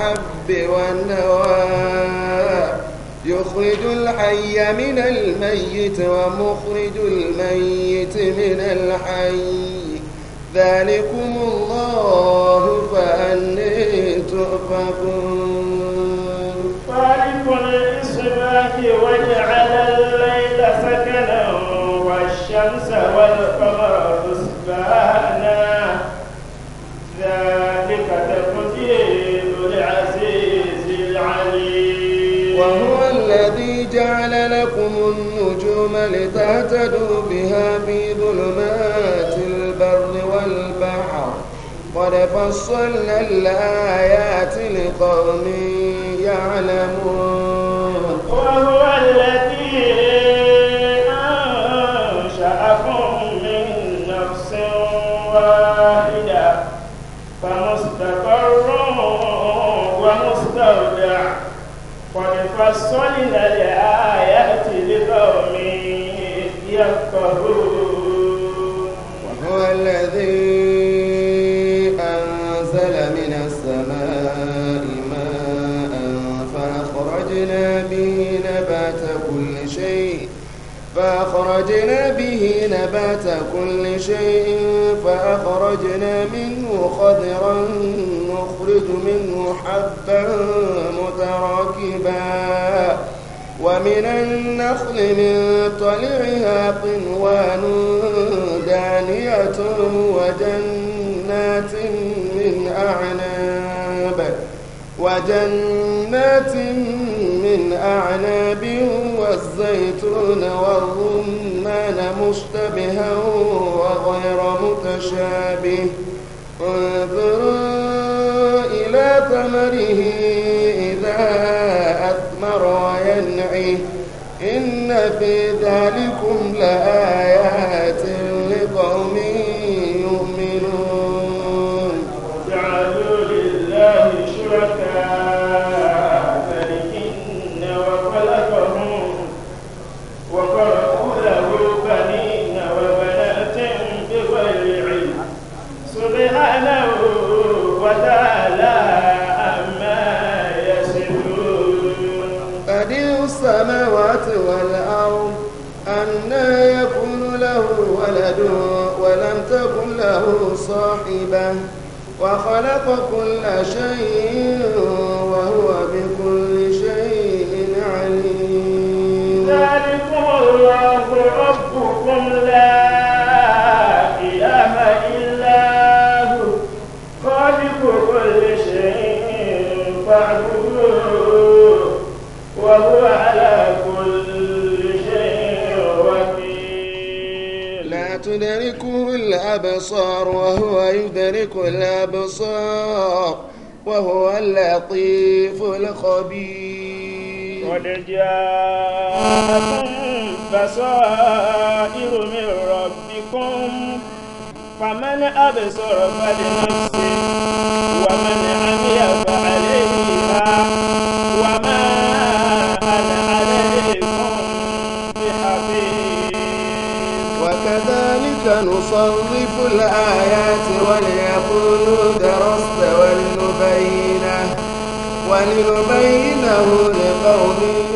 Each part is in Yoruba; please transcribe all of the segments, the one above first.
الحب والنوى يخرج الحي من الميت ومخرج الميت من الحي ذلكم الله فأني تؤفقون خالق الإصباح واجعل الليل سكنا والشمس والقمر حسبانا لكم النجوم لتهتدوا بها في ظلمات البر والبحر قد فصلنا الآيات لقوم يعلمون وهو الذي أنشأكم من نفس واحدة فمستقر ومستودع قد فصلنا الآيات لقوم يفقهون وهو الذي أنزل من السماء ماء فأخرجنا به نبات كل شيء فأخرجنا به نبات كل شيء فأخرجنا منه خضرا يخرج منه حبا متراكبا ومن النخل من طلعها قنوان دانية وجنات من أعناب وجنات من أعناب والزيتون والرمان مشتبها وغير متشابه انظروا ثمره إذا أثمر وينعي إن في ذلكم لآيات لقوم له صاحبة وخلق كل شيء وهو بكل شيء عليم ذلكم الله ربكم لا إله إلا هو خالق كل شيء فاعبدوه وهو على كل شيء وكيل لا تدرك الأبصار وهو يدرك الأبصار وهو اللطيف الخبير قد جاءكم بصائر من ربكم فمن أبصر فلنفسه ومن عمي فعليها وما سنصرف الآيات وليقولوا درست ولنبينه ولنبينه لقومه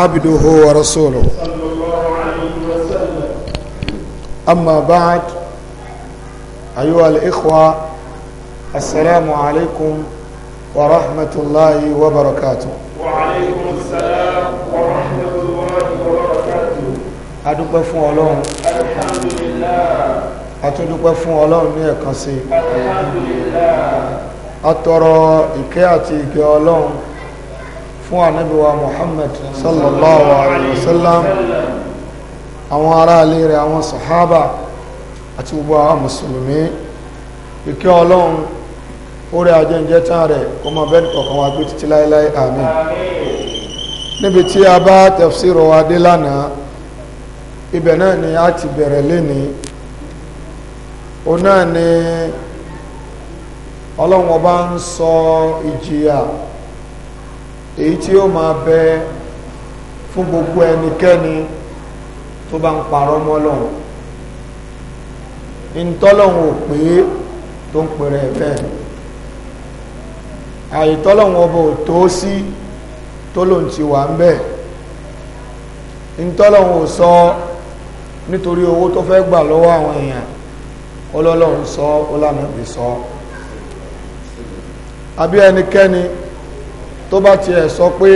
عبده ورسوله أما بعد أيها الإخوة السلام عليكم ورحمة الله وبركاته وعليكم السلام ورحمة الله وبركاته أدوك فون الحمد لله أتدوك فون ألون نيكسي الحمد لله أترى إكياتي كي ألون fún ànábíwá Muhammad sallallahu alayhi wa sallam àwọn ará ilé rẹ̀ àwọn sàhábà àti gbogbo àwọn mùsùlùmí ìkẹ́ ọlọ́run orí ajẹ́jẹ́ tán rẹ̀ kó mọ bẹ́ẹ̀ kọ̀ọ̀kan wá gbé títí láíláí àmín níbi tí a bá tafsírò wa lánàá ibẹ̀ náà ni a ti bẹ̀rẹ̀ lénìí o náà ni ọlọ́run ọba ń sọ ìjìyà èyí tí ó máa bẹ fún gbogbo ẹnikẹ́ni tó bá ń parọ́ mọ́ Ọlọ́run ìtọ́lọ́run ò pé tó ń pèrè bẹ́ẹ̀ àìtọ́lọ́run ọba ò tó sí tó lòun ti wà ń bẹ́ẹ̀ ìtọ́lọ́run ò sọ nítorí owó tó fẹ́ gbà lọ́wọ́ àwọn èèyàn ọlọ́lọ́run sọ ọlànà ìsọ àbí ẹnikẹ́ni. So, tó bá tiẹ̀ sọ pé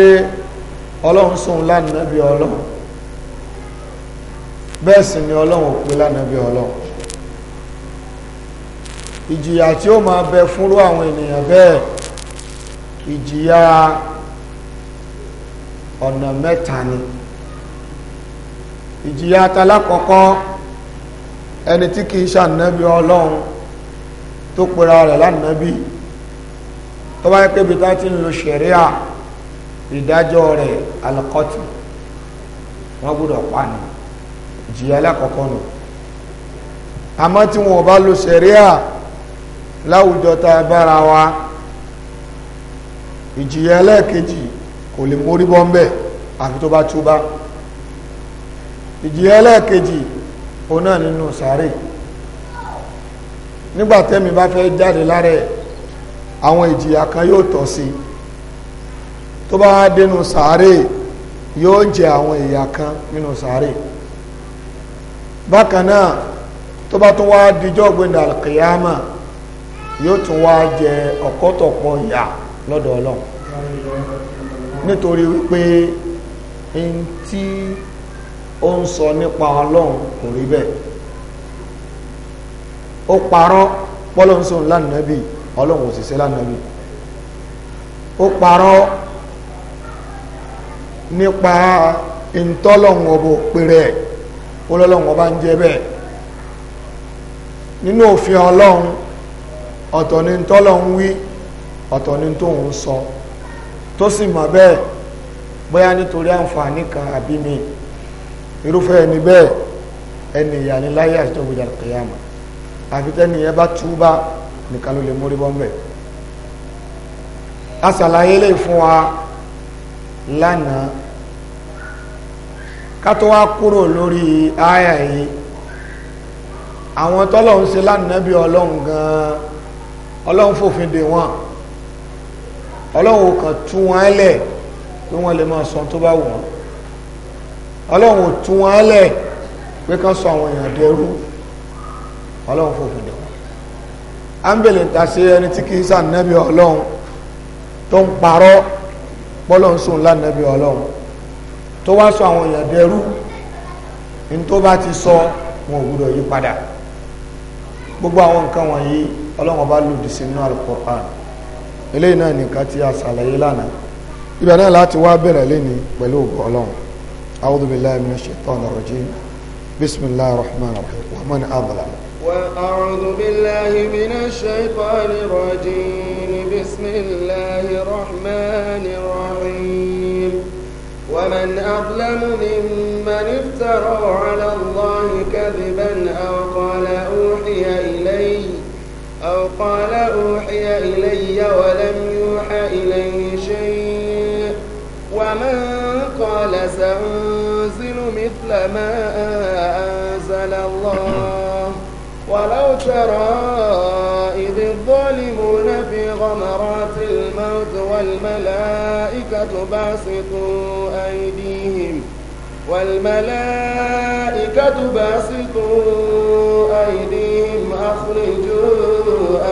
ọlọ́run sóun lánàbí ọlọ́run bẹ́ẹ̀ sì ni ọlọ́run ò pé lánàbí ọlọ́run ìjìyà tí ó máa bẹ fúnrú àwọn ènìyàn bẹ́ẹ̀ ìjìyà ọ̀nà mẹ́ta ni ìjìyà atalákọ̀ọ́kọ́ ẹni tí kìí ṣànàbí ọlọ́run tó pera rẹ̀ lánàbí ọlọ́run tó bá yẹ pé ibi tá ti ń lo ṣẹ̀ríà ìdájọ́ rẹ̀ alakọ́tì wọ́n gbọ́dọ̀ pa ni ìjìyà alákọ̀ọ́kọ́ nù àmọ́ tí wọn ò bá lo ṣẹ̀ríà láwùjọ tá a bára wa ìjìyà ẹlẹ́ẹ̀kejì kò lè mórí bọ́ ń àfi tó bá túbá ìjìyà ẹlẹ́ẹ̀kejì òun nínú sàárè nígbà tẹ́mi bá fẹ́ jáde lára ẹ̀ àwọn ìjìyà kan yóò tọ́ sí tó bá sàárè yóò jẹ àwọn ìyà kan nínú sàárè bákan náà tó bá tún wá dijọ́ gbẹ̀ndà alkiyama yóò tún wá jẹ ọ̀kọ́tọ̀pọ̀ ìyà lọ́dọ̀ ọlọ́run nítorí wípé tí ó ń sọ ọlọ́run òṣìṣẹ́ lánàbí ó parọ́ nípa ìntọ́lọ́run ọbọ̀ pèrè olọ́lọ́run ọba ń jẹ́ bẹ́ẹ̀ nínú òfin ọlọ́run ọ̀tọ̀ ni tọ́lọ́run wí ọ̀tọ̀ ni tóun sọ tó sì mọ̀ bẹ́ẹ̀ bóyá nítorí àǹfààní kan àbí mi irúfẹ́ ẹni bẹ́ẹ̀ ẹni ìyàniláyà ìjọba ìjàkìyàmà àfi ẹ bá túbá nìkan ló lè mórí bọ́m̀bẹ̀ a ṣàlàyé lè fún wa lánàá ká tó wá kúrò lórí àyà yìí àwọn tọ́lọ̀ ń ṣe lánàá bí ọlọ́run gan-an ọlọ́run fòfin dè wọ́n ọlọ́run kàn tú wọn lẹ̀ pé wọ́n lè máa sọ tó bá wù wọ́n ọlọ́run tú wọn lẹ̀ pé kán sọ àwọn èèyàn dẹrú ọlọ́run fòfin dè wọ́n ámbẹ̀lẹ̀ tàṣe ẹni tí kì í sàn nẹ́bí ọlọ́run tó ń parọ́ bọ́lọ́n sùn lánàbí ọlọ́run tó wá sọ àwọn èèyàn dẹrú ní tó bá ti sọ wọn ò gbúdọ̀ yí padà gbogbo àwọn nǹkan wọ̀nyí ọlọ́run bá lòdì sí inú eléyìí náà nìkan tí a lánàá ibẹ̀ náà láti wá bẹ̀rẹ̀ lẹ́ni pẹ̀lú ògùn ọlọ́run a'udhu billahi minash shaitanir rajim bismillahir وأعوذ بالله من الشيطان الرجيم بسم الله الرحمن الرحيم ومن أظلم ممن افترى على الله كذبا أو قال أوحي إلي أو قال أوحي إلي ولم يوحى إليه شيء ومن قال سأنزل مثل ما أنزل ولو ترى إذ الظالمون في غمرات الموت والملائكة باسطوا أيديهم والملائكة باسطوا أيديهم أخرجوا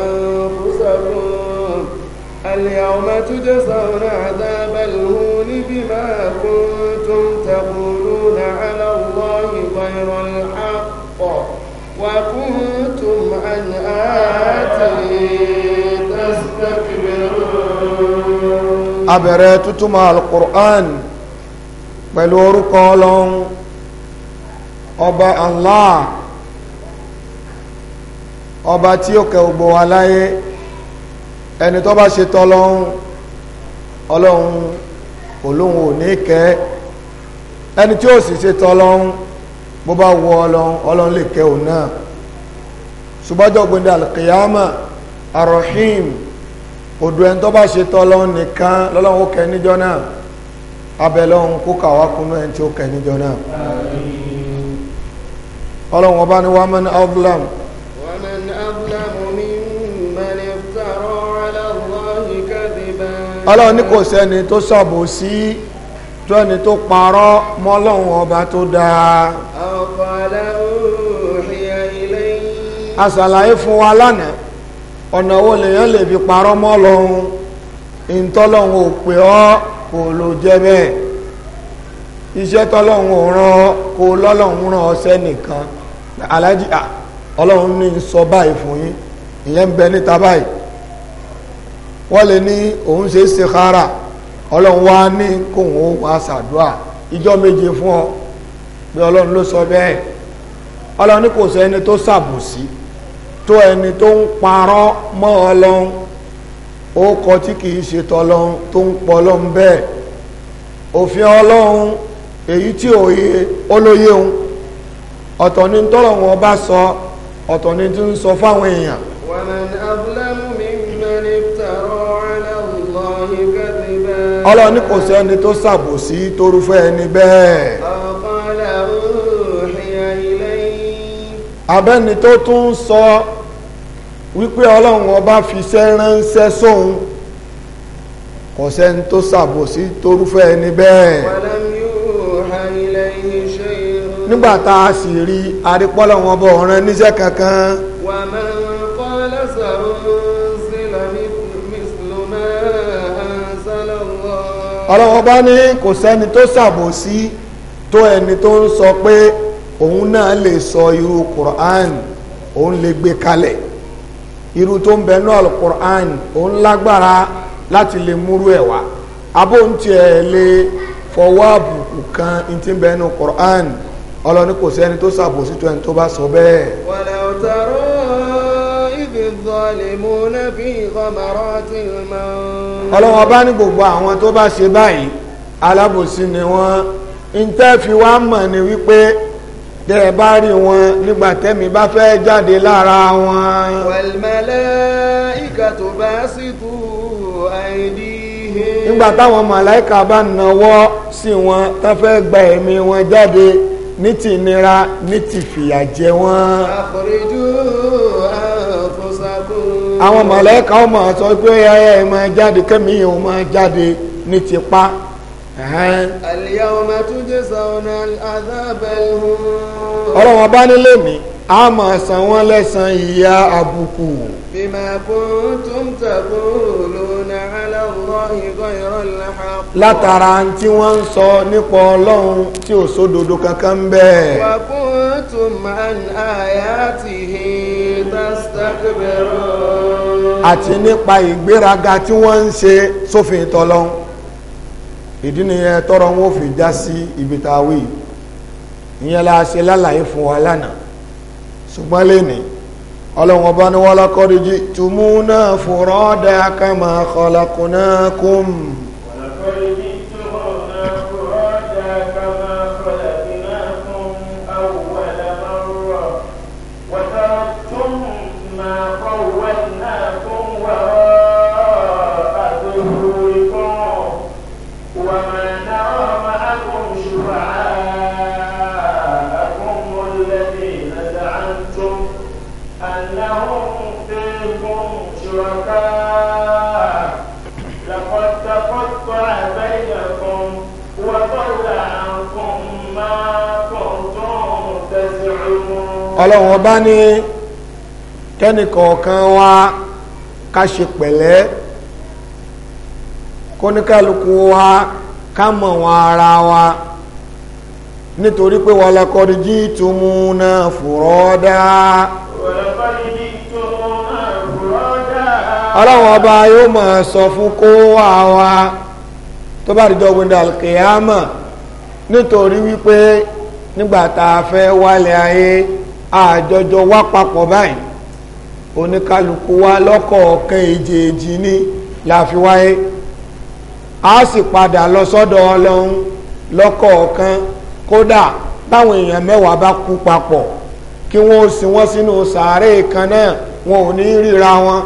أنفسكم اليوم تجزون عذاب الهون بما كنتم تقولون على الله غير الحق وكنتم عن آياته تستكبرون أبريتتم القرآن بلور orúkọ أبا الله allah ọba tí ó kẹ ògbò wa láyé ẹni tó bá ṣe tọ́lọ́run ọlọ́run olóhun ò ní kẹ́ ẹni tí ó sì ṣe tọ́lọ́run bó bá wọ ọlọ́run ọlọ́run lè kẹ́ òun náà ṣùgbọ́jọ́ gbẹ̀dẹ̀ alkiyama arahim odò ẹni tó bá ṣe tọ́lọ́run nìkan lọ́lọ́run ó kẹ́ níjọ́ náà abẹ́lọ́run kó kàwá kunú ẹni tí ó kẹ́ níjọ́ náà ọlọ́run ọba ni wàá mẹ́ni abdulam. ọlọ́run ní kò sẹ́ni tó ṣàbòsí tó ẹni tó parọ́ mọ́lọ́hun ọba tó dáa asàlàyé fún wa lánàá ọ̀nà wo lèyàn lè fi parọ́ mọ́lọ́hun ìntọ́lọ́hun ò pè ọ́ kò ló jẹ́ bẹ́ẹ̀ iṣẹ́ tọ́lọ́hun ò rán ọ kò lọ́lọ́hun rán ọ sẹ́nìkan alájí ọlọ́run ní sọ báyìí fún yín ìyẹn ń bẹ níta báyìí wọ́n lè ní òun ṣe é ṣe kára ọlọ́run wá ní kóhun ó wá ṣàdúà ìjọ méje fún ọ pé ọlọ́run ló sọ bẹ́ẹ̀ ọlọ́run ní kò sọ ẹni tó ṣàbòsí tó ẹni tó ń parọ́ mọ́ ọlọ́run ó kọ tí kìí ṣe tọlọ́run tó ń pọ ọlọ́run bẹ́ẹ̀ òfin ọlọ́run èyí tí òye olóye òun ọ̀tọ̀ ni tọ́lọ̀ wọn bá sọ ọ̀tọ̀ ni tí ń sọ fáwọn èèyàn. wàmẹ̀ ní abúlé ọlọ́ni kò sẹ́ni tó ṣàbòsí torúfẹ́ ẹni bẹ́ẹ̀ abẹ́ni tó tún sọ wípé ọlọ́run ọba fiṣẹ́ ránṣẹ́ sóun kò sẹ́ni tó ṣàbòsí torúfẹ́ ẹni bẹ́ẹ̀ nígbà tá a sì rí arípọ́lọ́run ọba ọ̀ràn níṣẹ́ kankan ọlọ́wọ́ bá ní kò sẹ́ni tó ṣàbòsí tó ẹni tó ń sọ pé òun náà lè sọ irú Qur'an òun lè gbé kalẹ̀ irú tó ń bẹ náà Qur'an òun lágbára láti lè múrú ẹ̀ wá abóhuntì ẹ̀ lè fọwọ́ àbùkù kan ní ti ń bẹ nínú Qur'an ọlọ́ni kò sẹ́ni tó ṣàbòsí tó ẹni tó bá sọ bẹ́ẹ̀. wọ́n lè الظالمون في غمرات الموت ọlọ́wọ́ bá ní gbogbo àwọn tó bá ṣe báyìí alábòsí ni wọ́n ń tẹ́ fi wá mọ̀ ni wípé tẹ́ ẹ bá rí wọn nígbà tẹ́mi bá fẹ́ jáde lára wọn. والملائكة باسطوا أيديهم. nígbà táwọn màláìka bá nawọ́ sí wọn tán fẹ́ gba ẹ̀mí wọn jáde ní ti nira ní ti fìyà jẹ wọn. àkòrèjú àwọn mọ̀lẹ́kà ọmọ sọ pé ayé ẹ̀ jáde kẹ́mi ẹ̀ máa jáde ní tipa. al ọlọ́wọ́n bá nílé mi a máa san wọ́n lẹ́san ìyà àbùkù. bima kuntum taquluna 'ala Allahi ghayra al-haqq. látara tí wọ́n ń sọ nípa ọlọ́run tí ò sódodo kankan ń bẹ. wa kuntum an ayatihi tastakbirun àti nípa ìgbéraga tí wọ́n ń ṣe sófin tọ́lọ́n ìdí nìyẹn tọ́rọ wọn ò fi já sí ibi tá a wí ìyẹn la ṣe lálàyé fún wa lánàá ṣùgbọ́n lẹ́nì ọlọ́run ọba ni wọ́n lọ́kọ́ díjí tùmú náà fòrọ́dà kama khalaqnakum. وتقطع بينكم وضل عنكم ọlọ́run ọba ní kẹ́nìkọ̀ọ̀kan wa ká ṣe pẹ̀lẹ́ kóníkàlùkù wa ká mọ̀ wọn ara wa nítorí pé wọ́n lọ́kọ́ rí jí túmú náà fùrọ́dá. ọlọ́run ọba yóò máa sọ fún kó àwa tó bá dìjọ́ gbẹ̀dẹ̀ alkiyama nítorí wípé nígbà fẹ́ wálé ayé àjọjọ wá papọ̀ báyìí oníkálukú wa lọ́kọ̀ọ̀kan èjèèjì ni la fi wáyé a sì padà lọ sọ́dọ̀ ọlọ́run lọ́kọ̀ọ̀kan kódà táwọn èèyàn mẹ́wàá bá kú papọ̀ kí wọ́n ó sin wọ́n sínú sàárè kan náà wọn ò ní ríra wọn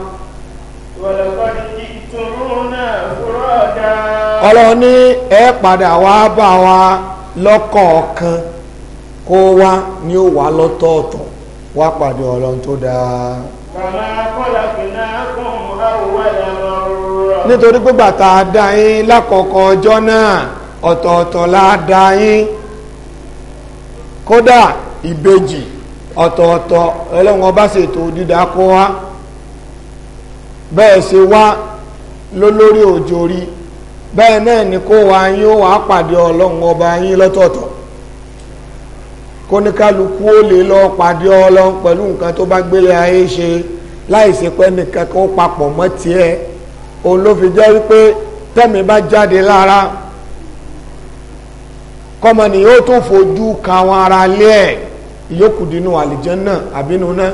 ọlọ́run ní ẹ padà wá bá wa lọ́kọ̀ọ̀kan kó wá ní ó wà lọ́tọ̀ọ̀tọ̀ wá pàdé ọlọ́run tó dáa nítorí pígbà tá dá yín lákọ̀ọ́kọ́ ọjọ́ náà ọ̀tọ̀ọ̀tọ̀ la dá yín kódà ìbejì ọ̀tọ̀ọ̀tọ̀ ọlọ́run ọba ṣètò dídá kó wá bẹ́ẹ̀ ṣe wá lólórí òjò rí bẹ́ẹ̀ náà ni kó wa yín ó wà á pàdé ọlọ́run ọba yín lọ́tọ̀ọ̀tọ̀ kóníkálukú ó lè lọ pàdé ọlọ́run pẹ̀lú nǹkan tó bá gbélé ayé ṣe láìsí pé nìkan kó papọ̀ mọ́ tiẹ̀ òun ló fi jẹ́ wípé tẹ́mi bá jáde lára kọ́mọnì yóò tún fojú kàwọn ara lé ẹ̀ ìyókù dínú àlìjẹ́ náà àbínú náà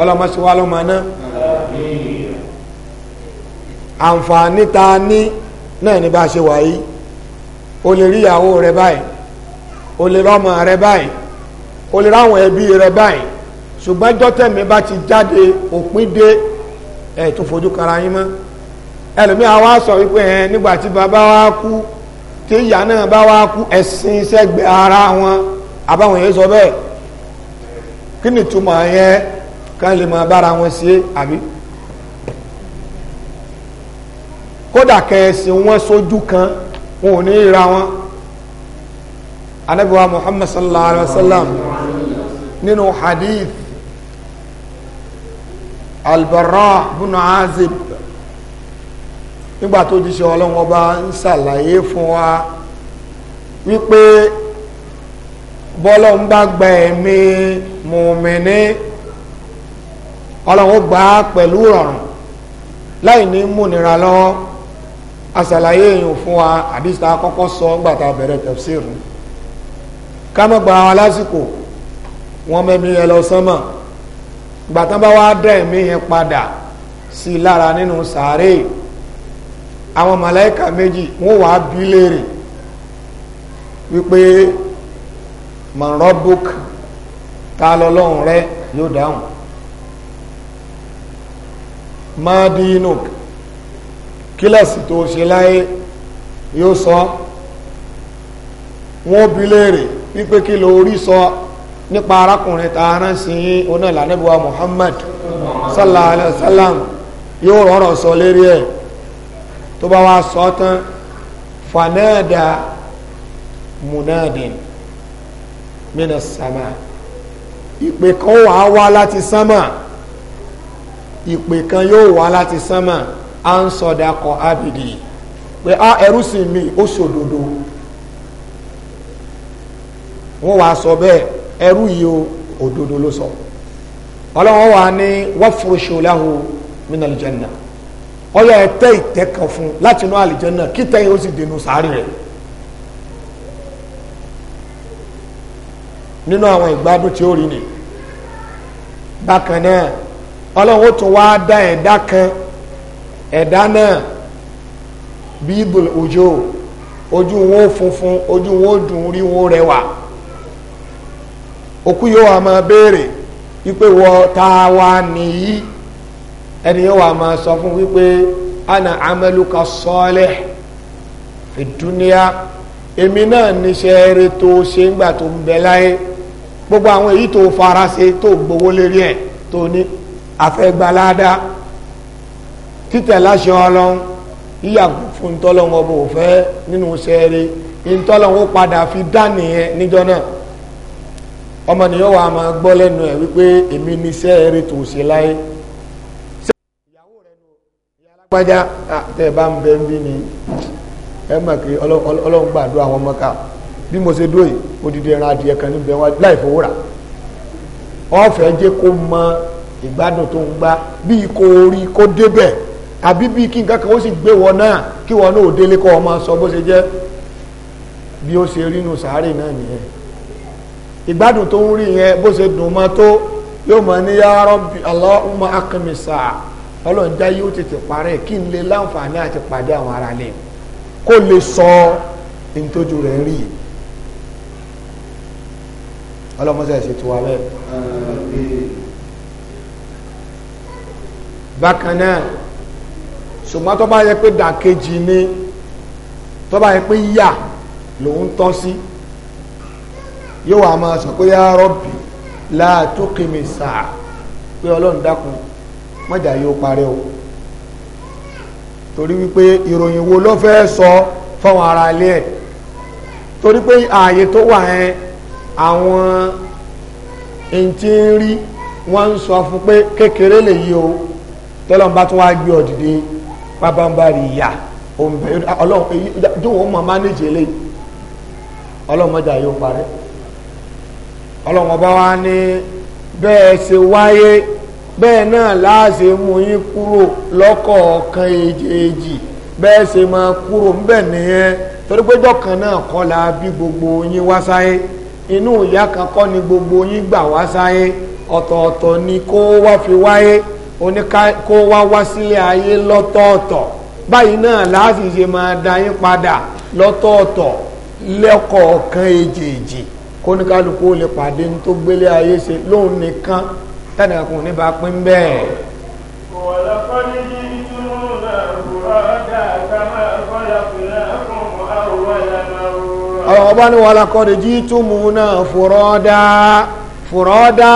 ọlọ́mọṣẹ́wá lọ́mọ náà àǹfààní ta ní náà ní bá ṣe wà yìí o lè rí ìyàwó rẹ báyìí o lè rọmọ rẹ báyìí o lè ráwọn ẹbí rẹ báyìí ṣùgbọ́n jọ́tẹ̀mí bá ti jáde òpin dé ẹ̀ tó fojú kara yín mọ́ ẹlòmíà wá sọ wípé ẹ nígbà tí bàbá wa kú tí ìyá náà bá wá kú ẹ̀sìn sẹ́gbẹ̀ ara wọn àbáwọn yẹn sọ bẹ́ẹ̀ kí ni túmọ̀ yẹn ká lè máa bára wọn ṣe àbí. kódà kẹsì wọn sójú kan wọn ò ní ra wọn anabiwa muhammad sallallahu alaihi wa sallam nínú hadith albarra bin azib nígbà tó jíṣẹ́ ọlọ́wọ́ bá ń ṣàlàyé fún wa wípé bọ́lọ́ ń bá gba ẹ̀mí mùmìnì ọlọ́wọ́ gbà á pẹ̀lú rọrùn láì ní múnira lọ́wọ́ àṣàlàyé èèyàn fún wa àdìsí kọ́kọ́ sọ ńgbà tá a bẹ̀rẹ̀ tafsir ká má gba àwọn lásìkò wọn mẹ́mí yẹn lọ sánmà ìgbà tán bá wá dá ẹ̀mí yẹn padà sí i lára nínú sàárè àwọn màláìka méjì wọn wàá bí léèrè wípé mọ̀rọ́bùk ta lọ́lọ́run rẹ yóò dáhùn má kílàsì tó ṣe láyé yóò sọ wọ́n bi léèrè wípé kí lo orí sọ nípa arákùnrin ta aránsìn oná ìlànàbíwá Muhammad sallallahu alaihi wasallam yóò rọrọ sọ lérí ẹ̀ tó bá wá sọ tán fanada munadin minas sama ìpè kan wà wá láti sánmà ìpè kan yóò wá láti sánmà à ń sọdá a ah, ẹrú sì mi ó ṣòdodo wọ́n wàá sọ bẹ́ẹ̀ ẹrú yìí ó òdodo ló sọ ọlọ́wọ́n wà ní lahu min aljanna ọyọ ẹtẹ kan fún láti inú àlìjẹnà kíta yìí ó sì dènù sáré rẹ̀ nínú àwọn ìgbádùn tí ó rí ni bákan náà ọlọ́run tún ẹ̀dá náà bíbùl òjò ojú wọn funfun ojú wọn dùn rí wọn rẹwà òkú yóò wá máa béèrè ta wa nìyí ẹni yóò wá máa sọ fún wípé ana amaluka sọ́ọ́lẹ̀ fìdúníà èmi náà níṣẹ́ eré tó ṣe ń gbà gbogbo àwọn èyí tó fara ṣe tó gbowó lérí tó títẹ̀ láṣẹ ọlọ́run yíyàgò fún tọ́lọ́run ọba òfẹ́ nínú sẹ́ẹ̀rẹ́ ìtọ́lọ́run ó padà fi dá nìyẹn níjọ́ náà ọmọnìyàn wa máa gbọ́ lẹ́nu ẹ̀ wípé èmi ní sẹ́ẹ̀rẹ́ tó ṣe láyé ìyàwó rẹ̀ nù ìyá alágbájá tẹ̀ bá ń bẹ́ ń bí ni ẹ mọ̀ pé ọlọ́run gbàdúrà àwọn ọmọ ká bí mo ṣe dúró yìí odidi ẹran adìẹ kan níbẹ̀ wá láì fowó rà ọ̀fẹ́ jẹ́ kó mọ ìgbádùn tó ń gbá bí kò rí kó débẹ̀ àbí bí kí nǹkan kan ó sì gbé wọn náà kí wọn náà ò délé kọ́ ọmọ sọ bó ṣe jẹ́ bí ó ṣe rí inú sàárè náà nìyẹn ìgbádùn tó ń rí yẹn bó ṣe dùn mọ́ tó yóò mọ̀ ní ya Rabbi Allahumma akimisa ọlọ́njá yóò tètè parẹ́ kí n lè láǹfààní àti pàdé àwọn ará lè kó lè sọ ìtọ́jú rẹ̀ rí yìí ṣe tu wa bákan náà ṣùgbọ́n tó bá yẹ pé dàkejì ni tó bá yẹ pé yà lòun tọ́ sí yóò wá máa sọ pé yà rọ́bì láàtúkìmí sàá pé ọlọ́run dákun mọ́jà yóò parẹ́ o torí wípé ìròyìn wo ló fẹ́ sọ fáwọn ará ilé ẹ̀ torí pé ààyè tó wà yẹn àwọn ntí ń rí wọ́n ń sọ fún pé kékeré lèyí o tọ́lọ́mbá tún wá gbé ọ̀dìdín pábánbárì ìyá òǹbẹ ọlọ́run dùn ó mọ mánéjì eléyìí ọlọ́run mọ́jà yóò parẹ́ ọlọ́run ọba wa ní bẹ́ẹ̀ ṣe wáyé bẹ́ẹ̀ náà láàṣẹ mú yín kúrò lọ́kọ̀ọ̀kan èjèèjì bẹ́ẹ̀ ṣe máa kúrò ń bẹ̀ nìyẹn torí pé jọ́kan náà kọ́ la bí gbogbo yín wá sáyé inú ìyá kan kọ́ ni gbogbo yín gbà wá sáyé ọ̀tọ̀ọ̀tọ̀ ni kó wá fi wáyé oní kó wá wá sílé ayé lọ́tọ̀ọ̀tọ̀ báyìí náà láti ṣe máa da yín padà lọ́tọ̀ọ̀tọ̀ lẹ́kọ̀ọ̀kan èjèèjì kóníkálukú ó lè pàdé ní tó gbélé ayé ṣe lóun nìkan tẹ́nìkan ní bá pín bẹ́ẹ̀. ọ̀rọ̀ ọba ni wàlàkọ́ni jí túmù náà fòrọ́dá fòrọ́dá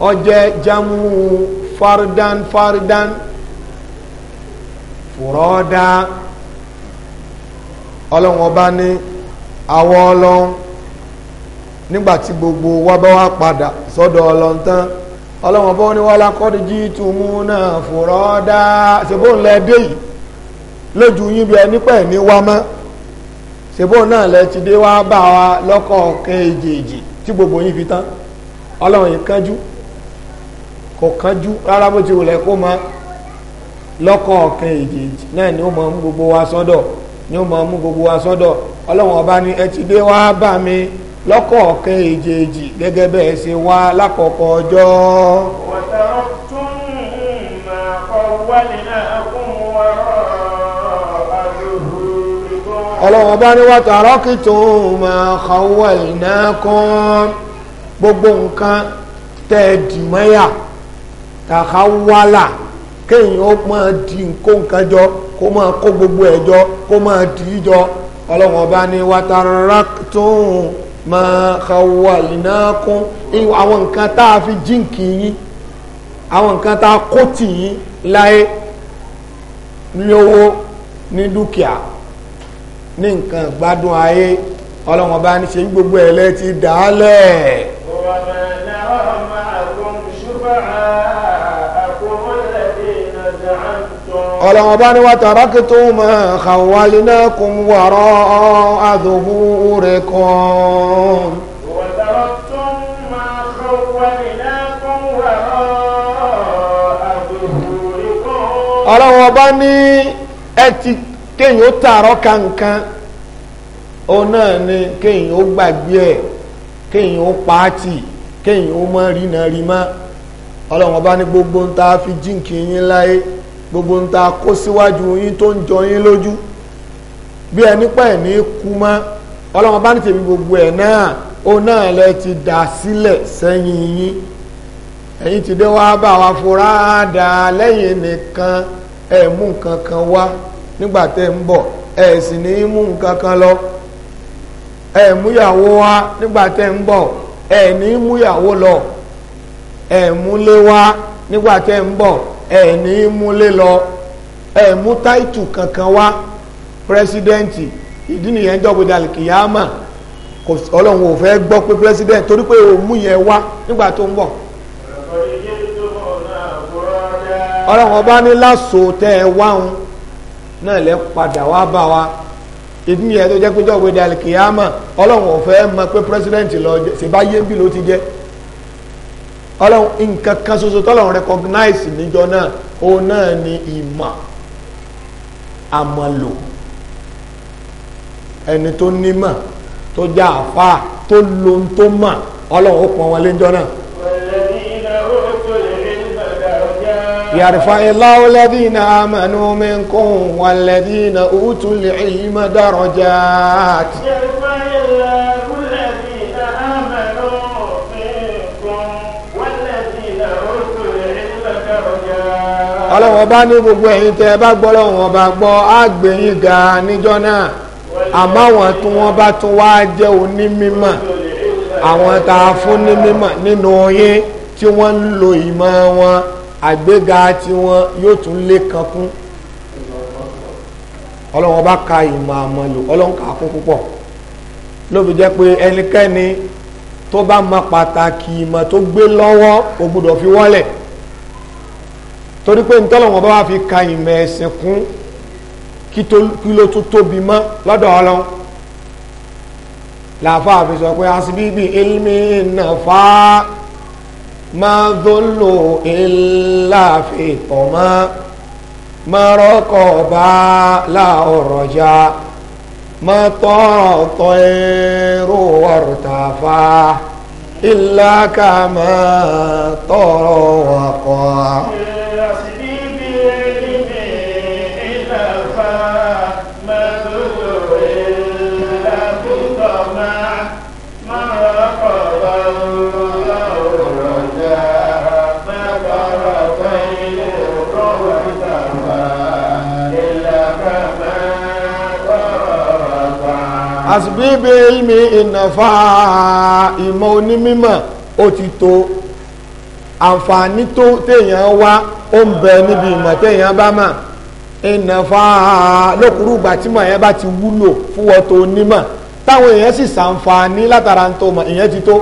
ó jẹ́ jamu fardan fardan fùrọ́dá ọlọ́run ọba ní àwọ ọlọ́run nígbàtí gbogbo wa bá wá padà sọ́dọ̀ ọlọ́run tán ọlọ́run ọba ní wàhálà kọ́dí jí túmú náà fùrọ́dá ṣèbó ńlẹ̀ dé yìí lójú yín bí ẹni pẹ̀ ní wá mọ́ ṣèbó náà lẹ ti dé wá bá wa lọ́kọ̀ọ̀kan èjèèjì tí gbogbo yín fi tán ọlọ́run yìí kánjú kò kánjú rárá bó ti wùlẹ̀ kó mọ lọ́kọ̀ ọ̀kan èjèèjì náà ni ó mọ mú gbogbo wa sọ́dọ̀ ni ó mọ mú gbogbo wa sọ́dọ̀ ọba ni ẹ ti dé wá bá mi lọ́kọ̀ ọ̀kan èjèèjì gẹ́gẹ́ bẹ́ẹ̀ ṣe wá lákọ̀ọ́kọ́ ọjọ́. ọlọ́wọ́n bá ní wàtà arọ́kìtò kọ́wọ́ ìnákan gbogbo nǹkan tàkàwálà kéèyàn ó máa di kó nǹkan jọ kó máa kó gbogbo ẹ̀ jọ kó máa dì í jọ ọlọ́run ọba ní wàtàràtún máa kàwálìnákún àwọn nǹkan tá a fi jíǹkì yín àwọn nǹkan tá a kó tì yín láyé ní owó ní dúkìá ní nǹkan gbádùn ayé ọlọ́run ọba ní ṣe gbogbo ẹ̀ lẹ́ ti dàálẹ̀. ọlọ́wọ́n bá ní wà tàràkìtò mọ̀ àwàlínà kùn wàrọ̀ àdùnkù rẹ̀ kan. ọlọ́wọ́n bá ní ẹ ti kéèyàn ó tààrọ́ kankan òun náà ni kéèyàn ó gbàgbé ẹ̀ kéèyàn pàátì kéèyàn mọ̀ rínà mọ́ ọlọ́wọ́n gbogbo ń ta fi jíǹkì yín láyé. gbogbo ń ta kó síwájú yín tó ń jọ yín lójú bí ẹni pẹ́ ní kú mọ́ ọlọ́run bá ní tèmi gbogbo ẹ̀ náà ó náà lẹ ti dà sílẹ̀ sẹ́yìn yín ẹ̀yin ti dé wá bá wa fura dà lẹ́yìn nìkan ẹ̀ mú nǹkan kan wá nígbà tẹ́ ń bọ̀ ẹ̀ lọ ẹ̀ múyàwó wá nígbà lọ ẹ̀ múlé wá ẹ̀ ní múlé lọ ẹ̀ mú táìtù kankan wá pírẹsidẹ́ǹtì ìdí nìyẹn jọ́gbọ́dá kìyàmà ọlọ́run ò fẹ́ gbọ́ pé pírẹsidẹ́ǹtì torí pé ó mú yẹn wá nígbà tó ń bọ̀. ọlọ́run ọba ní láṣọ tẹ́ ẹ wáhun náà lẹ́ padà wá bá wa ìdí nìyẹn tó jẹ́ pé jọ́gbọ́dá kìyàmà ọlọ́run ò fẹ́ mọ pé pírẹsidẹ́ǹtì lọ ṣèbáyé ń bí ló ti jẹ́ ọlọ́run nǹkan kan ṣoṣo tọ́lọ́run recognize níjọ náà òun náà ni ìmọ̀ àmọ̀lò ẹni tó nímọ̀ tó já àfa tó lo tó mọ̀ ọlọ́run ó pọn wọn léjọ náà. يرفع الله الذين آمنوا منكم والذين أوتوا العلم درجات يرفع الله ọlọ́run ọba ní gbogbo ẹ̀yin tẹ́ ẹ bá gbọ́ ọlọ́run ọba gbọ́ á gbé yín ga níjọ́ náà àmọ́ àwọn tí wọ́n bá tún wá jẹ́ onímímọ̀ àwọn tá a fún ní mímọ̀ nínú yín tí wọ́n ń lo ìmọ̀ wọn àgbéga tiwọn yóò tún lé kankún ọlọ́run ọba ka ìmọ̀ àmọ́ lò ọlọ́run kà á kún púpọ̀ ló fi jẹ́ pé ẹnikẹ́ni tó bá mọ pàtàkì ìmọ̀ tó gbé lọ́wọ́ ó gbọ́dọ̀ fi wọ́lẹ̀ torí pé ntọ́lọ́wọ́n bá wá fi ka ìmọ̀ ẹ̀sìn kún kí ló tún tóbi mọ́ lọ́dọ̀ ọlọ́run làáfà fi sọ pé asibibi ilmi nàfà máa dọ́lò ìlàfẹ́ ọ̀mọ́ máa rọ́kọ̀ bá láọ̀rọ̀ já máa tọ́rọ̀ tọ́ ẹ̀rọ ọ̀rọ̀tàfà ìlàkàmọ́ tọ́rọ̀ wàkọ́. àsìbíbi ilmi ìnàfà ìmọ̀ onímímọ̀ ó ti tó àǹfààní tó téèyàn wá ó ń bẹ níbi ìmọ̀ téèyàn bá mà ìnàfà lókùrúgbà tí mọ̀ yẹn bá ti wúlò fún wọn tó nímọ̀ táwọn èèyàn sì sàǹfààní látara tó mọ̀ ìyẹn ti tó.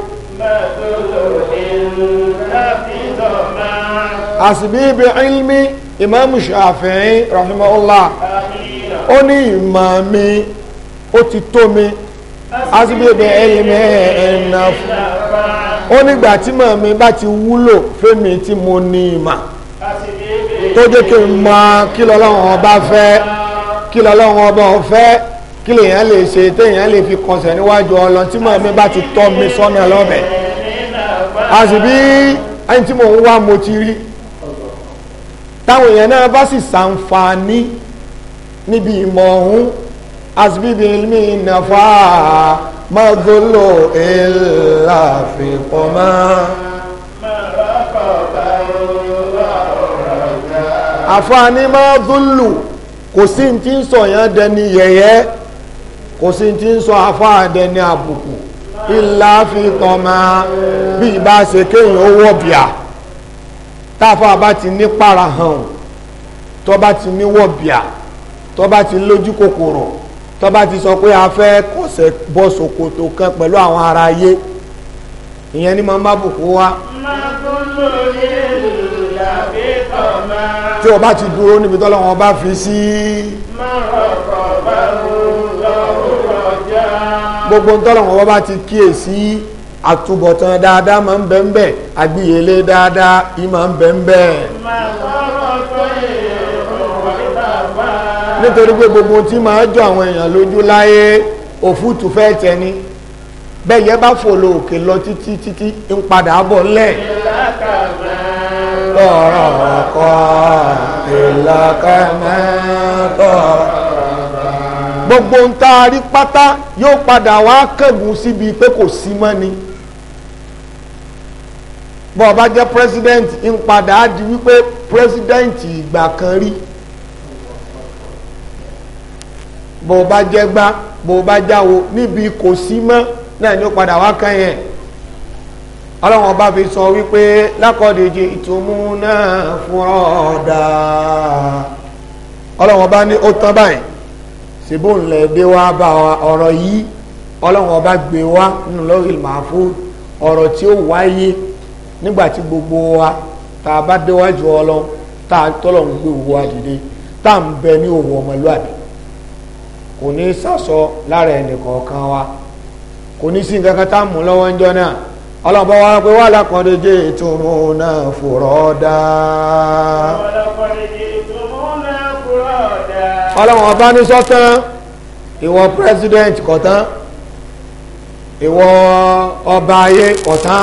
àsìbíbi ilmi ìmáàmù Ṣàfi'í rahimahullah ó ní ìmọ̀ mi ó ti tó mi asibíyèbè ẹlẹmẹ ẹnà ó nígbà tí mọ̀ mi bá ti wúlò fẹ́mi tí mo ní ìmà tó jẹ́ kí n mọ kí lọ́lọ́run ọba fẹ́ kí lọ́lọ́run ọba ọ̀fẹ́ kí lèèyàn lè ṣe téèyàn lè fi kọsẹ̀ níwájú ọlọ́run tí mọ̀ mi bá ti tọ́ mi sọ́nà lọ́bẹ̀ àṣìbí ẹni tí mò ń wá mo ti rí táwọn èèyàn náà bá sì ṣàǹfààní níbi ìmọ̀ ọ̀hún حسبي بعلمي نفع ما ظل إلا في قما àfààní máa dúlù kò sí ti ń sọ yẹn dẹni yẹ̀yẹ́ kò sí ti ń sọ afá dẹni àbùkù ìlà fi tàn máa bí ìbá ṣe kéèyàn ó wọ̀ táfà bá ti ní para hàn tó bá ti ní wọ̀ bíà bá ti lójú kòkòrò tó bá ti sọ pé a fẹ́ kọ̀sẹ̀ bọ́ ṣòkòtò kan pẹ̀lú àwọn ará ayé ìyẹn ni mo má bùkún wá tí o bá ti dúró níbi tọ́lọ́wọ́n bá fi sí gbogbo tọ́lọ́wọ́n bá ti kíyèsí àtúbọ̀tán dáadáa máa ń bẹ ń bẹ dáadáa ìmọ̀ ń bẹ ń nítorí pé gbogbo tí máa jọ àwọn èèyàn lójú láyé òfútù fẹ́ tẹni bẹ́yẹ bá fòlò òkè lọ títí títí ń padà bọ̀ lẹ̀ tọ̀rọ̀ kọ́ ìlàkàmẹ́ tọ̀rọ̀ gbogbo ń ta pátá yóò padà wá kẹ́gùn síbi pé kò sí mọ́ ni bọ́ọ̀ bá jẹ́ president ń padà á di wípé president ìgbà kan rí bó o bá jẹ́ gbá bó o bá jáwo níbi kò sí mọ́ náà ni ó padà wá kàn yẹn ọlọ́run ọba fi sọ wípé lákọ̀ọ́dẹ̀jì ìtumú náà fún ọ̀dà ọlọ́run ọba ní ó tán báyìí ṣèbó ńlẹ̀ dé wá bá ọ̀rọ̀ yìí ọlọ́run ọba gbé wá nínú lọ́rìl màáfó ọ̀rọ̀ tí ó wáyé nígbà tí gbogbo wa tá a bá déwájú ọlọ́run tá a tọ́lọ̀ ń gbé òwò àdìde tá à ń bẹ ní òwò ọmọlúwàbí kò ní sàsọ lára ẹnì kọ̀ọ̀kan wa kò ní sí nǹkan kan tá a mú lọ́wọ́ ń jọ náà ọlọ́pàá wa pé wà lákọ̀ọ́dé jẹ́ náà fòrọ́ dáa. ọlọ́wọ́n ọba ní sọ́tán ìwọ president kọ̀tán ìwọ ọba ayé kọ̀tán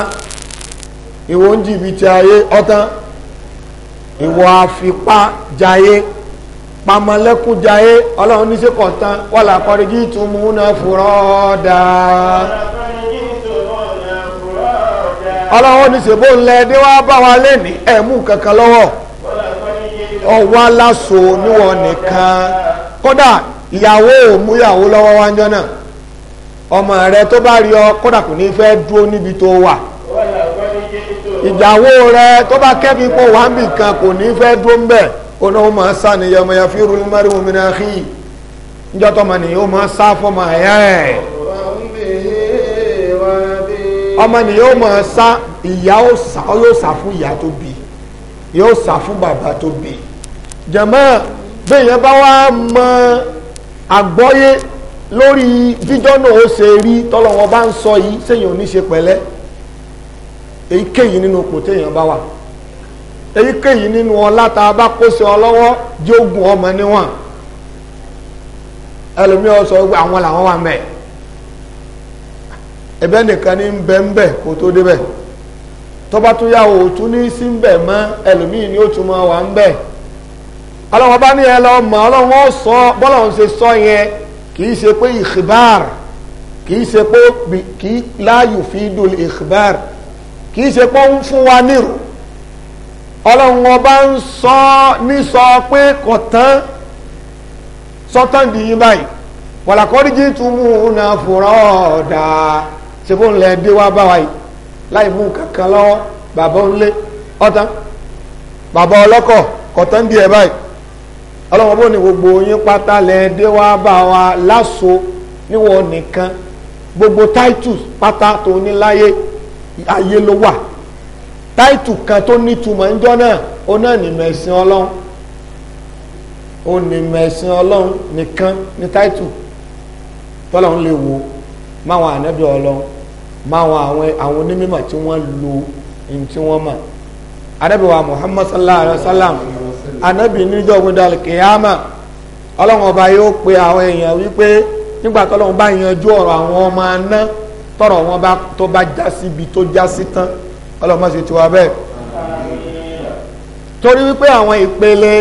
ìwọ ń jìbìtì ayé ọ̀tán ìwọ àfipá jayé pamọ́lẹ́kúnjayé ọlọ́run níṣẹ́ kọ̀ tán wà lákọ̀ọ́rẹ́ jí tún mú náà fúrọ́ dáa ọlọ́run níṣẹ́ bó ń lẹ dé wá bá wa lẹ́ni ẹ̀mú kankan lọ́wọ́ ọwọ́ aláṣọ níwọ̀n nìkan kódà ìyàwó ò mú ìyàwó lọ́wọ́ wájọ́ náà ọmọ rẹ tó bá rí ọ kódà kò ní fẹ́ dúró níbi tó wà ìyàwó rẹ tó bá kẹ́bi pọ̀ wá ń bì kan kò ní fẹ́ dúró ń bẹ̀ onáwó máa sá ni yọmọ ya fi rúlú mẹ́rin omi náà kí njọ́tọ̀ mà nìyí ó máa sá fọmọ àyà ẹ̀ ọmọ nìyí ó máa sá ìyá ó sá yóò sá fún ìyá tó bí yóò sá fún bàbá tó bí jẹ̀mọ́ bẹ́ẹ̀yẹn bá wá mọ àgbọ́yé lórí jíjọ́nà ó ṣe rí tọ́lọ́wọ́ bá ń sọ yìí sẹ́yìn ò ní ṣe pẹ̀lẹ́ èyíkéyìí nínú kò bá wà èyíkéyìí nínú ọlá tá a bá kó sí ọ lọ́wọ́ jogun ọmọ níwọ̀n ẹlòmíì ọ sọ pé àwọn làwọn wà mẹ́ẹ̀ ẹ̀bẹ̀ nìkan ní bẹ́ ń bẹ̀ kó tó débẹ̀ tọ́ba tó yà ó tún ní sí ń bẹ̀ mọ́ ẹlòmíì ni ó mọ́ wà ń bẹ̀ bá ní ẹ lọ mọ̀ ọlọ́wọ́n ó sọ bọ́lọ́run ṣe sọ yẹn kì ṣe pé ìkìbár kì ṣe pé kì láàyò fi dùn ìkìbár kì ṣe pé ó ń fún wa nírò ọlọ́run ọba ń sọ ní sọ pé kò tán sọ́tàn dìyín báyìí tún mú un náà ọ̀dà ṣe fún dé wá bá láì mú kankan lọ́wọ́ bàbá gbogbo yín pátá lẹ̀ dé wá bá wa níwọ̀n nìkan gbogbo titus pátá tó ní láyé táìtù kan tó nítumọ̀ ńjọ́ náà ó náà ní mẹ̀sìn ọlọ́run ó ní mẹ̀sìn ọlọ́run nìkan ní táìtù tọ́lọ́run lè wo máwọn ànábì ọlọ́run máwọn àwọn àwọn onímọ̀ tí wọ́n lo ní tí wọ́n mọ̀ ànábì wa Muhammad sallallahu alayhi wa sallam ànábì níjọ́ gbẹdàlì kìyàmà ọlọ́run ọba yóò pe àwọn èèyàn wípé nígbà tọ́lọ́run bá yanjú ọ̀rọ̀ àwọn ọmọ aná tọ̀rọ̀ wọn bá tó bá já síbi tó já sí tán ọlọ́mọ sì ti wá bẹ́ẹ̀ torí wípé àwọn ìpele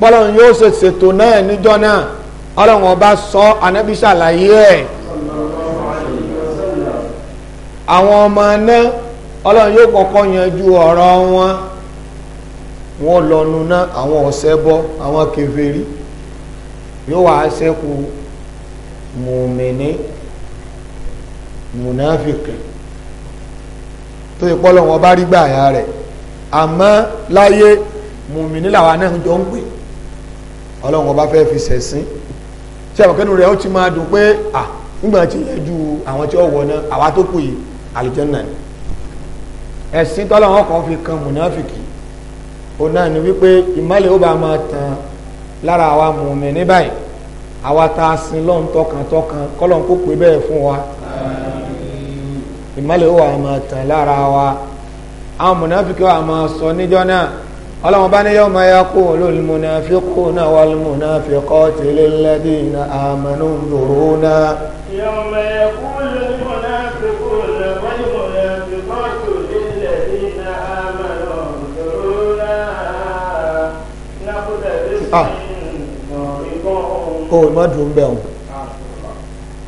bọ́lọ́run yóò ṣe ṣètò náà níjọ́ náà ọlọ́run ọba sọ anábì ṣàlàyé ẹ̀ àwọn ọmọ náà ọlọ́run yóò kọ́kọ́ yanjú ọ̀rọ̀ wọn wọn lọ́nu náà àwọn ọ̀sẹ̀ bọ́ àwọn kèfèrí yóò wá ṣẹ́kù mùmìnì mùnáfìkì tó yẹ pọ́lọ́ wọn bá rí gbà àyà rẹ̀ àmọ́ láyé mùmíní làwa náà jọ ń pè ọlọ́run ọba fẹ́ fi sẹ̀sìn tí àbọ̀kẹ́nu rẹ̀ ó ti máa dùn pé à nígbà tí yẹn ju àwọn tí ó wọ̀ náà àwa tó kù yìí àlùjánnà ni ẹ̀sìn tọ́lọ́wọ́n kan fi kan mùnáfìkì ó náà ni wípé ìmọ́lẹ̀ ó bá máa tàn lára àwa mùmíní báyìí àwa tá sin lọ́n kọ́lọ́n kó pé bẹ́ẹ̀ fún wa ìmọ̀lẹ̀ ó wà máa tàn lára wa àwọn mùnàfíkì wà máa sọ níjọ́ náà ọlọ́run bá ní yawma yaqulul munafiquna wal munafiqati lilladhina amanu unzuruna. yawma yaqulul munafiquna wal munafiqati lilladhina amanu unzuruna náà kúrò lẹ́sìn ọ̀rìnkọ́. ó ìmọ̀ dùn bẹ́ẹ̀ o.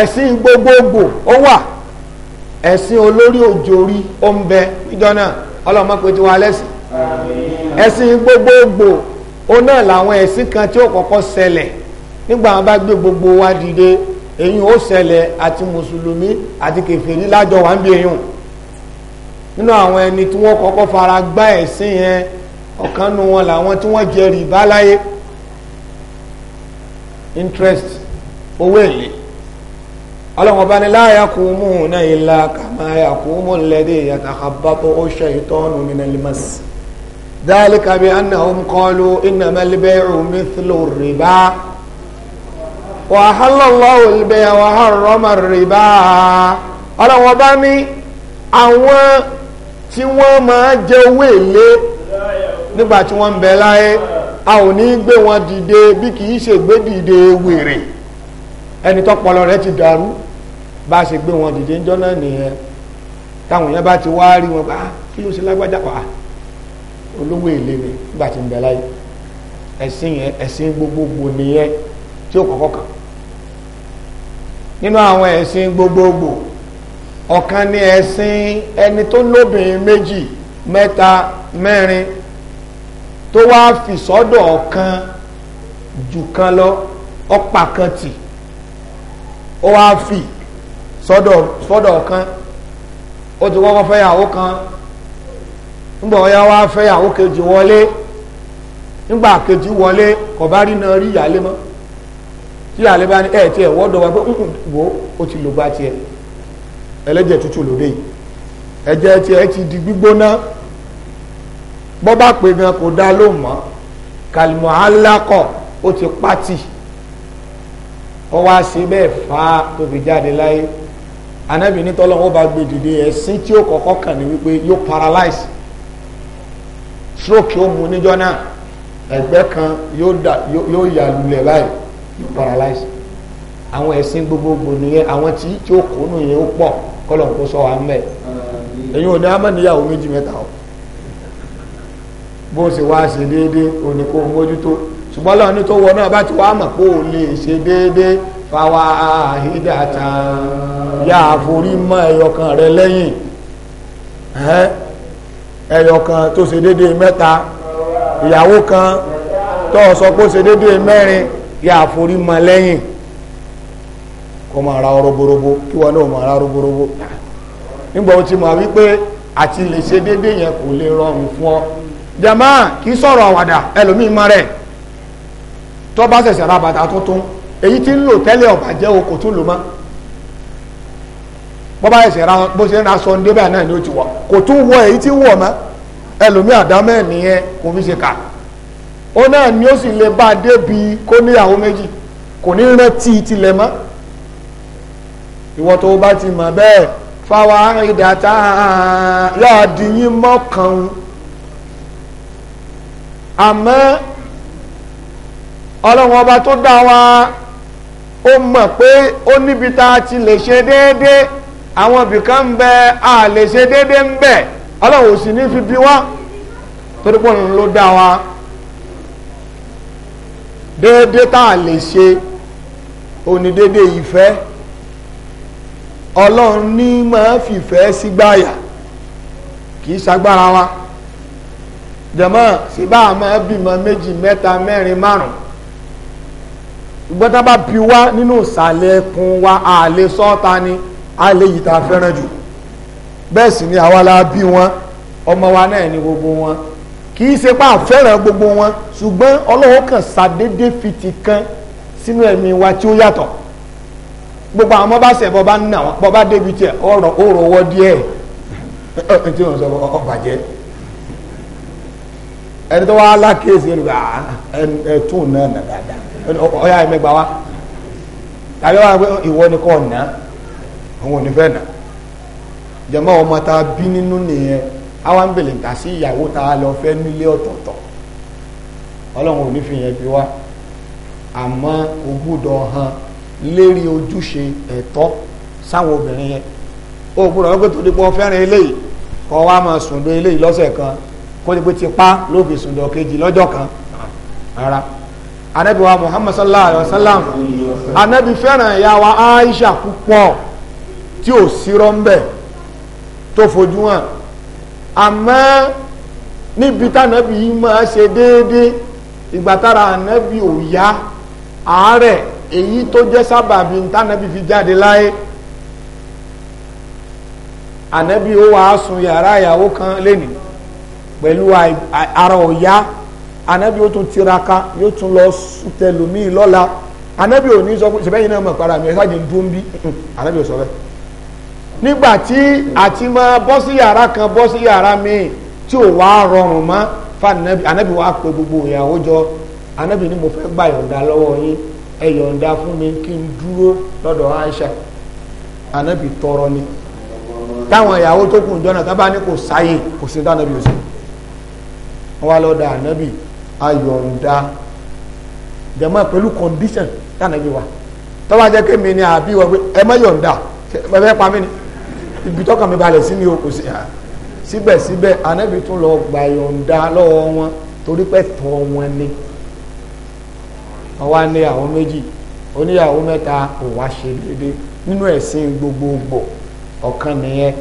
ẹ̀sìn gbogbogbò ó wà ẹ̀sìn olórí òjòrí ó ń bẹ níjọ́ náà ọlọ́mọ pé tí wọ́n alẹ́sìn ẹ̀sìn gbogbogbò ó náà làwọn ẹ̀sìn kan tí ó kọ́kọ́ ṣẹlẹ̀ nígbà wọn bá gbé gbogbo wa dìde èyí ó ṣẹlẹ̀ àti mùsùlùmí àti kèfèrí lájọ wà ń bí èyí nínú àwọn ẹni tí wọ́n kọ́kọ́ fara gbá ẹ̀sìn yẹn ọ̀kan nu wọn làwọn tí wọ́n jẹ rìbá láyé interest owó èlé ọlọ́run ọba ní la yakumuna illa kama yakumu alladhi yatakhabbatuhu shaytanu minal mas dhalika bi annahum qalu innamal bay'u mithlu riba wa ahalla Allahu al-bay'a wa harrama riba ọlọ́run ọba ní àwọn tí wọ́n máa jẹ owó èlé nígbà tí wọ́n ń bẹ láyé a ò ní gbé wọn dìde bí kì í ṣe gbé dìde wèrè ẹni tọ́pọlọ rẹ̀ ti dàrú bá a ṣe gbé wọn dìde ńjọ́ náà nìyẹn táwọn yẹn bá ti wá rí wọn bá ah, kí ló ṣe lágbájá pa ah, olówó èlé ni nígbà tí ń bẹ láyé ẹ̀sìn yẹn ẹ̀sìn gbogbogbò nìyẹn tí ó kọ́kọ́ kàn nínú àwọn ẹ̀sìn gbogbogbò ọ̀kan ni ẹ̀sìn ẹni tó lóbìnrin méjì mẹ́ta mẹ́rin tó wá fi sọ́dọ̀ ọ̀kan jù kan lọ ọ̀pá kan tì ó wá fi sọ́dọ̀ sọ́dọ̀ kan o ti kọ́kọ́ fẹ́yàwó kan nígbà ọ̀yá wa fẹ́yàwó kejì wọlé nígbà kejì wọlé kò náà rí ìyáálé mọ́ tí ìyáálé bá ní ẹ̀ tí ẹ̀ wọ́dọ̀ wa pé ń wo ti lògbà tiẹ̀ ẹlẹ́jẹ̀ tútù lòdè yìí ẹ̀jẹ̀ tiẹ̀ ti di gbígbóná gan kò dá mọ́ kàlùmọ́ alákọ̀ ti anabi ní tọ́lọ́ wọn bá gbé dìde ẹ̀sìn tí ó kọ́kọ́ kàn ní wípé yóò paralyze stroke yóò mú níjọ́ náà ẹ̀gbẹ́ kan yóò yà lulẹ̀ báyìí yóò paralyze àwọn ẹ̀sìn gbogbogbò nìyẹn àwọn tí tí ó kó nù yẹn ó pọ̀ kọ́lọ̀ ń kó sọ wa mẹ́ èyí ò ní amániyàwó méjì mẹ́ta o bó ṣe wá ṣe déédéé o ní kó mójútó ṣùgbọ́n lọ́wọ́ ní tó wọ náà bá ti wá mọ̀ pé o lè ṣe déédéé fáwa àhídà tán. Ya àforí mọ́ ẹyọkan rẹ lẹ́yìn ẹyọkan tó ṣe déédéé mẹ́ta ìyàwó kan tó sọ pé ó ṣe déédéé mẹ́rin ya àforí mọ́ lẹ́yìn kó máa ra ọrọ̀borobo kí wọn náà máa ra ọrọ̀borobo nígbà tí mo wípé àti lè ṣe dédé yẹn kò lè rọrùn fún ọ jama kì í sọ̀rọ̀ àwàdà ẹlòmíín má rẹ̀ bá ṣẹ̀ṣẹ̀ ra bàtà tuntun èyí bọ́bá ẹ̀sẹ̀ ra bó ṣe ń ra sọ ndébà náà ni ó ti wọ̀ kò tún wọ èyí tí wọ̀ mọ́ ẹlòmí àdámọ́ ẹ̀ nìyẹn kò fi ṣe kà ó náà ni ó sì lè bá a débi kó níyàwó méjì kò ní rántí tilẹ̀ mọ́ ìwọ tó bá ti mọ̀ bẹ́ẹ̀ fáwa ìdàtà yóò di yín mọ́kàn àmọ́ ọlọ́run ọba tó dá wa ó mọ̀ pé ó níbi tá a ti lè ṣe déédéé àwọn ibìkan ń bẹ a lè ṣe déédéé ń bẹ ọlọ́run ò sì ní fi bí wá torí pé òun ló dá wa déédéé tá a lè ṣe òní déédéé ìfẹ́ ọlọ́run ní máa fìfẹ́ sígbáyà kì í ṣagbára wa jẹ̀mọ́ sí bá a máa bímọ méjì mẹ́ta mẹ́rin márùn ìgbọ́n tá bá bí wá nínú ìsàlẹ̀ ẹkùn wa àlè sọ́ta ni. á lè tá a fẹ́ràn jù bẹ́ẹ̀ sì ni àwa la bí wọn ọmọ wa náà ni gbogbo wọn kì í ṣe pé a gbogbo wọn ṣùgbọ́n ọlọ́wọ́ kan ṣàdédé fi ti kan sínú ẹ̀mí wa tí ó yàtọ̀ wọ́n sọ ẹni tó wá ah, ẹni náà nà dáadáa wa tàbí ìwọ ni kò àwọn ò ní nà ọmọ bí nínú nìyẹn àwa ń bèlè ta sí ìyàwó tá lọ fẹ́ nílé ọ̀tọ̀ọ̀tọ̀ ọlọ́run ò ní fi yẹn bí wá o hàn lérí ojúṣe ẹ̀tọ́ sáwọn obìnrin o gbúdọ̀ tó dípọ̀ fẹ́ràn eléyìí kọ́ wa kan kó dípẹ́ ti pa ló fi kejì lọ́jọ́ kan rárá anabi wa muhammad sallallahu alayhi wa sallam anabi fẹ́ràn ìyá wa aisha púpọ̀. tí ò sírọ́ ń bẹ̀ tó fojú hàn àmọ́ níbi tánàbí yìí máa ṣe déédé ìgbà tára ànábì ò yá àárẹ̀ èyí tó jẹ́ sábàbí tánàbí fi jáde láyé ànábì ó wàá sun yàrá ìyàwó kan lénìí pẹ̀lú ara ọ̀yá ànábì ó tún tiraka yóò tún lọ sùtẹ̀lùmí lọ́la ànábì ò ní sọ pé ṣẹbẹ́yìn náà mọ̀ para mi ẹ̀ sáàjì ń dún bí ànábì ò sọ bẹ́ẹ̀ nígbàtí àti máa bọ́ sí yàrá kan bọ́ sí yàrá míì tí ò wá rọrùn mọ́ fanabi anabi wa pe gbogbo ìyàwó jọ anabi ni mo fẹ́ gba yọ̀ǹda lọ́wọ́ yín ẹ yọ̀ǹda fún mi kí n dúró lọ́dọ̀ Aisha anabi tọrọ ni táwọn ìyàwó tó kù jọ náà tábà ní kò sáyè kò sí tánabi ò sí wọn wá lọ́dọ̀ anabi ayọ̀ǹda jẹ̀mọ́ pẹ̀lú condition tánabi wa tọ́wọ́ ajẹ́ kémi ni àbí wọ́n pé ẹ má yọ̀ǹda ẹ pa mí ni ibi tọ́kàn mi balẹ̀ sí ni o kò sí à síbẹ̀síbẹ̀ anábì tún lọ gbà yọ̀ǹda lọ́wọ́ wọn torí pé tọ́ wọn ni ọwọ́ ní àwọn méjì oníyàwó mẹ́ta kò wá ṣe déédéé nínú ẹ̀sìn gbogbogbò ọ̀kan nìyẹn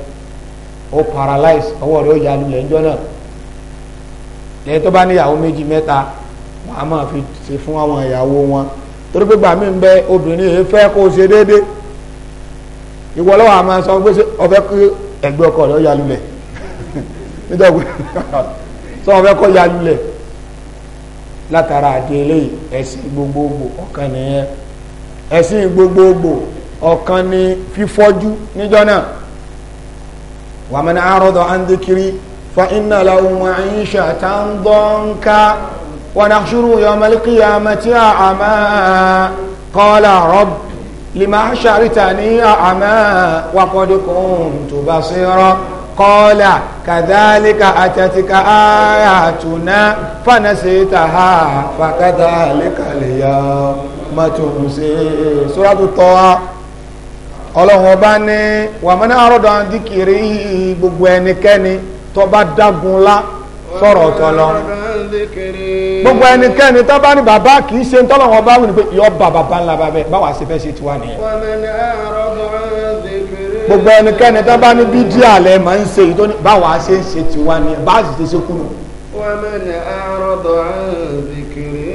ó paralyze ọwọ́ rẹ̀ ó yà lulẹ̀ ńjọ́ náà lẹ́yìn tó bá níyàwó méjì mẹ́ta wọ́n á máa fi ṣe fún àwọn ìyàwó wọn torí pé gbàmí ń bẹ obìnrin yìí fẹ́ kó ṣe déédéé ìwọ lọ́wọ́ àmọ́ sọ pé ọfẹ́ kí ẹgbẹ́ ọkọ rẹ̀ ó yà lulẹ̀ nítorí sọ ọfẹ́ kọ́ yà lulẹ̀ látara àti eléyìí ẹ̀sìn gbogbogbò ọ̀kan nìyẹn ẹ̀sìn gbogbogbò ọ̀kan ni fífọ́jú níjọ́ náà wa man a'rada an dhikri fa inna lahu ma'ishatan danka wa nahshuru yawmal qiyamati a'ma qala rabb lima sharitani ama wakodi kuntu basira kola kadhalika atatika ayatuna fanasitaha fakadhalika liyawma tumsi suratu Taha ọlọ́run ọba ní wàmánà àròdàn dìkìrì gbogbo ẹnikẹ́ni tó bá sọ̀rọ̀ tọ́lọ gbogbo ẹnikẹ́ni tó bá ní bàbá kì í ṣe tọ́lọ̀wọ́ bá wù ní pé yọ bá bàbá ńlá bàbá báwa ṣe fẹ́ ṣe tiwa nìyẹn gbogbo ẹnikẹ́ni tó bá ní bídí àlẹ́ máa ń ṣe èyí tó ní báwa ṣe ń ṣe tiwa nìyẹn bá sì ti ṣe kúrò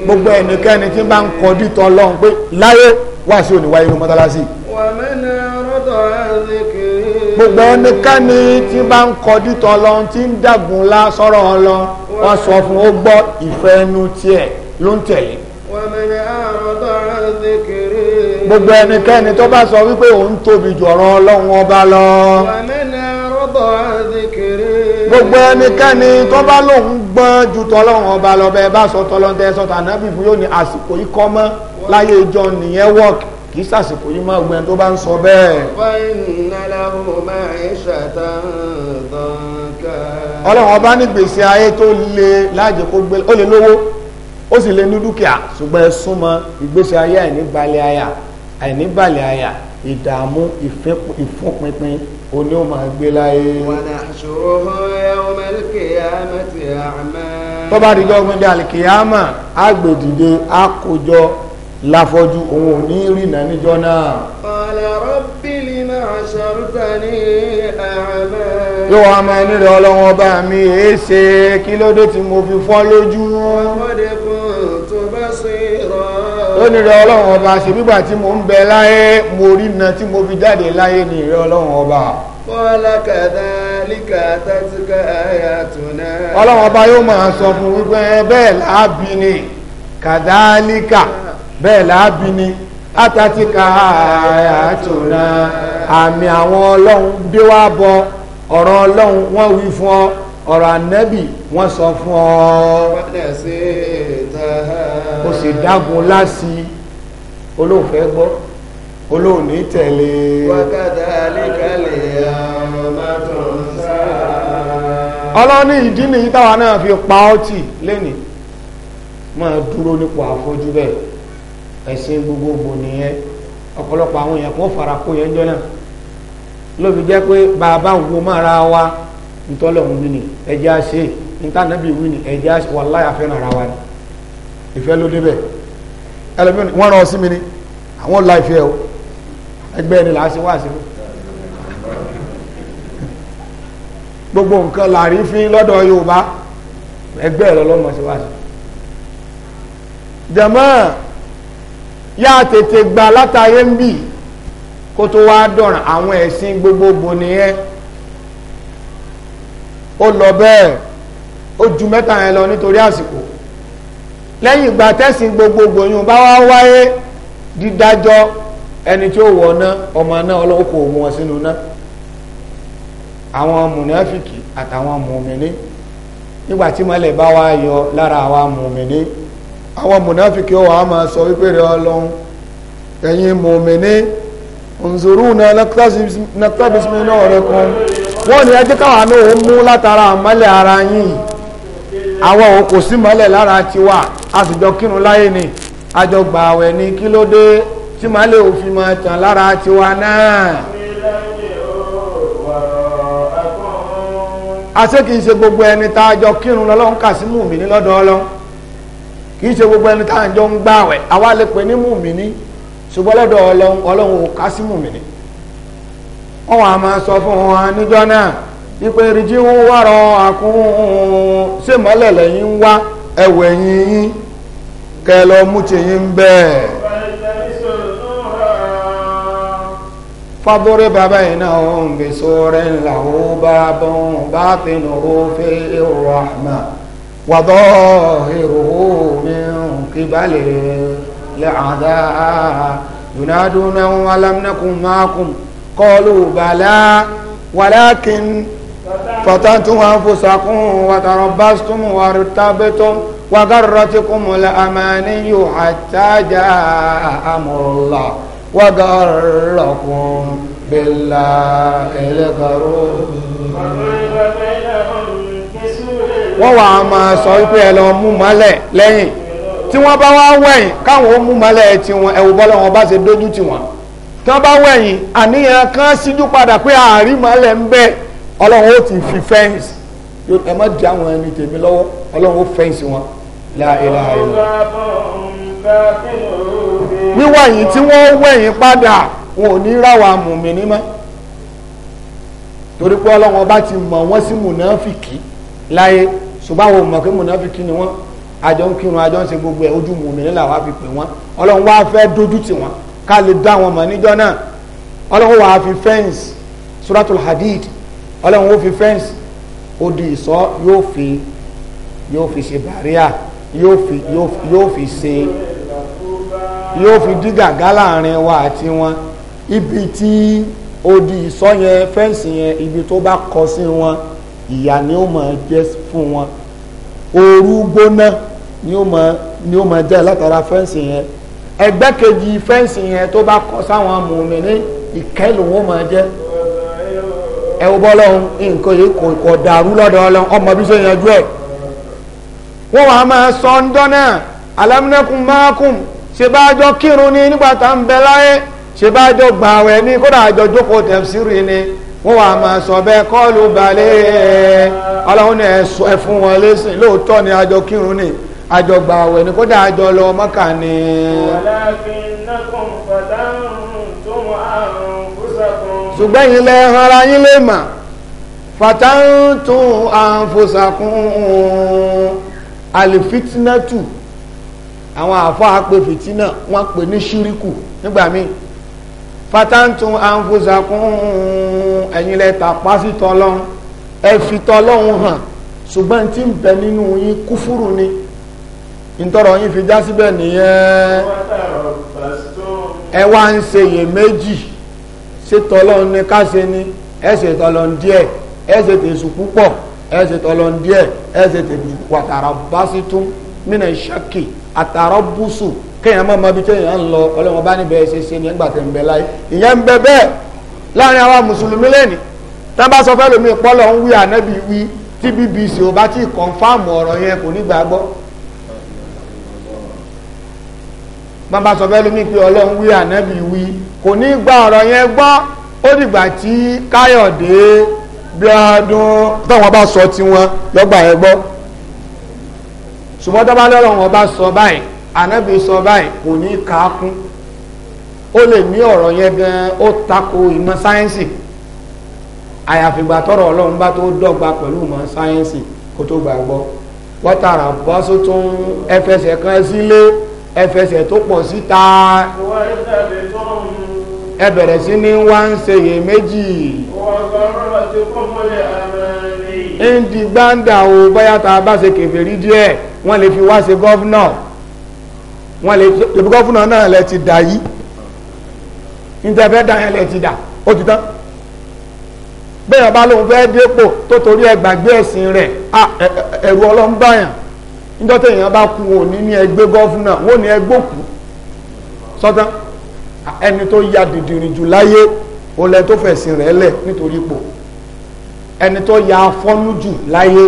gbogbo ẹnikẹ́ni tí bá ń kọjú tọ́lọ́run pé láyé wá sí òníwáyé ní mọ́tálásì wàmẹ́ni gbogbo ẹnikẹ́ni tí bá ń kọjú tọ́ lọ tí ń dàgùn lá sọ̀rọ̀ lọ wọ́n sọ fún ó gbọ́ ìfẹ́ ẹnu tiẹ̀ ló ń tẹ̀lé. gbogbo ẹnikẹ́ni tó bá sọ wípé òun tóbi jù ọ̀rọ̀ ọlọ́run ọba lọ. gbogbo ẹnikẹ́ni tó bá lóun gbọ́n ju tọ́lọ́run ọba lọ bẹ́ẹ̀ bá sọ tọ́lọ́ntẹ́ sọ tànàbì fún yóò ní àsìkò ikọ́ mọ́ láyé ìjọ nìyẹn wọ́ọ̀kì kìí sàsìkò yí máa gbẹ̀yìn tó bá ń sọ bẹ́ẹ̀. ọlọ́run ọba ní gbèsè ayé tó le láàjẹ́ kó gbé ó lè lówó ó sì lè ní dúkìá ṣùgbọ́n ẹ súnmọ́ ìgbésí ayé àìníbalẹ̀ àyà àìníbalẹ̀ àyà ìdààmú ìfúnpinpin oní ó máa gbé láyé. tó bá rí gbẹ́ndé àlìkìyàmà á gbèdìde láfọ́jú òun ò ní rìnà níjọ́ náà yóò wá máa nílẹ̀ ọlọ́wọ́n bá mi èé ṣe kí ló dé tí mo fi fọ́ lójú ó nílẹ̀ ọlọ́wọ́n ọba ṣe bígbà tí mo ń bẹ láyé mo rìnà tí mo fi jáde láyé ní ìrẹ́ ọlọ́wọ́n ọba ọlọ́wọ́n ọba yóò máa sọ fún wípé bẹ́ẹ̀ láàbí ni kàdálíkà bẹ́ẹ̀ láàbí ni látàtí ka àyàtòna àmì àwọn ọlọ́run dé wá bọ ọ̀rọ̀ ọlọ́run wọ́n wí fún ọ ọ̀rọ̀ ànẹ́bì wọ́n sọ fún ọ o sì dágun lásì olóòfẹ́ gbọ́ olóòní tẹ̀lé wákàtà ìdí nìyí táwa náà fi pa ọ́ tì lẹ́nìí máa dúró nípò àfọ́jú bẹ́ẹ̀ ẹ̀sìn gbogbogbò nìyẹn ọ̀pọ̀lọpọ̀ àwọn èèyàn kan fara kó yẹn jọ náà ló fi jẹ́ pé bàbá mára wa ntọ́lọ̀ wí ni ẹjẹ́ á ṣe ntànàbí wí ni ẹjẹ́ á ṣe wà láyà ọ sí mi ni àwọn ìfẹ́ o ẹgbẹ́ ni làá ṣe wá gbogbo nǹkan lọ́dọ̀ ẹgbẹ́ lọ́lọ́mọ ṣe wá sí yá tètè gba látàyé ń bì kó tó wá dọ̀ràn àwọn ẹ̀sìn gbogbogbò nìyẹn ó lọ bẹ́ẹ̀ ó ju mẹ́ta yẹn lọ nítorí àsìkò lẹ́yìn ìgbà tẹ̀sìn gbogbogbò yìí bá wá wáyé dídájọ́ ẹni tí ó wọ̀ ná ọmọ náà ọlọ́wọ́ kò wọn sínú ná àwọn mùnáfìkì àtàwọn mùmìnì nígbà tí mọ́lẹ̀ bá wá yọ lára àwọn mùmìnì. àwọn mùnáfíkì ọwọ́ a máa sọ wípé rẹ ọlọ́run ẹ̀yin mòmìnì ǹzùrúnà nàtàbísímì náà rẹ kan wọ́n ni ẹjẹ́ káwọn náà ó mú látara ara yìí àwọn ò sí lára tiwa a sì jọ kírun láyé ni a gbà àwẹ̀ ní kí tiwa náà. a gbogbo ẹni tá a jọ kírun lọ́lọ́run kà kì í ṣe gbogbo ẹni tá à ń jọ ń gbààwẹ̀ àwa lè pè ní mùmíní ṣùgbọ́n lọ́dọ̀ ọlọ́run ò ká sí mùmíní wàá máa sọ fún wọn níjọ́ náà ìpè ìrìjì ń wárọ̀ àkún ṣé mọ́lẹ̀ lẹ́yìn ń wá ẹ̀wẹ̀ yín yín kẹ lọ mú bàbá yìí náà ń rẹ̀ ńlá ó bá bọ́n bá ó وظاهره من قبله لعداء ينادون ولم نكن معكم قالوا بلى ولكن فتنتم أنفسكم وتربصتم وارتبتم وغرتكم الأماني حتى جاء أمر الله وغركم بالله الغرور wọ́n wà á máa sọ wípé ẹ lọ mú mọ́lẹ̀ lẹ́yìn tí wọ́n bá wá wẹ̀yìn káwọn ó mú mọ́lẹ̀ tí ẹ̀wù bọ́lá wọn bá ṣe dójú tì tí wọ́n bá wẹ̀yìn àníyàn kan síjú padà pé àárín mọ́lẹ̀ ń bẹ ọlọ́run ó ti fi fẹ́ǹsì ẹ má di àwọn ẹni tèmi lọ́wọ́ ọlọ́run ó fẹ́ǹsì wọn láìláì wíwá yìí tí wọ́n wẹ̀yìn padà wọn ò ní ráwa mùmíní mọ́ torí pé ọlọ́run ọba ti mọ̀ wọ́n sí mùnáfìkì láyé ṣùgbọ́n àwọn ọmọ kí mùnàfíkì ni wọ́n àjọ ń kírun àjọ ń ṣe gbogbo ẹ̀ ojú mùmí nílà wá fi pè wọ́n ọlọ́run wá fẹ́ dojú tì wọ́n ká lè dá wọn mọ̀ níjọ́ náà ọlọ́run wá fi fẹ́ǹsì suratul hadid ọlọ́run ó fi fẹ́ǹsì odi ìsọ yóò fi yóò fi ṣe bàríà yóò fi yóò fi ṣe yóò fi dí gàgá láàrin wa àti wọn ibi tí odi ìsọ yẹn fẹ́ǹsì yẹn ibi tó bá kọ sí wọn ìyà ni ó máa jẹ́ fún wọn ooru gbóná ni ó máa ni ó máa jẹ́ látara fẹ́ǹsì yẹn ẹgbẹ́ kejì fẹ́ǹsì yẹn tó bá kọ sáwọn mùmí ní ìkẹ́ lòun ó máa jẹ́ ẹ wo bọ́ lọ́hún nǹkan yìí kò kò dàrú lọ́dọ̀ ọlọ́hún ọmọ bí sọ yanjú ẹ̀ wọ́n wàá máa sọ ń dọ́nà alámúnákùn máàkùn ṣe kírun ní nígbà tá à ń bẹ láyé ṣe bá ní kódà àjọ tẹ̀síìrì ni wọ́n wà máa sọ bẹ́ẹ̀ kọ́ọ̀lù balẹ̀ ọlọ́run ní ẹ̀sọ́ ẹ̀ fún wọn lẹ́sìn lóòótọ́ ni àjọ kírun ni àjọ gbà àwẹ̀ ni kódà àjọ lọ mọ́kà ni. ṣùgbọ́n yìí lẹ ara yín lè mà fàtàǹtún àǹfòṣàkùn àlìfitínàtù àwọn àfọ àpè fìtínà wọn pè ní ṣíríkù nígbà míì fatantun anfusakun ẹ̀yin lẹ ta pásítọ̀ ọlọ́run ẹ fi tọlọ́run hàn ṣùgbọ́n tí ń bẹ nínú yín kúfúrú ni ìtọ́rọ̀ yín fi já síbẹ̀ nìyẹn ẹ wá ń ṣe iyèméjì ṣé tọlọ́run ni ká ṣe ni ẹ ṣe tọlọ́run díẹ̀ ẹ ṣe tèṣù púpọ̀ ẹ ṣe tọlọ́run díẹ̀ ẹ ṣe tèṣù púpọ̀ àtàrà bá sí tún mí náà ṣákì àtàrà búṣù kéèyàn mọ́ ọmọbi tó yàn ń lọ ọlọ́wọ́n bá níbẹ̀ ṣe ṣe ní ẹgbà tẹ̀ ń bẹ láyé ìyẹn ń bẹ bẹ́ẹ̀ láàrin àwọn mùsùlùmí lẹ́ni tá bá sọ fẹ́lómi pọ́lọ̀ ń wí ànábì wí tí bbc ò bá tí ì kọ́nfàmù ọ̀rọ̀ yẹn kò ní gbàgbọ́ má bá sọ fẹ́lómi pé ọlọ́run wí ànábì wí kò ní gba ọ̀rọ̀ yẹn gbọ́ ó dìgbà tí káyọ̀dé bí ọdún tó ànábì sọ báyìí kò ní kaakún ó lè ní ọ̀rọ̀ yẹn gan ó tako ìmọ̀ sáyẹ́nsì àyàfìgbà tọrọ ọlọ́run bá tó dọ́gba pẹ̀lú ìmọ̀ sáyẹ́nsì kó tó gbàgbọ́ wọ́tàrà bọ́sù tún ẹfẹsẹ̀ kan sílé ẹfẹsẹ̀ tó pọ̀ síta ẹ sí ní wá ń ṣe méjì ń di gbáǹdà o bóyá tá a bá ṣe kèfèrí díẹ̀ wọ́n lè fi wá ṣe gọ́vnọ̀ wọn lè ebi gọ́fúnà náà lẹ ti dà yìí níta fẹ́ dà yẹn lẹ ti dà ó ti tán bẹ́ẹ̀ bá lóun fẹ́ dépò tó torí ẹ gbàgbé ẹ̀sìn rẹ̀ ẹ̀rù ọlọ́mbàyàn níjọ́ téèyàn bá kú òní ní ẹgbẹ́ gọ́fúnà wọn ò ní ẹgbẹ́ òkú sọ́tán ẹni tó ya dìdìrìn jù láyé olè tó fẹ̀sìn rẹ̀ lẹ̀ nítorí ipò ẹni tó ya afọ́nú jù láyé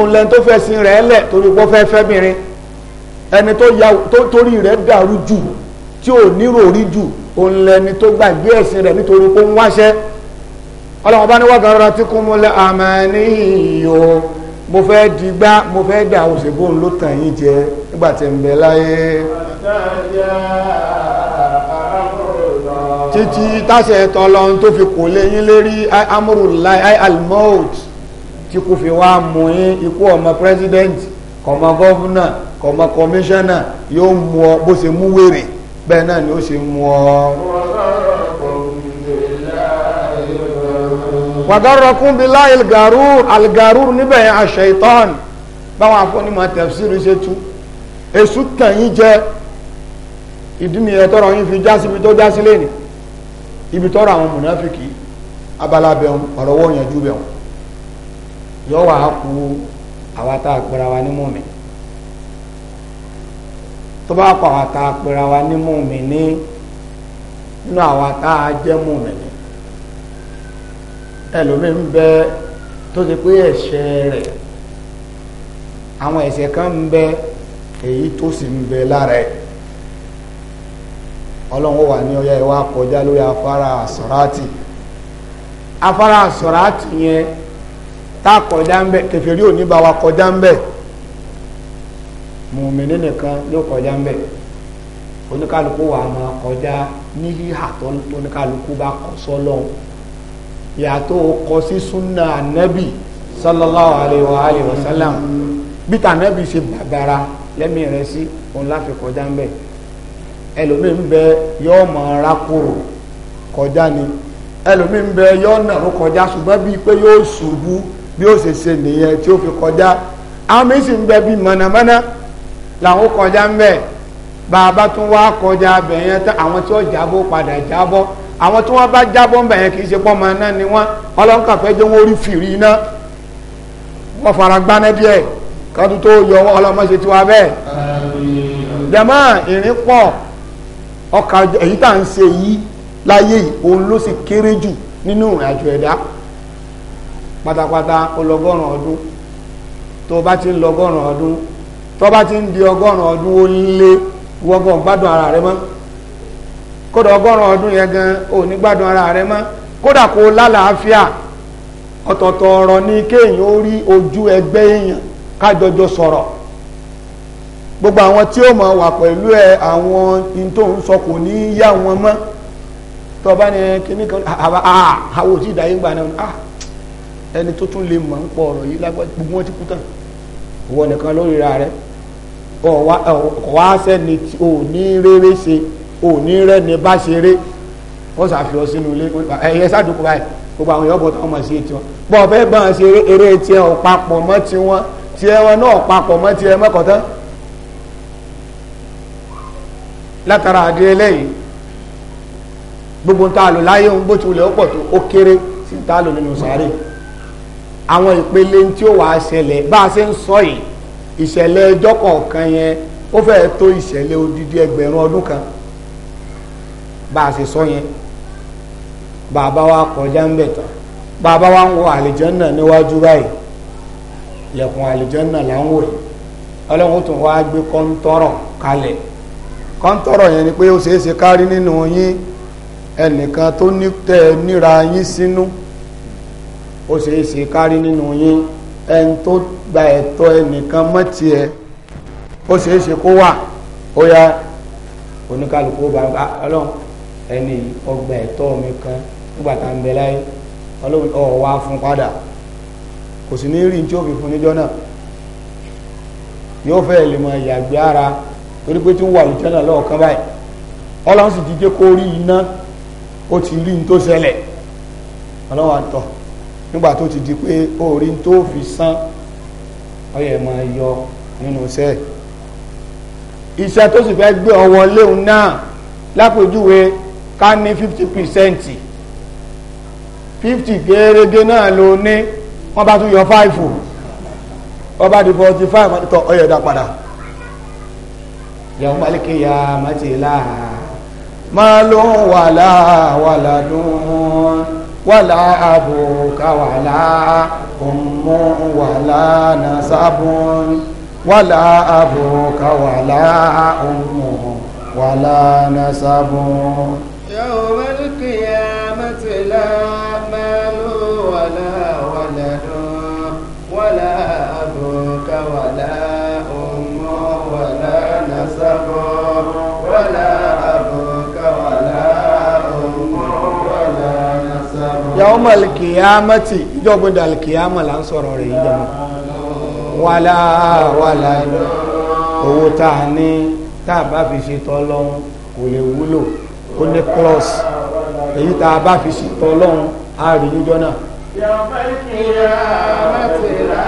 olè tó fẹ̀sìn rẹ̀ lẹ̀ torí pọ́ fẹ́ fẹ́bìnrin ẹni tó ya torí rẹ̀ dàrú jù tí ò nírò rí jù òun lẹni tó gbàgbé ẹ̀sìn rẹ̀ nítorí pé ń wáṣẹ́ ọlọ́run bá ní wàgàrà tí kún mú lẹ àmàní yìí mo fẹ́ digbá mo fẹ́ dà òṣèbó ló tàn yín jẹ nígbà tí ń bẹ láyé títí táṣẹ tọlọ́run tó fi kò lé yín lérí amúrùlá almout tí kò fi wá mú yín ikú ọmọ pírẹsidẹ́ǹtì ọmọ gọ́vùnà kọ̀mọ kọmíṣánná yóò mú ọ bó ṣe mú wèrè bẹ́ẹ̀ náà ni ó ṣe mú ọ. wàdọ́rọ̀kún bíi láì algarur algarur níbẹ̀ yẹn aṣ-ṣaitan báwọn afọ́nimọ̀ tafsir ṣe tú èṣù tàn yín jẹ ìdí nìyẹn tọrọ yín fi já síbi tó já sí lẹ́nu ibi tọrọ àwọn mùnáfíkì abala bẹ̀rù ọ̀rọ̀ wọ̀nyẹn jù bẹ̀rù yọ wàá ku àwa tá a gbọ́ra wa ní mọ́mí. tó bá pa àwọn wa ní mùmíní nínú àwọn tá a ń bẹ tó ẹ̀ṣẹ̀ rẹ̀ àwọn ẹ̀ṣẹ̀ kan ń bẹ èyí tó sì ń bẹ lára ẹ̀ ọlọ́run wà ní ọyá ìwà kọjá lórí afárá àsọ̀rátì afárá yẹn tá kọjá ń mùmíní nìkan ló kọjá ń bẹ̀ oníkálukú wa máa kọjá ní híhà tó bá kọ sọ́lọ́ yàtọ̀ kọ sí súnà ànábì sallallahu alayhi wa alayhi wa sallam bí tànábì ṣe bàbára lẹ́mí kọjá ń ẹlòmíì ń bẹ kọjá ni ẹlòmíì ń bẹ kọjá bíi pé yóò ṣubú bí ó ṣe ṣe kọjá ń bẹ làwọn ó kọjá ń bẹ̀ bàbá tún wá kọjá bẹ̀ yẹn tán àwọn tí ó jábọ́ padà jábọ́ àwọn tí wọ́n bá jábọ́ ń bẹ̀ yẹn kì í ṣe pọ́ máa náà ni wọ́n ọlọ́nkàfẹ́ jẹ́ wọ́n rí fìrí iná wọ́n fara gbaná díẹ̀ kọ́tù tó yọ wọ́n ọlọ́mọṣe tí wọ́n bẹ́ẹ̀ jẹ́mọ́ ìrìn pọ̀ ọkà èyí tá à ń ṣe yìí láyé yìí òun ló sì kéré jù nínú ìrìn àjò ẹ̀dá pátápátá ọlọ́gọ́rùn-ún ọdún tó bá ti ń lọ́gọ́rùn-ún ọdún tọba ti ń di ọgọ́rùn ọdún ó lé wọ́gọ́ gbádùn ara rẹ mọ́ kódà ọgọ́rùn ọdún yẹn gan ò ní gbádùn ara rẹ mọ́ kódà kó lálàáfíà ọ̀tọ̀ọ̀tọ̀ ọ̀rọ̀ ni kéèyàn ó rí ojú ẹgbẹ́ èèyàn kájọjọ sọ̀rọ̀ gbogbo àwọn tí ó mọ̀ wà pẹ̀lú ẹ àwọn in tó ń sọ kò ní yá wọn mọ́ kíní kan ah, ah, ah, ìdáyé gbà náà ẹni tó tún lè mọ̀ ń pọ̀ ọ̀rọ̀ yìí lágbàá gbogbo wọn ti kú tán nìkan ọ̀wá sẹ́ni tí ò ní rere ṣe ò ní rẹ́ni bá ṣeré wọ́n ṣàfihàn sínú ilé ẹ̀yẹ sádùkú báyìí gbogbo àwọn yọ̀bọ̀ tó mọ̀ sí etí wọn bọ́ ọ̀fẹ́ bá ń ṣe eré tiẹ̀ ò papọ̀ mọ́ tiwọn tiẹ̀ wọn náà papọ̀ mọ́ tiẹ̀ mọ́kọ̀tán látara àdé eléyìí gbogbo ń ta lò láyé ń bó ti wulẹ̀ ó pọ̀ tó ó kéré sí ń ta lò nínú sàárè àwọn ìpele tí ó wàá ṣẹlẹ̀ bá a ṣe ń sọ yìí ìṣẹ̀lẹ̀ ẹjọ́ kọ̀ọ̀kan yẹn ó fẹ́ tó ìṣẹ̀lẹ̀ odidi ẹgbẹ̀rún ọdún kan bá a ṣe sọ yẹn bàbá wa kọjá ń bẹ̀ tán bàbá wa ń wo níwájú báyìí lẹ̀kùn àlìjẹ́nà là ń wò yìí ọlọ́run tún wá gbé yẹn ni pé ó ṣeé ṣe kárí nínú yín ẹnìkan tó ní tẹ́ níra yín sínú ó ṣeé ẹni tó gba ẹ̀tọ́ ẹnìkan mọ́ tiẹ̀ ó ṣeé ṣe kó wà ó yá oníkálukú ó bá ọlọ́run ẹni ọgbà ẹ̀tọ́ mi kan nígbà tá à ń bẹ láyé ọlọ́run ọ̀ wá fún padà kò sì ní rí tí ó fi fún níjọ́ náà yóò fẹ́ lè mọ ìyàgbé ara torí pé tí ó wà lùjẹ́ náà lọ́ọ̀kan báyìí ọlọ́run sì ti jẹ́ kó rí iná ó ti rí ní tó ṣẹlẹ̀ ọlọ́run àtọ̀ nígbà tó ti di pé orí tó fi san ọyẹ mọ yọ nínú iṣẹ́ iṣẹ́ tó sì fẹ́ gbé ọwọ́ léun náà lápòjúwe ká ní fifty percent fifty gẹ́gẹ́ náà ló ní wọ́n bá tún yọ five ọba di forty five tọ ọyẹ dá padà yàwó malikí ya màtí láà máa ló wàlà wàlà dùn. ولا أبوك ولا أم ولا نسب ولا أبوك ولا أم ولا نسب يوم القيامة لا مال ولا ولد ولا أبوك ولا أم ولا نسب yawma alkiyamati ìjọba da alkiyama là ń sọ̀rọ̀ rẹ̀ ìjọba wàlá wàlá owó tá a ní tá a bá fi ṣe tọ́lọ́hún kò lè wúlò ó ní plus èyí tá a bá fi ṣe tọ́lọ́hún á rí níjọ́ náà. yawma alkiyamati la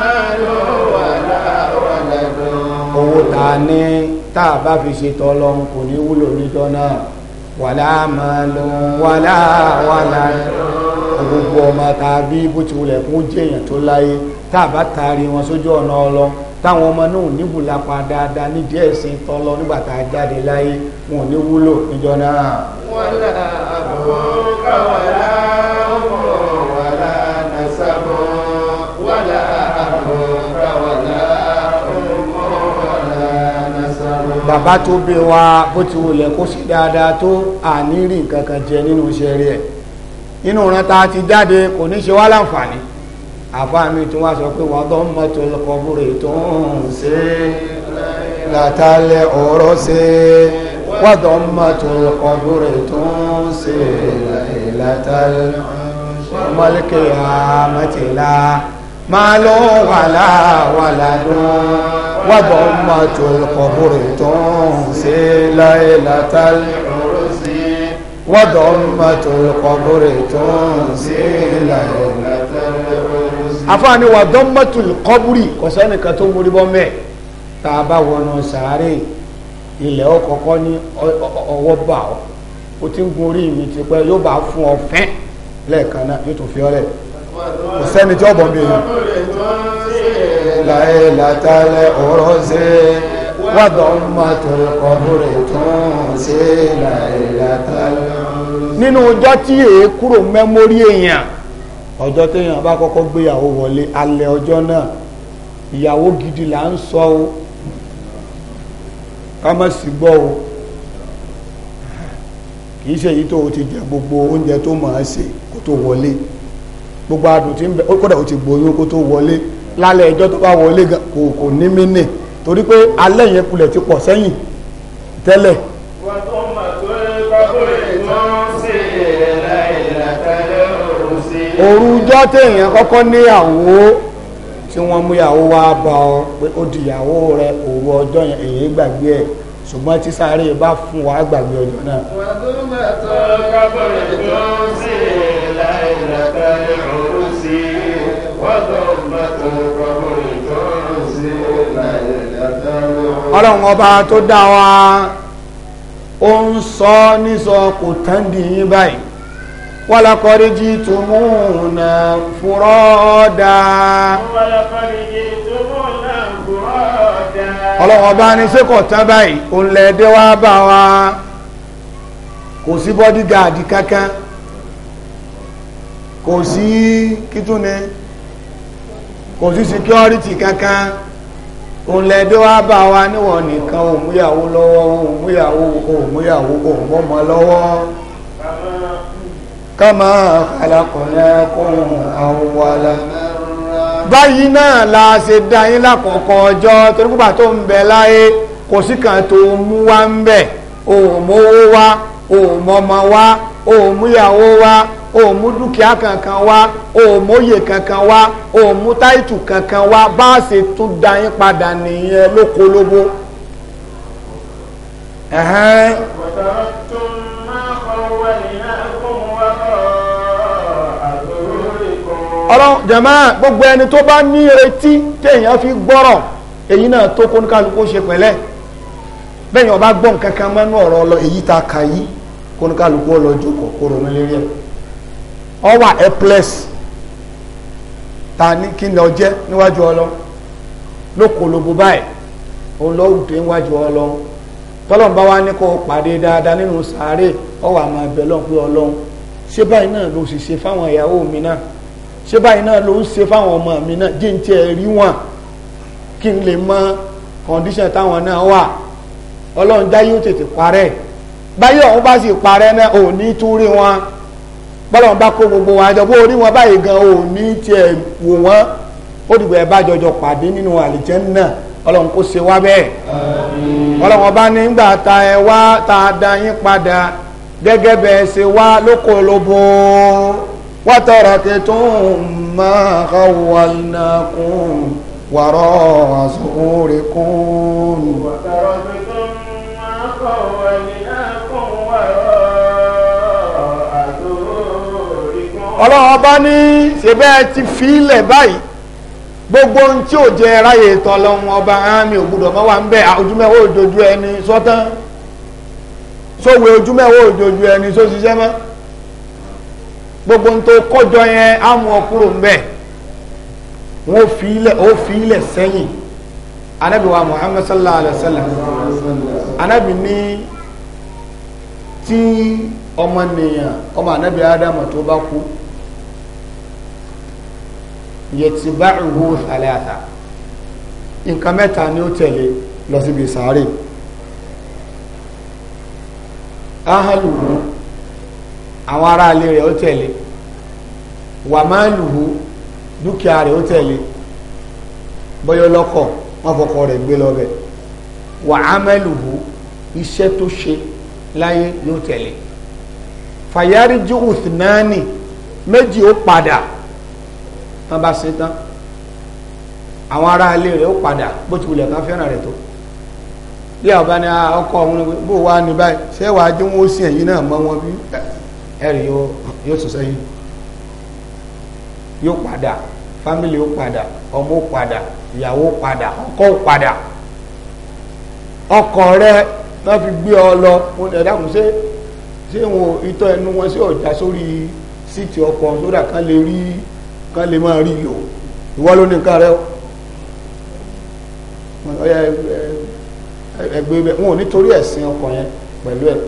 malu wàlá wàlá owó tá a ní tá a bá fi wàlá màálù wàlá wàlá gbogbo ọmọ tàbí bó ti wulẹ̀ kún jẹ́ èèyàn tó láyé tá a bá taari wọn sójú ọ̀nà ọlọ táwọn ọmọ náà níbùlà pa dáadáa ní díẹ̀ sí tọ́lọ nígbà tá a jáde láyé wọn ò ní wúlò níjọ náà. wọ́n lá àbọ̀ káwàlá. bàbá tó bí wa bó ti wulẹ̀ kó sí dáadáa tó àníírí nǹkan kan jẹ nínú iṣẹ́ rí ẹ̀ nínú ìran ta ti jáde kò ní ṣe wá láǹfààní àbá mi tí wọ́n sọ pé wọ́n tó ń mọ́tò lọ́kọ̀ọ́bùrẹ̀ tó ń ṣe látàlẹ̀ ọ̀rọ̀ ṣe wọ́n tó ń mọ́tò lọ́kọ̀ọ́bùrẹ̀ tó ń ṣe látàlẹ̀ ọmọlẹ́kẹ̀ àmọ́tìlá máa lọ wàlá wàlá dùn. وضمة القبر تنسي ليلة العرس وضمة القبر تنسي ليلة العرس àfààní وضمة القبر kò sẹ́nìkan tó mórí bọ́ mẹ́ẹ̀ tá a bá wọnú sàárè ilẹ̀ ọkọ̀ọ̀kọ́ ní ọwọ́ bá ọ o ti ń gun mi ti pẹ́ yóò bá fún ọ fẹ́ lẹ́ẹ̀kan náà yóò tún fi ọ lẹ̀ kò tí ọ̀bọ̀n bí èèyàn. ليلة العرس وضمة القبر تنسي ليلة العرس nínú ọjọ́ tí èé kúrò mẹ́mórí èèyàn ọjọ́ téèyàn bá kọ́kọ́ gbéyàwó wọlé alẹ́ ọjọ́ náà ìyàwó gidi là ń sọ o ká má sì gbọ́ o kìí ṣe èyí tó o ti jẹ gbogbo oúnjẹ tó máa ṣe kó tó wọlé gbogbo adùn tí ń bẹ kódà o ti gbóyún kó tó wọlé lálẹ́ ẹjọ́ tó bá wọlé gan kò kò ní mínì torí pé alẹ́ yẹn kulẹ̀ ti pọ̀ sẹ́yìn tẹ́lẹ̀. òrùjọ́ téèyàn kọ́kọ́ níyàwó tí wọ́n mú ìyàwó wá bá ọ pé ó di ìyàwó rẹ òru ọjọ́ yẹn èyí gbàgbé ẹ̀ ṣùgbọ́n tí sáré bá fún wa gbàgbé ọjọ́ náà. wàdúrà tó ọlọ́run ọba tó dá wa ó ń sọ nísọ kò tán dì yín báyìí wọ́lọ́kọ́rí jí tó mú ọ̀nà fúrọ́ọ̀dá ọlọ́run ọba ní ṣé kò tán báyìí òun lẹ́ẹ̀dẹ́ bá wa kò sí bọ́dígáàdì kankan kò sí kítúni kò sí kankan. òǹlẹ̀dọ́ á bá wa níwọ̀n nìkan òmúyàwó lọ́wọ́ òmúyàwó òmúyàwó òmọ́mọ lọ́wọ́ kama khalaqnakum awwala báyìí náà la ṣe dá yín lákọ̀ọ́kọ́ ọjọ́ torí púpà tó ń bẹ láyé kò sí kan tó mú wá ń bẹ̀ òmówó wá òmọmọ wá òmúyàwó wá o dúkìá kankan wá o móye kankan wá o mú táìtù kankan wá bá a ṣe tún da yín padà nìyẹn lókolóbó. ọlọ́run jẹ̀mọ́ gbogbo ẹni tó bá ní etí téèyàn fi gbọ́rọ̀ èyí náà tó kóníkálukú ṣe pẹ̀lẹ́ bẹ́ẹ̀ ni ọba gbọ́ nǹkan kan mọ́nú ọ̀rọ̀ lọ èyí tá a kà yí lọ ọlọ́jọ́ kọ̀ọ̀kọ̀rọ̀ nílé rẹ̀. ọ wà helpless ta ní kí ni ọ jẹ́ níwájú ọlọ́run lókòlóbó báyìí òun ló dé níwájú ọlọ́run tọ́lọ́n bá wá ní kó pàdé dáadáa nínú sàárè ọ wà máa bẹ̀ lọ́n pé ọlọ́run ṣé báyìí náà ló sì ṣe fáwọn ìyàwó mi náà ṣé báyìí náà ló ń ṣe fáwọn ọmọ mi náà jí n tiẹ̀ rí wọn kí n lè mọ kọ̀ǹdíṣàn táwọn náà wà ọlọ́run dá yóò tètè parẹ́ báyọ̀ òun bá sì parẹ́ náà òun ní túrí wọn. bọ́lọ̀ bá kó gbogbo wọn àjọ bó orí wọn báyìí gan ò ní tiẹ̀ wò wọ́n ó jọjọ pàdé nínú náà ọlọ́run kó se wá bẹ́ẹ̀ nígbà tá ẹ wá a padà gẹ́gẹ́ bẹ́ẹ̀ wá lóko wọ́n tọrọ máa kún kún. wọ́n tọrọ ọlọ́run ọba ní ṣẹbẹ́ ti fi ilẹ̀ báyìí gbogbo ohun tí ò jẹ ráyè tán lọ́run ọba mi ò gbúdọ̀ mọ́ wa ń bẹ́ ojúmẹ́wò òdojú ẹni sọ́tán sówe ojúmẹ́wò òdojú ẹni só ṣiṣẹ́ mọ́ gbogbo ohun tó kọjọ yẹn á mú ọ kúrò ń bẹ̀ wọ́n fi ilẹ̀ ó fi ilẹ̀ sẹ́yìn anabi wa sallallahu wa sallam anabi ní tí ọmọ anabi adamu tó bá yẹtìbáìwò thalatha nǹkan mẹ́ta ni ó tẹ̀lé lọ síbi sàárè ahaluhu àwọn aráalé rẹ̀ ó tẹ̀lé wàmáàlùhù dúkìá rẹ̀ ó tẹ̀lé bọ́yọ́ lọ́kọ̀ wọ́n fọkọ rẹ̀ gbé lọ́bẹ̀ wàhámẹ́lùhù iṣẹ́ tó ṣe láyé yóò tẹ̀lé fàyárí jùhùsùnáàní méjì ó padà tán bá sin tán àwọn ará ilé rẹ̀ ó padà bó ti wulẹ̀ kan fẹ́ràn rẹ̀ tó bí àwọn bá ní ọkọ òun ni bó wà ní báyìí ṣé wàá dín wọn ó sìn ẹ̀yìn náà mọ́ wọn bí ẹ̀rì yóò sùn sẹ́yìn yóò padà fámìlì ó padà ọmọ ó padà ìyàwó ó padà ọkọ ó padà ọkọ rẹ̀ náà fi gbé ọ lọ mo ní ẹ̀dá kù ṣé ṣé wọn ìtọ́ ẹnu wọn sí ọ̀já sórí síìtì ọkọ̀ sódà kan lè rí ká lè máa rí lò ìwọ́ ló ní nǹkan rẹ ẹgbẹ́ ibẹ̀ wọn ò nítorí ẹ̀sìn ọkọ̀ yẹn pẹ̀lú ẹ̀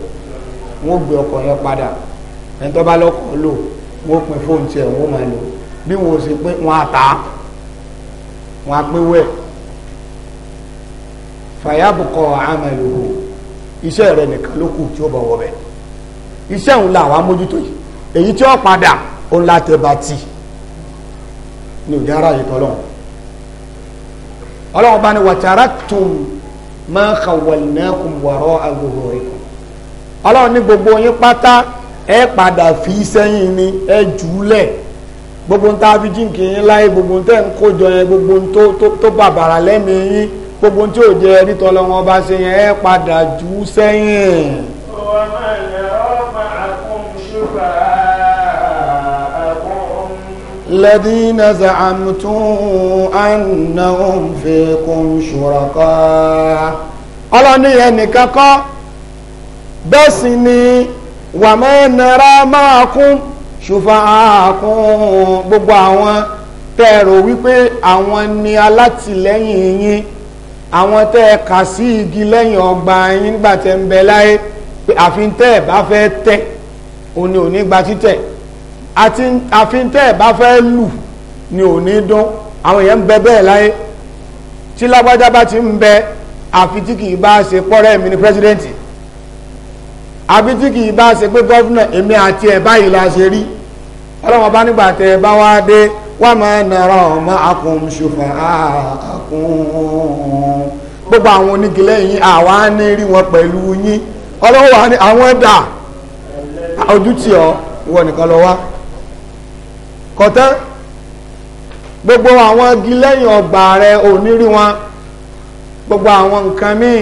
wọn ò gbé ọkọ̀ yẹn padà ẹni tó bá lọ́kọ̀ lò wọn ò pín fóònù tiẹ̀ wọn ò máa lò bí wọn ò sì pín wọn àtà wọn àpéwọ́ ẹ̀ fàyàbùkọ àmàlù iṣẹ́ rẹ nìkan ló kù tí ó bọ̀ wọ̀ bẹ̀ iṣẹ́ òun làwọn amójútó yìí èyí tí ó padà òun látẹ̀ bá ti ní òjá ara yìí tọ́lọ́n ọlọ́run bá ní wa taraktum ma khawwalnakum wara'a zuhurikum ọlọ́run ní gbogbo yín pátá ẹ padà fi sẹ́yìn ni ẹ jùúlẹ̀ gbogbo ń tàbí jíǹkì yín láyé gbogbo ń tẹ́ ń kójọ yẹn gbogbo ń tó bàbàrà lẹ́mìí yín gbogbo ń tí ò jẹ́ ẹ̀rí tọ́lọ́run ọba ṣe yẹn ẹ padà jù sẹ́yìn. ọ̀rọ̀ máa ń yára. الذين زعمتم أنهم فيكم شركاء ọlọ́ni ẹnìkan kọ́ bẹ́ẹ̀ sì ni wà mẹ́nara máa kún ṣùfà àkún gbogbo àwọn tẹ́ẹ̀rọ wípé àwọn ni alátìlẹ́yìn yín àwọn tẹ́ẹ̀ kà sí igi lẹ́yìn ọgbà yín nígbà tẹ́ ń bẹ láyé àfi tẹ́ẹ̀ bá fẹ́ tẹ́ òní òní gba títẹ̀ àti àfin tẹ́ ẹ̀ bá fẹ́ lù ni ò ní dún àwọn èèyàn ń bẹ bẹ́ẹ̀ láyé tí lágbájá bá ti ń bẹ àfi tí kì í bá ṣe pọ́rẹ́ mi ni pírẹ́sidẹ́ǹtì àbí tí kì í bá ṣe pé gọ́fúnà èmi àti ẹ̀ báyìí la ṣe rí ọlọ́wọ́n bá nígbà tẹ́ bá wá dé wọ́n máa nàrà ọmọ akùn ṣùfà akùn gbogbo àwọn onígilẹ̀ yìí àwa ní rí wọn pẹ̀lú yín ọlọ́wọ́ àwọn ẹ̀dà ojú tì ọ́ ìwọ nìkan lọ wá kọ̀tán gbogbo àwọn igi lẹ́yìn ọgbà rẹ ò ní rí wọn gbogbo àwọn nǹkan míì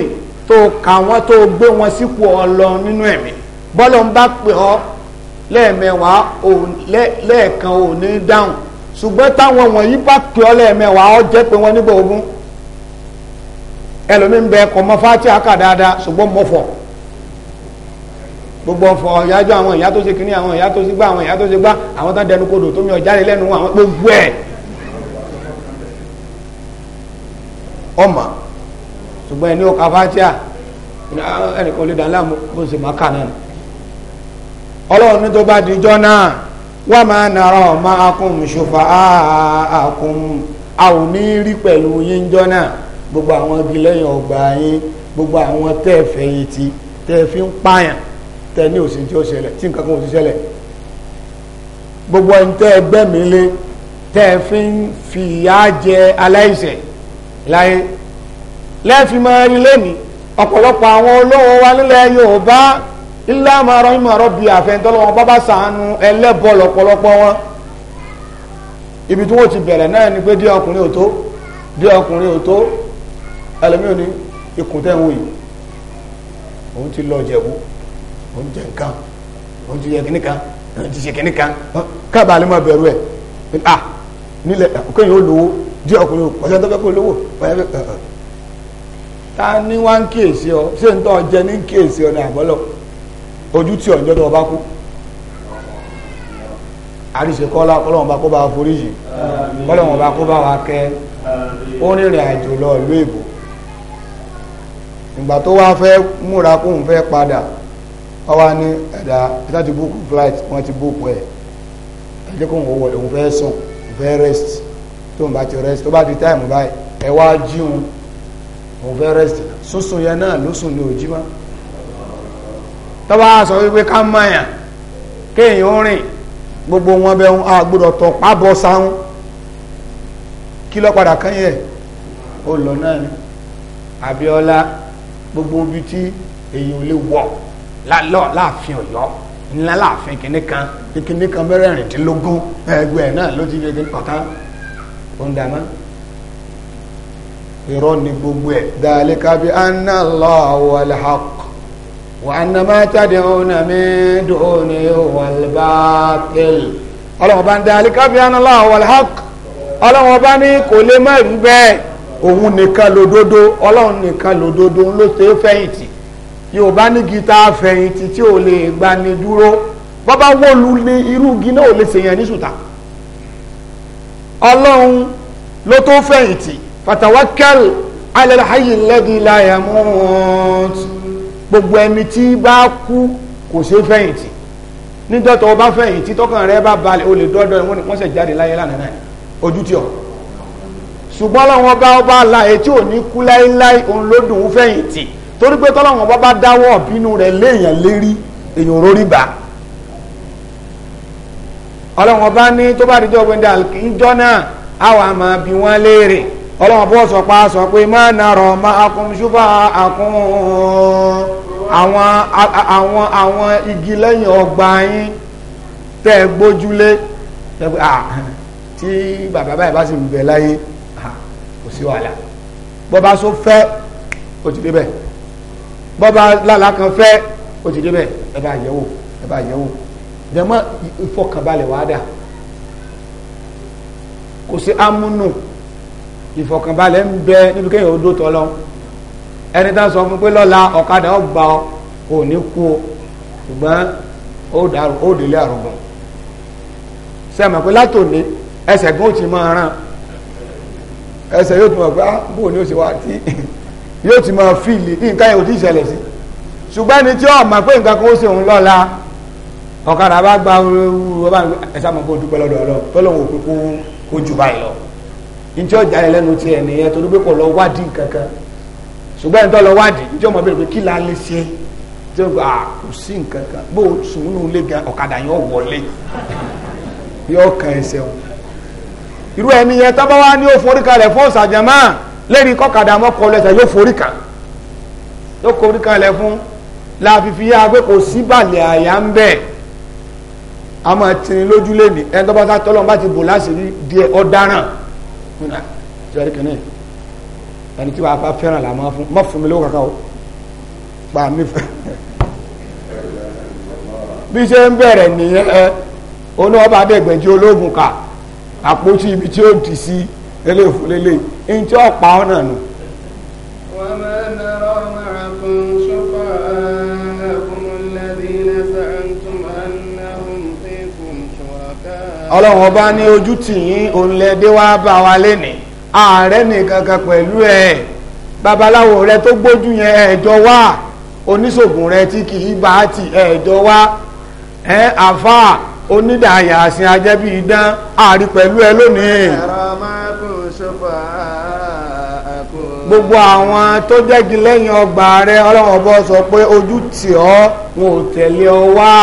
tó kà wọ́n tó gbé wọn sípò ọlọ nínú ẹ̀mí bọ́lọ̀ ń bá pè ọ́ lẹ́ẹ̀mẹwàá lẹ́ẹ̀kan ò dáhùn ṣùgbọ́n táwọn wọ̀nyí bá pè ọ́ lẹ́ẹ̀mẹwàá ọ jẹ́ pé wọ́n nígbà ogun ẹlòmíín bẹ kọ́ mọ́ fáti àkà dáadáa ṣùgbọ́n mọ́fọ̀ọ́ gbogbo ọfọ ìyájọ àwọn ìyá tó ṣe kínní àwọn ìyá tó ṣe gbá àwọn ìyá tó ṣe gbá àwọn tó dẹnu kodò tó mi ọ̀jáde lẹ́nu àwọn gbogbo ẹ̀ ọmọ ṣùgbọ́n ẹni ó ka fatia ẹnì kan lè dàn láàmú bó ṣe máa kà náà ọlọ́run ní tó bá di ijọ́ náà wọ́n máa nàrọ̀ ọ̀ma akún ṣòfà àkún a ò ní rí pẹ̀lú yín jọ́ náà gbogbo àwọn igi lẹ́yìn ọgbà yín gbogbo àwọn tẹ́ẹ̀fẹ̀yìntì tẹ́ẹ̀ fi ń pààyàn tẹ ní òsì tí ó ṣẹlẹ̀ tí nǹkan kan ò ti ṣẹlẹ̀ gbogbo ẹni tẹ́ ẹgbẹ́ mi lé tẹ́ ẹ fi ń fi ìyà jẹ aláìṣẹ̀ láyé lẹ́ẹ̀fi máa rí lẹ́ni ọ̀pọ̀lọpọ̀ àwọn olówó wa nílẹ̀ Yorùbá ilé àmàrọ̀ ìmọ̀rọ̀ bíi àfẹnudọ́lọ́wọ́ bábá sàánú ẹlẹ́bọ̀ lọ́pọ̀lọpọ̀ wọn ibi tí wọ́n ti bẹ̀rẹ̀ náà ni pé díẹ̀ ọkùnrin ò tó díẹ̀ ọkùnrin ò tó ẹlẹ́mìíràn ni ikùn tẹ̀ ń wò yìí òun ti lọ jẹ̀wọ́ ó ń jẹ nǹkan ó ti yẹ kíní kan ó ti ṣe kíní kan káàbà lè máa bẹ̀rù ẹ̀ à nílẹ̀ kéèyàn ó lówó díẹ̀ ọkùnrin ò pọ̀jọ́ tó fẹ́ kó lówó pọ̀jọ́ tó fẹ́ ta ni wá ń kíyèsí ọ ṣé ń tọ́ jẹ ní kíyèsí ọ ní àbọ́lọ̀ ojú tí ọ̀njọ́ tó ọba kú àríṣe kọ́lá kọ́lọ́wọ́n bá kó bá forí yìí kọ́lọ́wọ́n bá kó bá wa kẹ́ ó rìnrìn àjò lọ ìlú èbò ìgbà tó wá fẹ́ múra kóun fẹ́ padà wọ́n wá ní ẹ̀dá ẹ̀dá ti búùkù flight wọ́n ti búùkù ẹ̀ ẹ̀jẹ̀ kò wọ́n wọlé òun fẹ́ sùn òun fẹ́ rest tó ń bá ti rest tó bá di time báyìí ẹ̀ wá jíun òun fẹ́ rest sùnsùn yẹn náà ló sùn ní òjì mọ́ tọ́ba sọ wípé ká mọ̀yàn kéèyàn ó rìn gbogbo wọn bẹ ń agbọ́dọ̀ tọ̀ pábọ̀ sáhún kí padà kán yẹ ó náà ni Abíọ́lá gbogbo ibi èyí ò lè wọ̀ lálọ́ láàfin ọ̀yọ́ ńlá láàfin kìnní kan kìnní kan mẹ́rẹ̀ẹ̀rìndínlógún ẹgbẹ́ náà ló ti fi kí pàtà ó ń dáná irọ́ ni gbogbo ẹ̀ dhalika bi anna Allaha wal haqq wa anna ma tad'una min duni wal batil ọlọ́wọ́n bá ń dhalika bi anna Allaha wal haqq bá ní kò lè má rí bẹ́ẹ̀ òun nìkan lòdodo ọlọ́run nìkan lòdodo ló ṣe é fẹ̀yìntì yóò bá ní gita fẹ̀yìntì tí ò lè gbani dúró bọ́bá wọ́lu ní irú igi náà ò lè ṣèyàn ní sùtà ọlọ́run ló tó fẹ̀yìntì fatawakkal ala al-hayy alladhi la yamut gbogbo ẹni tí bá kú kò ṣe fẹ̀yìntì níjọ́ tó bá fẹ̀yìntì tọkàn rẹ bá balẹ̀ o lè dọ́dọ̀ ẹ̀ wọ́n sẹ̀ jáde láyé lánàá náà ojú tí ọ̀ ṣùgbọ́n ọlọ́run ọba ọba àlàyé tí ò ní kú láéláé òun ló dùn fẹ̀yìntì torí pé tọ́lọ́wọ́n bá bá dáwọ́ bínú rẹ̀ léèyàn lérí èyàn rórí gbà ọlọ́wọ́n bá ní tó bá dijọ́ gbé dà ńjọ́ náà àwọn àmọ́ bí wọ́n léèrè ọlọ́wọ́n bó sọ pa sọ pé má nàrọ̀ má akun ṣùgbọ́n akun àwọn àwọn àwọn igi lẹ́yìn ọgbà yín tẹ́ ẹ gbójúlé tí bàbá báyìí bá sì ń bẹ láyé kò sí wàhálà bọ́ bá so fẹ́ ó ti débẹ̀ bọ́ba lálá kan fẹ́ o ti débẹ̀ ẹ bá yẹ̀wò ẹ bá yẹ̀wò jẹ́mọ́ ìfọkànbalẹ̀ wàá dà kò sí amúnù ìfọkànbalẹ̀ ń bẹ níbi kéèyàn ó dó tọ́ lọ ẹni tá a sọ fún pé lọ́la ọ̀kadà ọgbà ọ ò ní kú o ṣùgbọ́n ó dàrú ó délé àrùbọ̀n sẹ́mi pé látòní ẹsẹ̀ gbọ́n ò ti máa ràn ẹsẹ̀ yóò tún wà pé ah, bóun ni ó ṣe wá tí yóò ti máa fíìlì nǹkan yóò ti ṣẹlẹ̀ sí ṣùgbọ́n ẹni tí ó mọ̀ pé nǹkan kan ó ṣe òun lọ́la ọ̀kadà bá gba ooru ọba ẹ̀sà mọ̀ kó dúpẹ́ lọ́dọ̀ ọlọ́ tọ́lọ́ wò pé kó kó jù báyìí lọ njẹ́ ọjà yẹn lẹ́nu tiẹ̀ nìyẹn torí pé kò lọ wádìí kankan ṣùgbọ́n ẹni tó lọ wádìí njẹ́ ọmọ bẹ̀rẹ̀ pé kí la lè ṣe tí ó gbà kò sí nǹkan o bó sùnúnú lé gan ọ̀kadà yẹn wọlé yọ kàn ẹsẹ̀ o irú ẹni yẹn tábà wá ní òforíkalẹ̀ fún ọ̀sàjàmáà lẹ́ni kọ́kadà mọ́kọ lẹ́sẹ̀ yóò forí kan yóò forí kan lẹ̀ fún láàfífi yá pé kò sí balẹ̀ àyà ń bẹ̀ a máa tini lójú lẹ́ni ẹni tó bá sá tọ́lọ́ bá ti bò láṣìírí díẹ̀ ọ̀daràn sọ̀rọ̀ kìíní ẹni tí wàá bá fẹ́ràn là máa fún má fún mi lówó kankan o pa mi fẹ́ bí ṣe ń bẹ̀rẹ̀ nìyẹn ẹ oní ọba adẹ́gbẹ̀jì ológun kà àpótí ibi tí ó dì sí i eléyìí fún lélẹ̀ ní tí ó pa ọ́ náà nù. wọ́n máa ń rọ màákùn ṣọ́fà ààkùn lẹ́dínà sàǹtùm ànáhùn fífún ṣùwàká. ọlọ́run ọba ní ojú tì yín òun lẹ́dí wá bá wa lénìí ààrẹ nìkan kan pẹ̀lú ẹ̀ babaláwo rẹ tó gbójú yẹn ẹ̀jọ́ wá oníṣègùn rẹ tí kì í bá ti ẹ̀jọ́ wá ẹ̀ àfà onídàáyà àsìn ajẹ́bí idán àrí pẹ̀lú ẹ lónìí. gbogbo àwọn tó jẹ́gi lẹ́yìn ọgbà rẹ ọlọ́run ọbọ̀ sọ pé ojú tì ọ́ wọn ò tẹ̀lé ọ wá.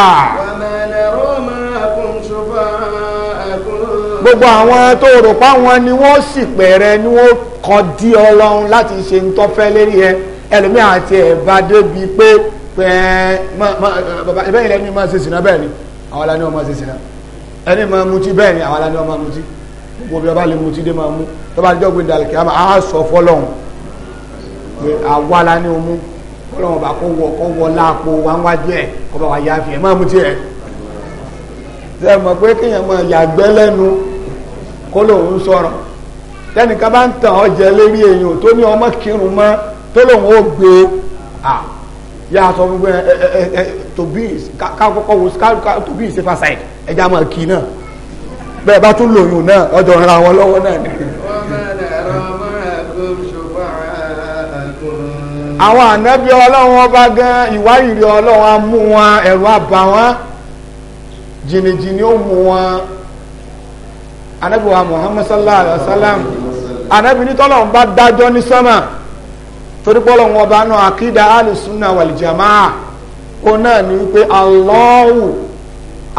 gbogbo àwọn tó rò páwọn ni wọ́n sì pẹ̀rẹ̀ ni wọ́n kàn dí ọlọ́run láti ṣe ń tọ́fẹ́ lérí ẹ ẹlòmíì àti ẹ̀bá débi pé pẹ́ẹ́ bẹ́ẹ̀ lẹ́ni máa ṣe sìnà bẹ́ẹ̀ ni àwọn alání ọmọ ṣe sìnà ẹni máa mutí bẹ́ẹ̀ ni àwọn alání ọmọ mutí gbogbo bí ọba lè mutí dé máa mú tọ́ba àdìjọ́ gbé dalẹ̀ kí a máa sọ fọ́lọ́hún pé àwa la ní omu kọlọ́wọ́n bá kó wọ kó wọ láàpò wá ń wájú ẹ̀ kó bá wà yá fi ẹ̀ máa mú tiẹ̀ ṣe mọ̀ pé kéèyàn máa yàgbẹ́ lẹ́nu kó lòun sọ̀rọ̀ tẹnìkan bá ń tàn ọ́ jẹ lérí èèyàn tó ní ọmọ kírun mọ́ tó lòun ó gbé e. à yà sọ fún mi ẹ ẹ ẹ tòbí kákọ́kọ́ wo tòbí ìsefa side ẹja máa kí náà bẹ́ẹ̀ bá tún lòyún náà ọjọ́ ìran wọn lọ́wọ́ náà nìyẹn. àwọn ànábí ọlọ́run ọba gan ìwárìrì ọlọ́run á mú wọn ẹ̀rù àbà wọn jìnnìjìnnì ó mú wọn ànábì wa Muhammad sallallahu alayhi wa sallam ànábì ní tọ́lọ́run bá dájọ́ ní sánmà torí pé ọlọ́run ọba náà akídà alùsùnà wàlìjàmáà ó náà ní wípé Allahu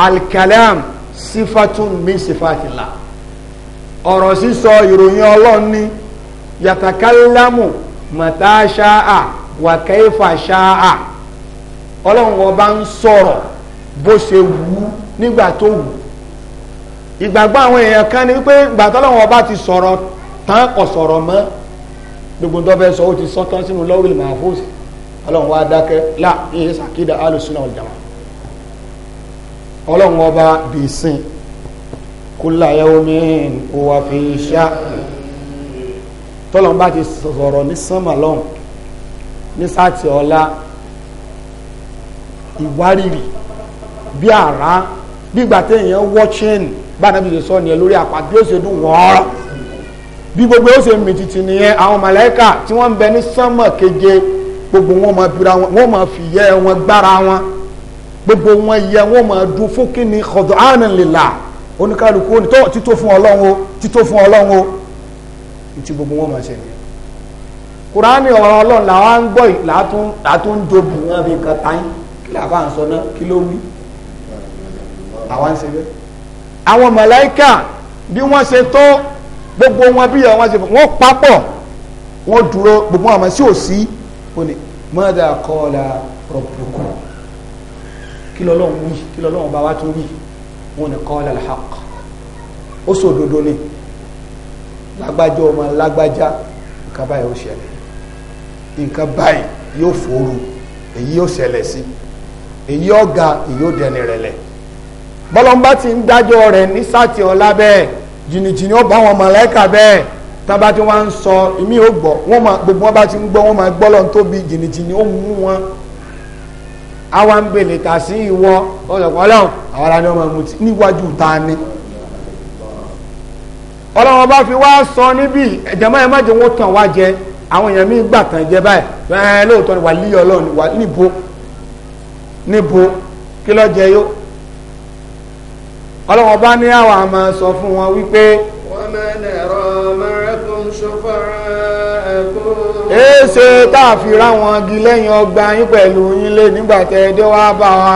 alkalam sifatun min sifatillah ọ̀rọ̀ sísọ ìròyìn ọlọ́run yàtàkálámù mọ̀tá ṣáà wà kẹ́fà ṣáà ọlọ́run ọba ń sọ̀rọ̀ bó ṣe wù ú nígbà tó wù ú ìgbàgbọ́ àwọn èèyàn kan ni wípé ìgbà tọ́lọ́run ọba ti sọ̀rọ̀ tán kò sọ̀rọ̀ mọ́ gbogbo tó bẹ́ẹ̀ sọ ó ti sọ tán sínú lọ́wọ́lì mahfuz ọlọ́run wa dákẹ́ là ìyẹn sàkídà alùsùnà ọ̀jàmà ọlọ́run ọba bìsìn kúláyà omi òwà fi ṣáà tọ́lọ́n bá ti sọ̀rọ̀ ní sánmà lọ́hùn ní sáàtì ọ̀la ìwárìrì bí àrá gbígbà téèyàn wọ́ chain bá nàbí ṣe sọ nìyẹn lórí àpá bí ó ṣe dùn wọ́ọ́rọ́ bí gbogbo ó ṣe mì tìtì nìyẹn àwọn màláíkà tí wọ́n ń bẹ ní sánmà keje gbogbo wọn máa bira wọn wọn máa fi yẹ wọn gbára wọn gbogbo wọn yẹ wọn máa dún fún kíni khud'anan lillah oníkálukú onítọ́ fún ọlọ́run o fún ọlọ́run tí gbogbo wọn máa ṣe ni kùránì ọ̀rọ̀ ọlọ́run làwọn ń gbọ́ látún ń jobu wọn fi nǹkan tán kí làbá ń sọ náà kí ló wí àwọn ń ṣe bẹ́ẹ̀. àwọn màláíkà bí wọ́n ṣe tó gbogbo wọn bí wọ́n ṣe wọ́n papọ̀ wọ́n dúró gbogbo àwọn sí òsì òní mọ́dà kọ́ọ̀lá rọ̀bùkù kí lọ́lọ́run wí kí lọ́lọ́run bá wá tún wí wọn ni kọ́ọ̀lá làhàk ó sọ òdodo ni lágbájá ọmọ lágbájá nǹkan báyìí ó ṣẹlẹ̀ nǹkan báyìí yóò fòrò èyí yóò ṣẹlẹ̀ sí èyí ọ̀gá èyí ó dẹni rẹ̀lẹ̀ bọ́lọ́mbà ti ń dájọ́ rẹ̀ ní sátì ọ̀la bẹ́ẹ̀ jìnnìjìnnì ó bá wọn mọ̀lẹ́kà bẹ́ẹ̀ tábà tí wọ́n ń sọ èmi ò gbọ́ wọ́n máa gbogbo wọn bá ti ń gbọ́ wọ́n máa gbọ́ lọ́n tóbi jìnnìjìnnì ó mú wọn àwa ń bèlè tà sí ìwọ ọ̀sọ̀kọ́ lọ́hùn àwọn ará ni wọ́n máa mutí níwájú ta ni. Wa ọlọ́run bá fi wá sọ níbí ẹ̀jẹ̀mọ́ ẹ̀ má jẹ́ wọ́n tàn wá jẹ àwọn èèyàn míì gbà tàn jẹ báyìí ẹ̀ lóòótọ́ ni wà lí ọlọ́run wà níbo níbo kí ló jẹ yó ọlọ́run bá ní àwọn àmọ́ sọ fún wọn wípé. wọ́n máa ń ẹ̀rọ mẹ́rẹ́kùn ṣọ́fọ́rọ́ ẹ̀kọ́ èéṣe tá a fi ráwọn agi lẹ́yìn ọgbà yín pẹ̀lú yín lé nígbà tẹ ẹdẹ wá bá wa.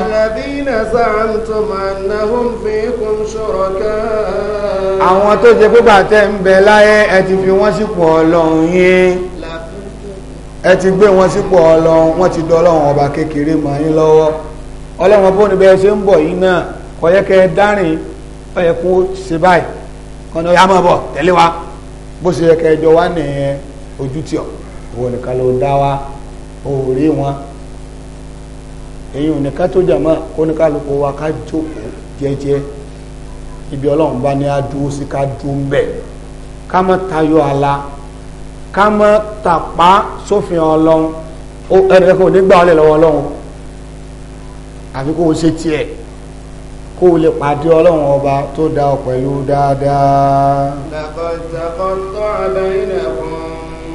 alladhina za'amtum annahum fikum shuraka àwọn tó ṣe pípa tẹ́ ń bẹ láyé ẹ ti fi wọ́n sípò ọlọ́run yín ẹ ti gbé wọn sípò ọlọ́run wọ́n ti dọ́lọ́run ọba kékeré mọ́ yín lọ́wọ́ ọlọ́run bó ni bẹ́ẹ̀ ṣe ń bọ̀ yín náà kò yẹ kẹ́ dárìn ó yẹ kó ṣe báyìí kọ́nà ya máa bọ̀ tẹ̀lé wa bó ṣe yẹ kẹ́ ẹ jọ wá nìyẹn ojú tí òwò nìkan ló dá wa òòrí wọn èyí ò nìkan tó jàmọ́ kó nìkan ló kó wa ká jókòó jẹ́jẹ́ ibi ọlọ́run bá ní adúró sí ká dúró ń bẹ̀ ká má tayọ àlà ká má tàpá sófin ọlọ́run ẹnì kan ò ní gbà ọ́ lẹ̀ lọ́wọ́ ọlọ́run àfi kó o ṣe tiẹ̀ kó o lè pàdé ọlọ́run ọba tó dá ọ pẹ̀lú dáadáa.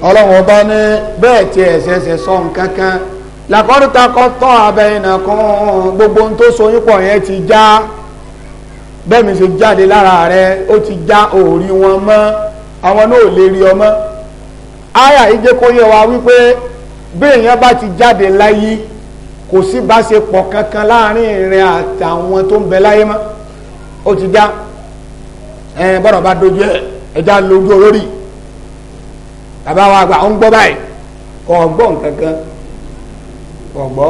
ọlọ́run ọba ní bẹ́ẹ̀ tí ẹ̀ ṣẹ̀ṣẹ̀ sọ làkọ́dútakọ́ tọ́ abẹ́yìn nàkan gbogbo ohun tó so yín pọ̀ yẹn ti já. Ja bẹ́ẹ̀mi ṣe jáde lára rẹ ó ti já òòrí wọn mọ́ àwọn náà ò lè rí ọmọ àyà ìjẹ́ kó yẹ wa wípé bí èèyàn bá ti jáde láyé kò sí báṣepọ̀ kankan láàrin rẹ àtàwọn tó ń bẹ láyé mọ́ ó ti já ẹ bọ́dọ̀ bá dojú ẹ ẹja lójú olórí bàbá wa àgbà ń gbọ́ báyìí kò gbọ́ nǹkan kan kò gbọ́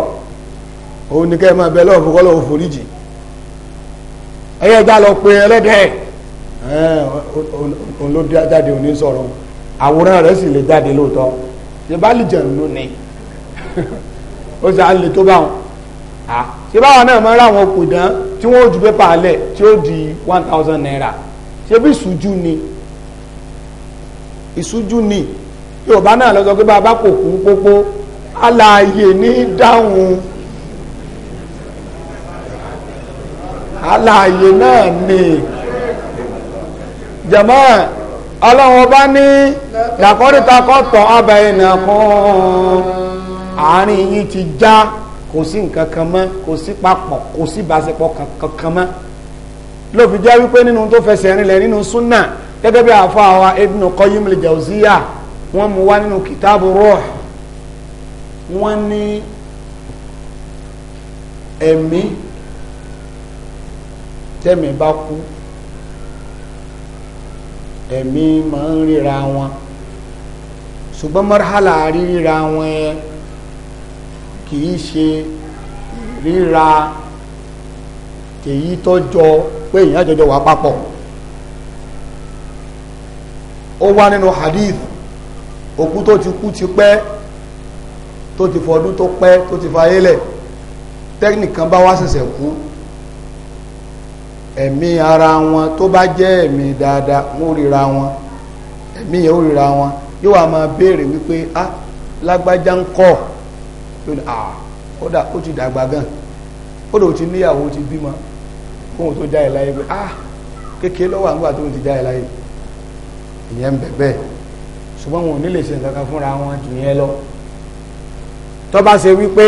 òun ni kẹ́ ẹ máa bẹ lọ́wọ́ fún kọ́ lọ́wọ́ foríjì ẹyẹ ẹja lọ pé ẹlẹ́dẹ̀ òun ló jáde òní sọ̀rọ̀ àwòrán rẹ̀ sì lè jáde lóòótọ́ ṣe bá lè jẹun lónìí ó sì á lè tó báwọn ṣe báwọn náà máa ń ráwọn kò dán tí wọ́n ó ju pépà alẹ̀ tí ó di one thousand naira ṣe bí ìṣújú ni ìṣújú ni yorùbá náà lọ sọ pé bá a bá kò kún pópó aláàyè ní dáhùn alààyè náà ni jẹ̀mọ́ ọlọ́run ọba ní làkọ́ríta kọ́tọ̀ abẹ́yìn náà kún àárín yìí ti já kò sí nǹkan kan mọ́ kò sí papọ̀ kò sí ìbáṣepọ̀ kankan mọ́ ló fi jẹ́ wípé nínú tó fẹsẹ̀ rinlẹ̀ nínú súnà gẹ́gẹ́ bí àfọ àwa Ibn Qayyim al-Jawziyya wọ́n mú wá nínú kìtàbù Ruh wọ́n ní ẹ̀mí tẹ́mi bá kú ẹ̀mí máa ń ríra wọn ṣùgbọ́n marhala ríra wọn yẹn kì í ṣe ríra èyí tó jọ pé èèyàn jọjọ wà papọ̀ ó wá nínú hadith òkú tó ti kú ti pẹ́ tó ti fọdún tó pẹ́ tó ti fayé lẹ̀ tẹ́kìnì kan bá wá ṣẹ̀ṣẹ̀ kú ẹ̀mí ara wọn tó bá jẹ́ ẹ̀mí dáadáa wọ́n ríra wọn ẹ̀mí yẹn ó ríra wọn yóò wá máa béèrè wípé a lágbájá ń kọ́ kódà ó ti dàgbà gan kódà ó ti níyàwó ó ti bímọ kóhun tó já ẹ láyé pé a kékeré lọ́wọ́ àgbà tó ti já ẹ láyé ìyẹn ń bẹ̀ bẹ́ẹ̀ ṣùgbọ́n wọn ò ní lè ṣe nǹkan kan fúnra wọn jù yẹn lọ tó ṣe wípé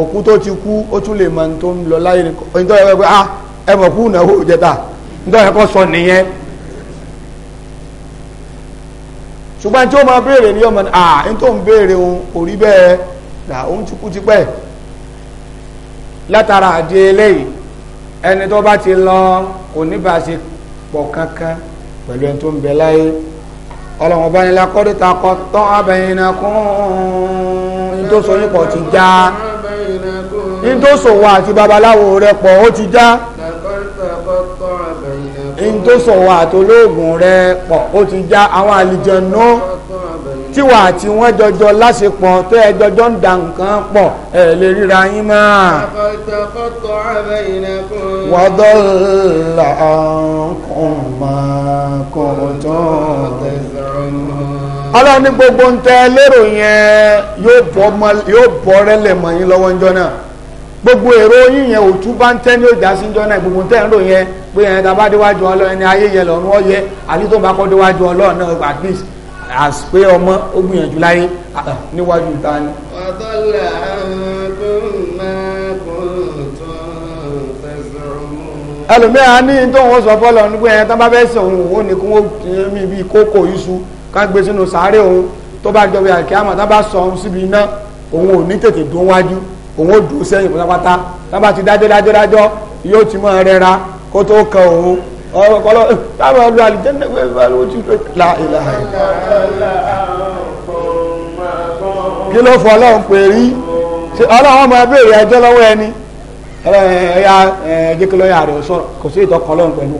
òkú tó ti kú ó tún lè mọ ohun tó ń lọ láyé ní ohun tó yẹ pé a ẹ mọ̀ kú náà ó jẹta sọ ṣùgbọ́n tí ó máa béèrè ní ọmọ à ń tó ń béèrè òun bẹ́ẹ̀ là òun ti kú tipẹ́ látara ẹni tó bá ti lọ kò ní ṣe pọ̀ kankan pẹ̀lú ẹni tó ń láyé ọlọ́run ọba kọ́ tán àti babaláwo rẹ tó sọ̀wọ́ àtolóògùn rẹ pọ̀ ó ti já àwọn àlìjọ náà tíwà tí wọ́n jọjọ láṣepọ̀ tó ẹ jọjọ ń da nǹkan pọ̀ ẹ lè ríra yín máa. wọ́dọ̀ là ń máa kọ̀ tó ọlọ́run ní gbogbo ń tẹ́ lérò yẹn yóò bọ́ rẹ́lẹ̀ mọ́ yín lọ́wọ́ ń jọ náà gbogbo èrò yín yẹn òtú bá ń tẹ́ ní òjà sí jọ náà gbogbo tẹ́ ń rò yẹn pé yẹn tá bá déwájú ọlọ́run ẹni ayé yẹn lọ́run ọyẹ àbí tó bá kọ́ déwájú ọlọ́run náà at least as pé ọmọ ó gbìyànjú láyé níwájú ìta ni. ọ̀dọ́lẹ̀ ẹlòmíràn ní tóun sọ fọlọ nígbà yẹn tán bá fẹ́ sìn òun òun ní kí wọ́n mi bí kókò iṣu ká gbé sínú sàárè òun tó bá jọ bí àkíyàmọ̀ tán bá sọ òun síbi iná òun ò ní tètè dún wájú òun ó dùn sẹ́yìn pátápátá tábà ti dájọ́ dájọ́ dájọ́ yóò ti máa rẹra kó tó kan òun ọpọlọ táwọn ọlọ àlùjẹ́ndẹ̀ wẹ́ẹ́ ló ti tó la ìlànà. kí ló fọ ọlọ́run pè rí ọlọ́run ọmọ ẹbí rẹ̀ ẹjọ́ lọ́wọ́ ẹni ẹ̀yà ẹ̀ẹ́dẹ́kẹ́lọ́yà rẹ̀ kò sí ìtọ́kọ ọlọ́run pẹ̀lú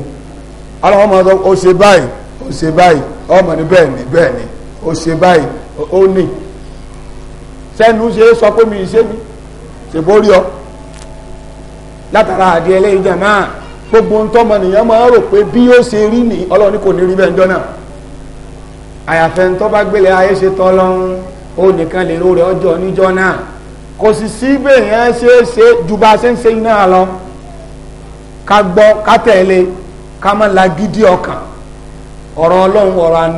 ọlọ́run ọmọ ọ ṣe báyìí ó ṣe báyìí ọmọ ní bẹ́ẹ̀ ni bẹ́ẹ̀ ni ó ṣe báyìí ó ní sẹ́nu ṣe é sọ pé mi ì ṣe mi. ṣèbórí ọ látara àdé ẹlẹ́yìn jàmá gbogbo ń tọ́mọ nìyẹn máa rò pé bí yóò ṣe rí ní ọlọ́run kò ní rí bẹ́ẹ̀ jọ́nà àyàfẹ́ ń tọ́ bá gbélé ayé ṣe tán lọ́hún ó nìkan lè ro rẹ̀ ọjọ́ níjọ́ náà kò sì sí bẹ́ẹ̀ yẹn ṣe é ṣe ju bá a ṣe ń ṣe iná lọ ká gbọ́ ká tẹ̀lé ká má ọkàn ọ̀rọ̀ ọlọ́run ọ̀rọ̀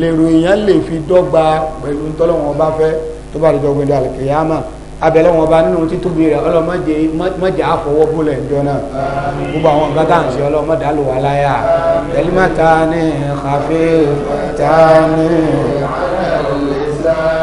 lèrò èèyàn lè fi dọ́gba pẹ̀lú ntọ́lọ́wọ́n bá fẹ́ tó bá dọ̀jọ́ gbẹ̀dẹ̀ àlùkìyàmà abẹ́lẹ́wọ̀n bá nínú títóbi rẹ̀ ọlọ́mọdé mọ́jà àfọwọ́ bólẹ̀ ń jọ́nà gbogbo àwọn nǹkan tá à ń ṣe ọlọ́mọdé àlùwà láyà ẹlẹ́mọ̀ta ní kàfé ta ní àlùlẹ́sàn.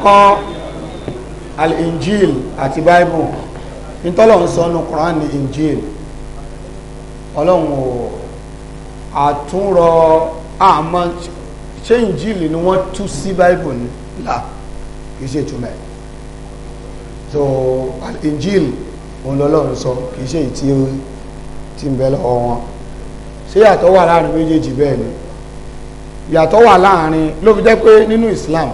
àkọ́kọ́ al-injil àti bible nítọ́lọ̀ ń sọ nínú Quran ní injil ọlọ́run ò àtúnrọ àmọ́ ṣé injil ni wọ́n tú sí bible ní là kìí ṣe ìtumẹ̀ so al-injil òun lọ́lọ́run sọ kìí ṣe ìtí tí ń bẹ lọ́wọ́ wọn ṣé yàtọ̀ wà láàrin méjèèjì bẹ́ẹ̀ ni yàtọ̀ wà láàrin ló fi jẹ́ pé nínú Islam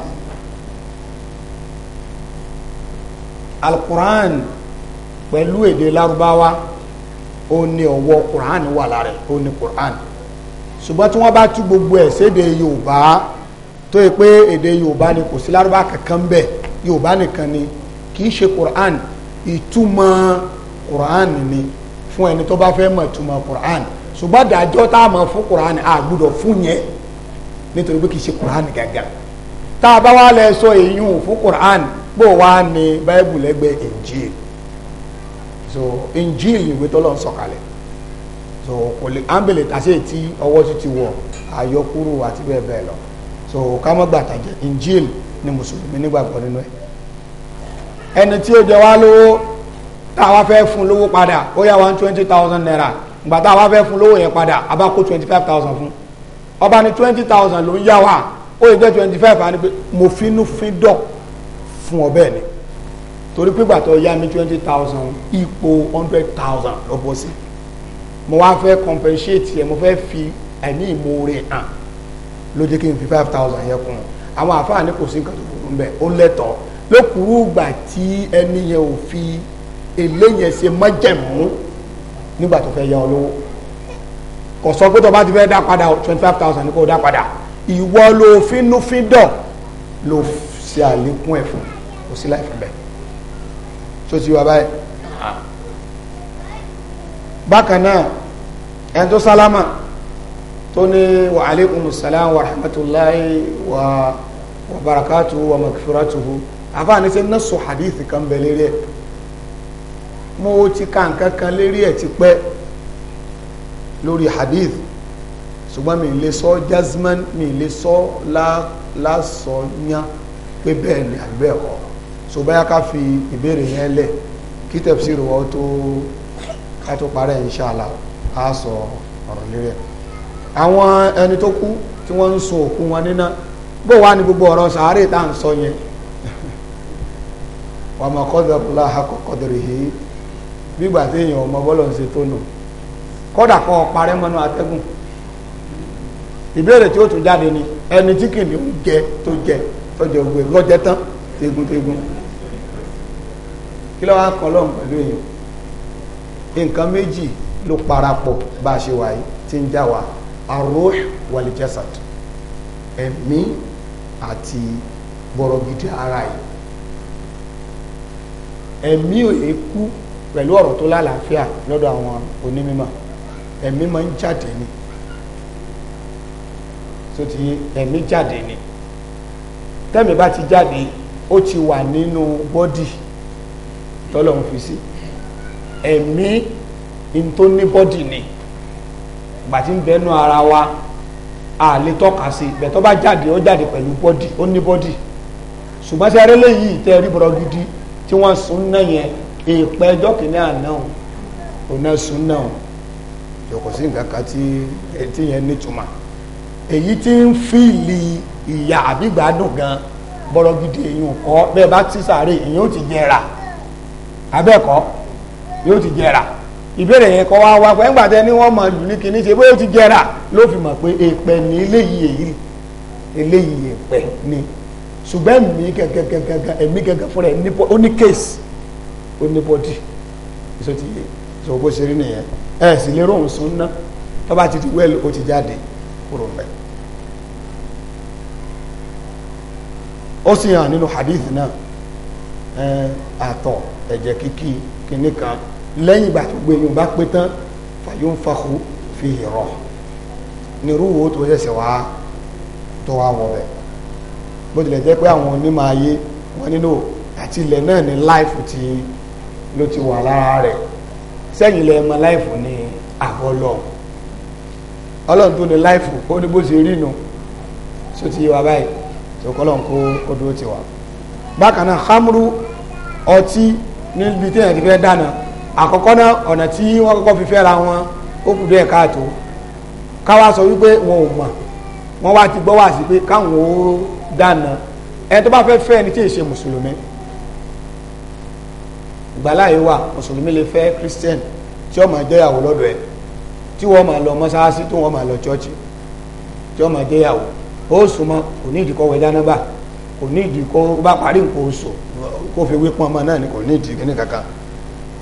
alukur'an pẹ̀lú èdè lárúbáwá ó ní ọwọ́ kur'an wà lára ó ní kur'an ṣùgbọ́n tí wọ́n bá tú gbogbo ẹ̀ sédè yorùbá tó yẹ pé èdè yorùbá ni kò sí lárúbá kankan bẹ̀ yorùbá nìkan ni kì í ṣe kur'an ìtumọ̀ kur'an ni fún ẹni tó bá fẹ́ mọ̀ ìtumọ̀ kur'an ṣùgbọ́n àdájọ́ tá a mọ̀ fún kur'an a fún yẹn nítorí pé kì í ṣe kur'an gàgà tá a bá wà lẹ sọ èyí fún kur'an bó wá ní báíbù lẹ́gbẹ̀ẹ́ injil so injil ìwé tó lọ́n sọ̀kalẹ̀ so kò lè ámbèlè tàṣe tí ọwọ́ ti ti wọ̀ àyọkúrò àti bẹ́ẹ̀ bẹ́ẹ̀ lọ so ká mọ́ gbàtàjẹ́ injil ni mùsùlùmí nígbàgbọ́ nínú ẹ̀ ẹni tí ó jẹ wá lówó táwa fẹ́ fún lówó padà ó yá one twenty thousand naira ìgbà táwa fẹ́ fún lówó yẹn padà a bá kó twenty five thousand fún ọba ní twenty thousand ló ń yá wa ó yẹ jẹ́ twenty five àni pé mo fi inú fi dọ̀ fún ọ bẹ́ẹ̀ ni torí pé gbàtọ́ yá mi twenty thousand ipò hundred thousand lọ bọ́ sí mo wá fẹ́ compensate ẹ̀ mo fẹ́ fi ẹ̀mí ìmoore hàn ló jẹ́ kí n fi five thousand yẹn kún àwọn àfáàní kò sí nǹkan tó burú mbẹ́ ó lẹ́tọ̀ọ́ lókùrú ìgbà tí ẹni yẹn ò fi èlé yẹn ṣe májẹ̀mú nígbà tó fẹ́ yá ọ lówó kò sọ pé tó bá ti fẹ́ dá padà twenty five thousand ni kò dá padà ìwọ ló fínúfíndọ̀ ló ṣe àlékún ẹ̀ fún un sí láì fún bẹ́ẹ̀ tó ti wà báyìí ah. bákan náà ẹni tó sálámà tó ní wa alaikum salam wa rahmatulahi wa wa barakatuhu wa magfiratuhu àfáàní sí nọ́ọ̀sù hadith kan bẹ̀ lérí ẹ̀ mo ti ka nǹkan kan lérí ẹ̀ ti pẹ́ lórí hadith ṣùgbọ́n mi lè sọ jasmine mi lè sọ lásọ̀ọ́yán pé bẹ́ẹ̀ ni àgbẹ̀ ọ̀ so bóyá ká fi ìbéèrè yẹn lẹ̀ kí tafsir wọ́n tó ká tó parẹ́ inshallah á sọ ọ̀rọ̀ lérí ẹ̀ àwọn ẹni tó kú tí wọ́n ń sun òkú wọn níná bó wá ní gbogbo ọ̀rọ̀ sàárè tá à ń sọ yẹn wà má kọ́dọ̀kúlá akọ́kọ́dọ̀rì yìí bígbà tí èèyàn ọmọ bọ́lọ̀ ń ṣe tó nù kọ́dà kan parẹ́ mọ́nú atẹ́gùn ìbéèrè tí ó tún jáde ni ẹni tí kìnìún jẹ tó jẹ tó jẹ gbogbo ìgbọ́jẹ tán tegun kí ló wá kọ́ lọ́hùn pẹ̀lú èèyàn nǹkan méjì ló parapọ̀ bá a ṣe wà yìí tí ń já wa arúh wàlìjẹsàd ẹ̀mí àti bọ̀rọ̀gidi ara yìí ẹ̀mí òye kú pẹ̀lú ọ̀rọ̀ tó lálàáfíà lọ́dọ̀ àwọn onímọ̀ ẹ̀mí máa ń jáde ni tó ti ẹ̀mí jáde ni tẹ́mi bá ti jáde ó ti wà nínú bọ́dì. No tọ́lọ́run fi sí ẹ̀mí in tó ní bọ́dì ni gbàtí ń bẹnu ara wa a lè tọ́ka sí bẹ́ẹ̀ tó bá jáde ó jáde pẹ̀lú bọ́dì ó ní bọ́dì ṣùgbọ́n sí arẹ́lẹ̀ yìí tẹ́ rí bọ̀rọ̀ gidi tí wọ́n sùn náà yẹn èèpẹ́ ẹjọ́ kìíní àná òná sùn náà yọkọ̀ sí nǹkan kan tí ẹtí yẹn nítumọ̀ èyí tí ń fìlì ìyà àbígbádùn gan bọ̀rọ̀ gidi èyí ò kọ́ bẹ́ẹ̀ bá tí sàárè èyí ò ti jẹra abẹ́ẹ̀kọ́ yóò ti jẹrà ìbéèrè yẹn kọ́ wá wá pé ńgbà tẹ ní wọ́n mọ lù ní kinní ṣe bóyá ó ti jẹrà ló fi mọ̀ pé èèpẹ̀ ní eléyìí èyí eléyìí èèpẹ̀ ni ṣùgbọ́n ẹ̀mí gẹ́gẹ́gẹ́gẹ́ ẹ̀mí gẹ́gẹ́ fúnra ẹ̀ ó ní kéèsì ó ní bọ́dì ìṣó ti yé ìṣó bó ṣe rí nìyẹn ẹ̀ sì lérò òun sún ná tó bá ti di wẹ́ẹ̀lì ó ti jáde kúrò mẹ́. ó sì hàn nínú hadith náà àtọ̀ ẹ̀jẹ̀ kíkì kìnnì kan lẹ́yìn ìgbà tó gbé yóò bá pé tán fàyó ń fakú fi rọ̀ nírú wo tó ṣẹ̀ṣẹ̀ wá tó wá wọ̀ bẹ̀ bó tilẹ̀ jẹ́ pé àwọn onímọ̀ ayé wọ́n nílò àti ilẹ̀ náà ní láìfù tí ló ti wà lára rẹ̀ sẹ́yìn ilẹ̀ ẹ̀mọ láìfù ní àbọ̀lọ̀ ọlọ́run tó ní láìfù ó ní bó ṣe rí nu só ti yé wa báyìí tó kọ́ lọ́n kó kó dúró ti wà bákan náà hamru ọtí níbi tí èèyàn ti fẹ́ dáná àkọ́kọ́ náà ọ̀nà tí wọ́n kọ́kọ́ fi fẹ́ ra wọn ó kù díẹ̀ káàtó káwa sọ wípé wọn ò mọ̀ wọ́n wá ti gbọ́ wá sí pé káwọn ó dáná ẹni tó bá fẹ́ fẹ́ ẹni tí ì ṣe mùsùlùmí ìgbàláyé wà mùsùlùmí lè fẹ́ christian tí ó máa jẹ́yàwó lọ́dọ̀ ẹ̀ tí wọ́n máa lọ mọ́sáàsì tó wọ́n máa lọ chọ́ọ̀chì tí ó máa jẹ́yàwó ó sùn mọ́ kò ní ìdíkọ́ wẹ̀ dáná bá kò ní ìdíkọ́ bá parí nǹkan oṣù kó fi wé pọ́nmọ́ náà ni kò ní ìdí kíní kankan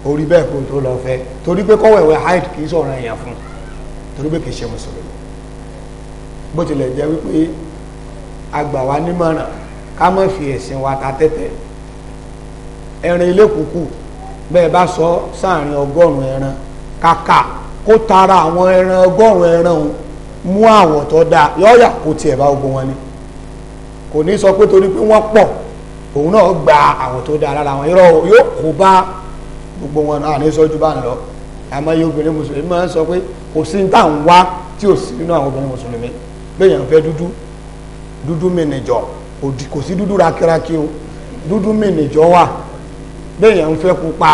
orí bẹ́ẹ̀ kó tó lọ fẹ́ torí pé kọ́ wẹ̀wẹ̀ hide kì í sọ̀rọ̀ èèyàn fún torí pé kì í ṣe mùsùlùmí bó tilẹ̀ jẹ́ wípé àgbà wa nímọ̀ràn ká má fi ẹ̀sìn wa ta tẹ́tẹ́ ẹran ilé kúkú bẹ́ẹ̀ bá sọ sáàrin ọgọ́rùn-ún ẹran kàkà kó tara àwọn ẹran ọgọ́rùn-ún ẹran òun mú àwọ̀ tó dáa yọ̀ọ́yà kó tiẹ̀ bá ogun wọn ni kò ní sọ pé torí pé wọ́n pọ̀ òun náà gba àwọn tó dáa lára wọn yọrọ yóò kó bá gbogbo wọn náà ní sọ́jú bá ń lọ àmọ́ yóò obìnrin mùsùlùmí máa ń sọ pé kò sí ní táwọn wá tí ò sí nínú àwọn obìnrin mùsùlùmí bẹ́ẹ̀ yẹn fẹ́ dúdú dúdú mìnìjọ kò sí dúdú rakiraki o dúdú mìnìjọ wà bẹ́ẹ̀ yẹn fẹ́ pupa